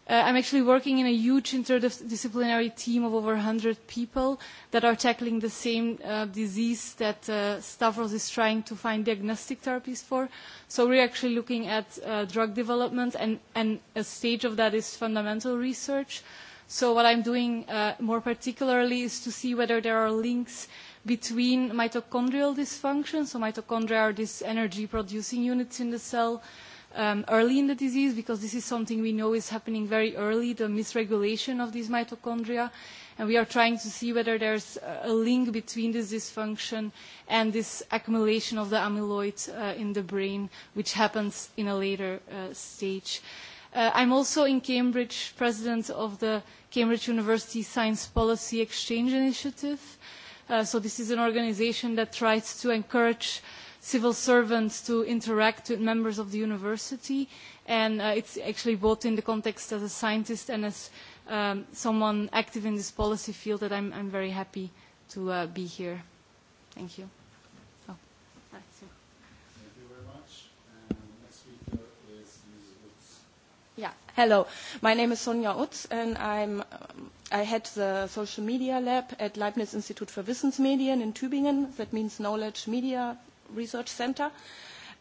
Uh, I'm actually working in a huge interdisciplinary team of over 100 people that are tackling the same uh, disease that uh, Stavros is trying to find diagnostic therapies for. So we're actually looking at uh, drug development, and, and a stage of that is fundamental research. So what I'm doing uh, more particularly is to see whether there are links between mitochondrial dysfunction, so mitochondria are these energy-producing units in the cell, um, early in the disease, because this is something we know is happening very early, the misregulation of these mitochondria, and we are trying to see whether there's a link between this dysfunction and this accumulation of the amyloid uh, in the brain, which happens in a later uh, stage. Uh, I'm also in Cambridge, president of the Cambridge University Science Policy Exchange Initiative, Uh, so this is an organization that tries to encourage civil servants to interact with members of the university. And uh, it's actually both in the context as a scientist and as um, someone active in this policy field that I'm, I'm very happy to uh, be here. Thank you. Oh, and is Yeah, hello. My name is Sonja Utz, and I'm um, i had the social media lab at Leibniz Institute for Wissensmedien in Tübingen, that means Knowledge Media Research Center.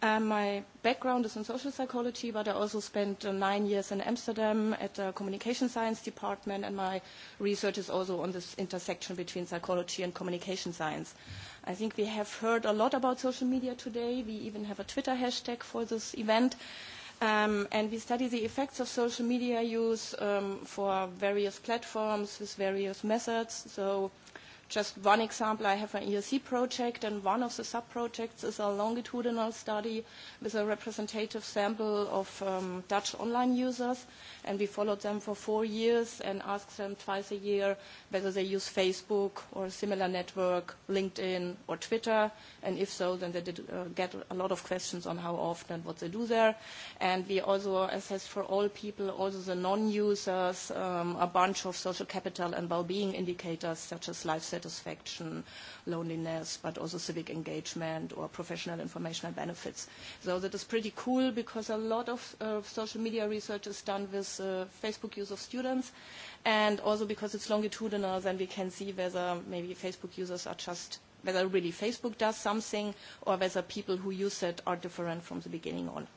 Um, my background is in social psychology, but I also spent uh, nine years in Amsterdam at the communication science department, and my research is also on this intersection between psychology and communication science. I think we have heard a lot about social media today. We even have a Twitter hashtag for this event. Um, and we study the effects of social media use um, for various platforms with various methods. So Just one example, I have an ESC project, and one of the sub-projects is a longitudinal study with a representative sample of um, Dutch online users, and we followed them for four years and asked them twice a year whether they use Facebook or a similar network, LinkedIn or Twitter, and if so, then they did uh, get a lot of questions on how often and what they do there. And we also assessed for all people, also the non-users, um, a bunch of social capital and well-being indicators such as life satisfaction, loneliness, but also civic engagement or professional informational benefits. So that is pretty cool because a lot of uh, social media research is done with uh, Facebook use of students and also because it's longitudinal, then we can see whether maybe Facebook users are just whether really Facebook does something or whether people who use it are different from the beginning on.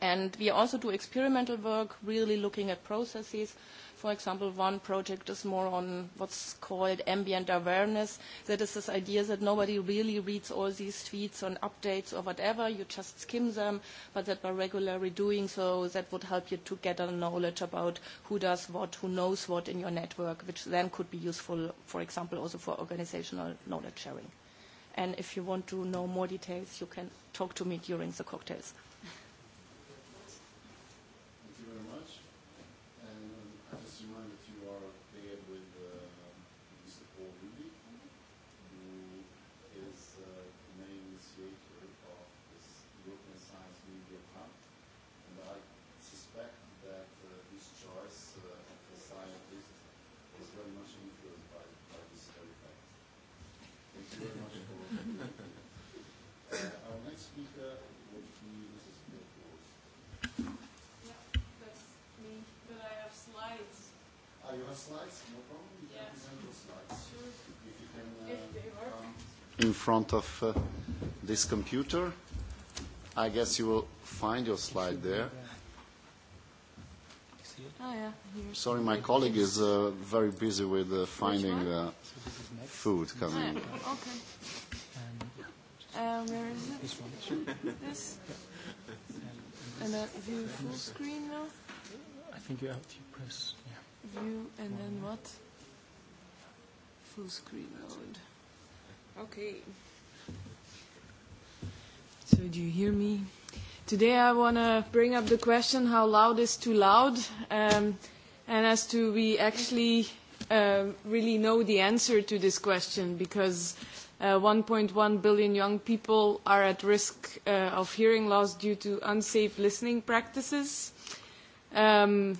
And we also do experimental work, really looking at processes For example, one project is more on what's called ambient awareness. That is this idea that nobody really reads all these tweets on updates or whatever. You just skim them, but that by regularly doing so, that would help you to get a knowledge about who does what, who knows what in your network, which then could be useful, for example, also for organizational knowledge sharing. And if you want to know more details, you can talk to me during the cocktails. in front of uh, this computer. I guess you will find your slide there. Oh, yeah. Sorry, my colleague is uh, very busy with uh, finding uh, food coming. Oh, okay. Uh, where is it? This one. This? And uh, view full screen now? I think you have to press You and then mhm. what? Full screen mode. Okay. So do you hear me? Today I want to bring up the question how loud is too loud um, and as to we actually uh, really know the answer to this question because uh, 1.1 billion young people are at risk uh, of hearing loss due to unsafe listening practices. Um,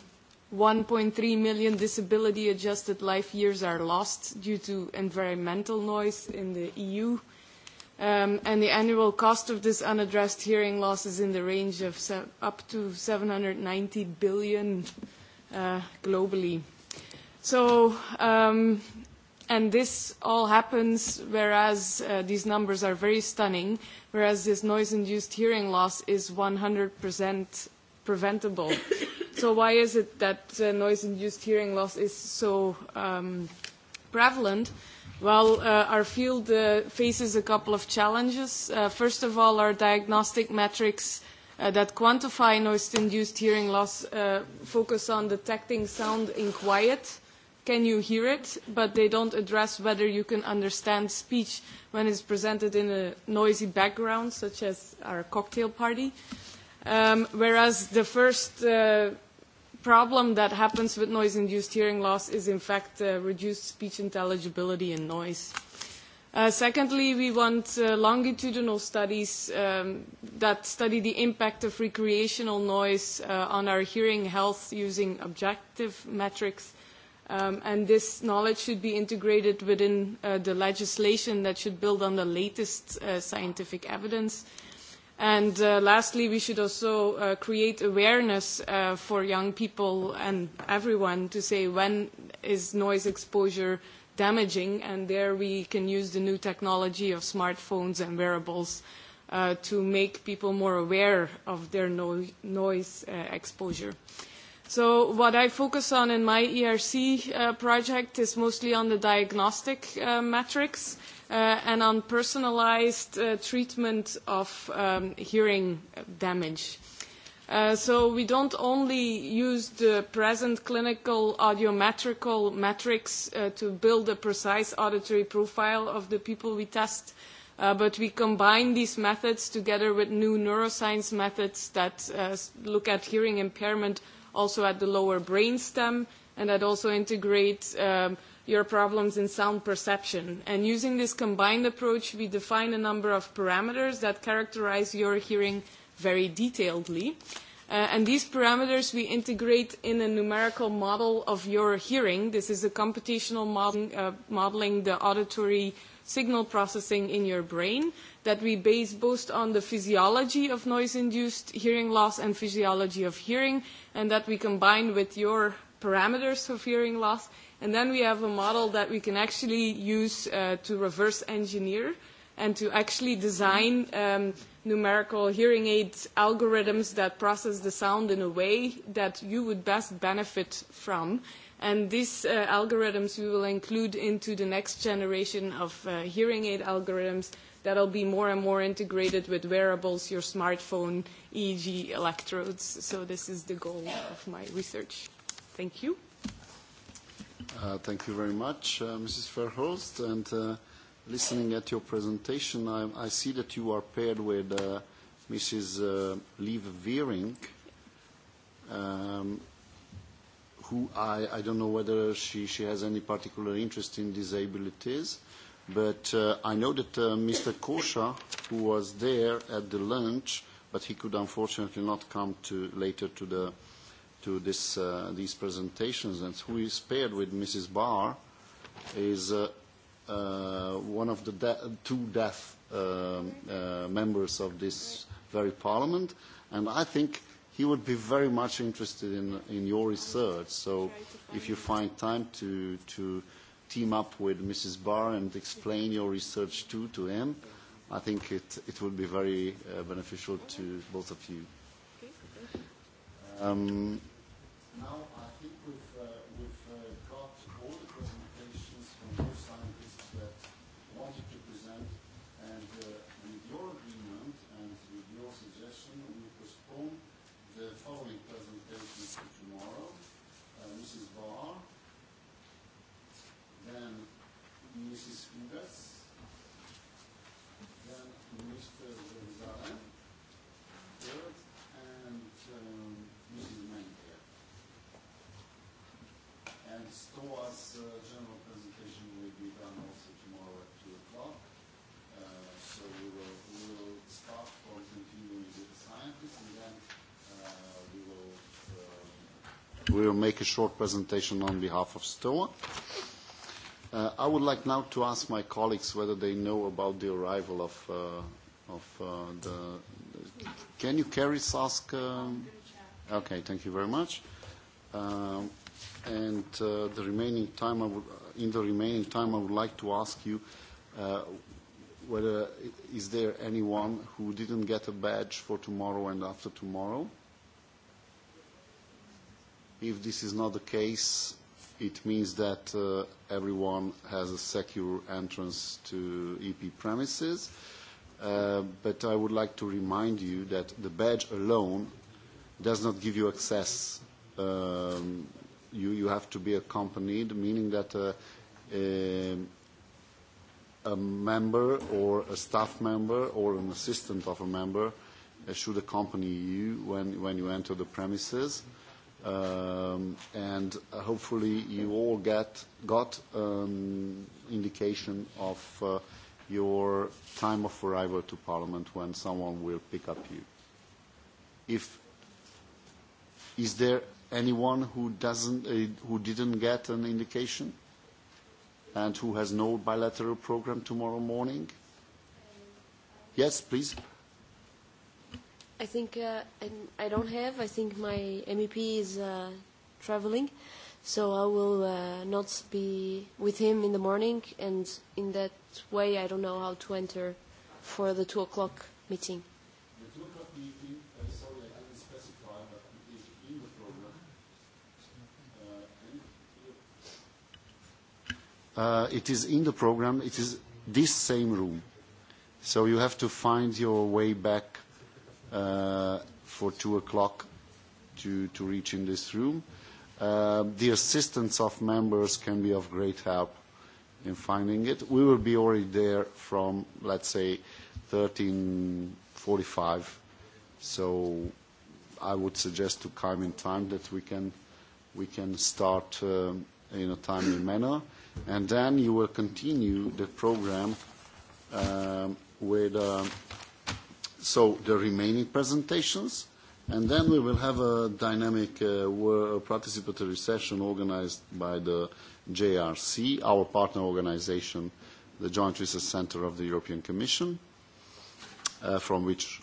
1.3 million disability adjusted life years are lost due to environmental noise in the EU. Um, and the annual cost of this unaddressed hearing loss is in the range of up to 790 billion uh, globally. So, um, and this all happens whereas uh, these numbers are very stunning, whereas this noise-induced hearing loss is 100% preventable. So why is it that uh, noise-induced hearing loss is so um, prevalent? Well, uh, our field uh, faces a couple of challenges. Uh, first of all, our diagnostic metrics uh, that quantify noise-induced hearing loss uh, focus on detecting sound in quiet. Can you hear it? But they don't address whether you can understand speech when it's presented in a noisy background, such as our cocktail party. Um, whereas the first uh, problem that happens with noise-induced hearing loss is, in fact, uh, reduced speech intelligibility and noise. Uh, secondly, we want uh, longitudinal studies um, that study the impact of recreational noise on our hearing health using objective metrics. Um, and this knowledge should be integrated within the legislation that should build on the latest scientific evidence. And uh, lastly, we should also uh, create awareness uh, for young people and everyone to say when is noise exposure damaging, and there we can use the new technology of smartphones and wearables to make people more aware of their noise exposure. So what I focus on in my ERC project is mostly on the diagnostic metrics Uh, and on personalized uh, treatment of um, hearing damage. Uh, so we don't only use the present clinical audiometrical metrics to build a precise auditory profile of the people we test, but we combine these methods together with new neuroscience methods that look at hearing impairment also at the lower brain stem and that also integrate um, your problems in sound perception. And using this combined approach, we define a number of parameters that characterize your hearing very detailedly. Uh, and these parameters we integrate in a numerical model of your hearing. This is a computational model, uh, modeling the auditory signal processing in your brain that we base both on the physiology of noise-induced hearing loss and physiology of hearing, and that we combine with your parameters of hearing loss And then we have a model that we can actually use uh, to reverse engineer and to actually design um, numerical hearing aid algorithms that process the sound in a way that you would best benefit from. And these uh, algorithms we will include into the next generation of uh, hearing aid algorithms that will be more and more integrated with wearables, your smartphone, EEG electrodes. So this is the goal of my research. Thank you. Uh, thank you very much, uh, Mrs. Fairhurst. And uh, listening at your presentation, I, I see that you are paired with uh, Mrs. Uh, Liv Veering, um, who I, I don't know whether she, she has any particular interest in disabilities, but uh, I know that uh, Mr. Kosha, who was there at the lunch, but he could unfortunately not come to later to the to this, uh, these presentations and who is paired with Mrs. Barr is uh, uh, one of the two deaf members of this very parliament and I think he would be very much interested in, in your research so if you find time to, to team up with Mrs. Barr and explain your research too to him I think it, it would be very beneficial to both of you. Um, now Mark's uh, general presentation will be done also tomorrow at 2 o'clock. Uh, so we will, we will start for continuing with the scientists and then uh, we will uh, we will make a short presentation on behalf of STOA. Uh, I would like now to ask my colleagues whether they know about the arrival of uh, of uh, the. Can you carry Sask? Um, okay, thank you very much. Um, and uh, the remaining time I would, in the remaining time I would like to ask you uh, whether is there anyone who didn't get a badge for tomorrow and after tomorrow if this is not the case it means that uh, everyone has a secure entrance to EP premises uh, but I would like to remind you that the badge alone does not give you access um, you, you have to be accompanied, meaning that uh, a, uh, a member or a staff member or an assistant of a member uh, should accompany you when, when you enter the premises. Um, and hopefully you all get, got um, indication of uh, your time of arrival to Parliament when someone will pick up you. If, is there anyone who doesn't uh, who didn't get an indication and who has no bilateral program tomorrow morning yes please i think uh, i don't have i think my mep is uh, traveling so i will uh, not be with him in the morning and in that way i don't know how to enter for the two o'clock meeting uh, it is in the program, it is this same room. So you have to find your way back uh, for two o'clock to, to reach in this room. Uh, the assistance of members can be of great help in finding it. We will be already there from, let's say, 13.45. So I would suggest to come in time that we can, we can start um, in a timely manner and then you will continue the program um, with um, so the remaining presentations, and then we will have a dynamic uh, participatory session organized by the JRC, our partner organization, the Joint Research Centre of the European Commission, uh, from which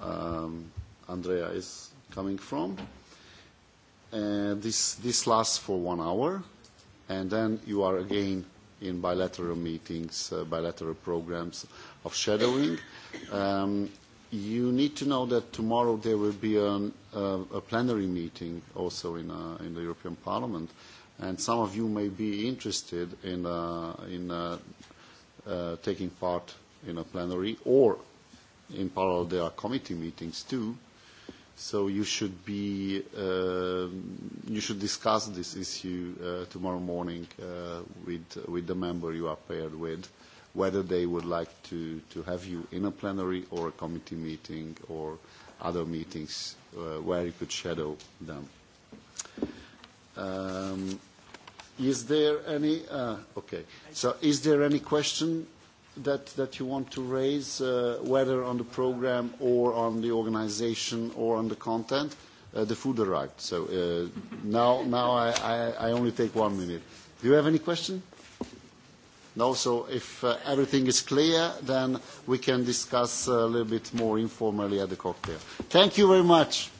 um, Andrea is coming from. Uh, this, this lasts for one hour and then you are again in bilateral meetings, uh, bilateral programs of shadowing. Um, you need to know that tomorrow there will be an, uh, a plenary meeting also in, uh, in the European Parliament, and some of you may be interested in, uh, in uh, uh, taking part in a plenary, or in parallel there are committee meetings too, So you should be uh, you should discuss this issue uh, tomorrow morning uh, with with the member you are paired with, whether they would like to to have you in a plenary or a committee meeting or other meetings uh, where you could shadow them. Um, is there any uh, okay? So is there any question that, that you want to raise, uh, whether on the program or on the organization or on the content? Uh, the food arrived, so uh, now, now I, I, I only take one minute. Do you have any question? No, so if uh, everything is clear, then we can discuss uh, a little bit more informally at the cocktail. Thank you very much.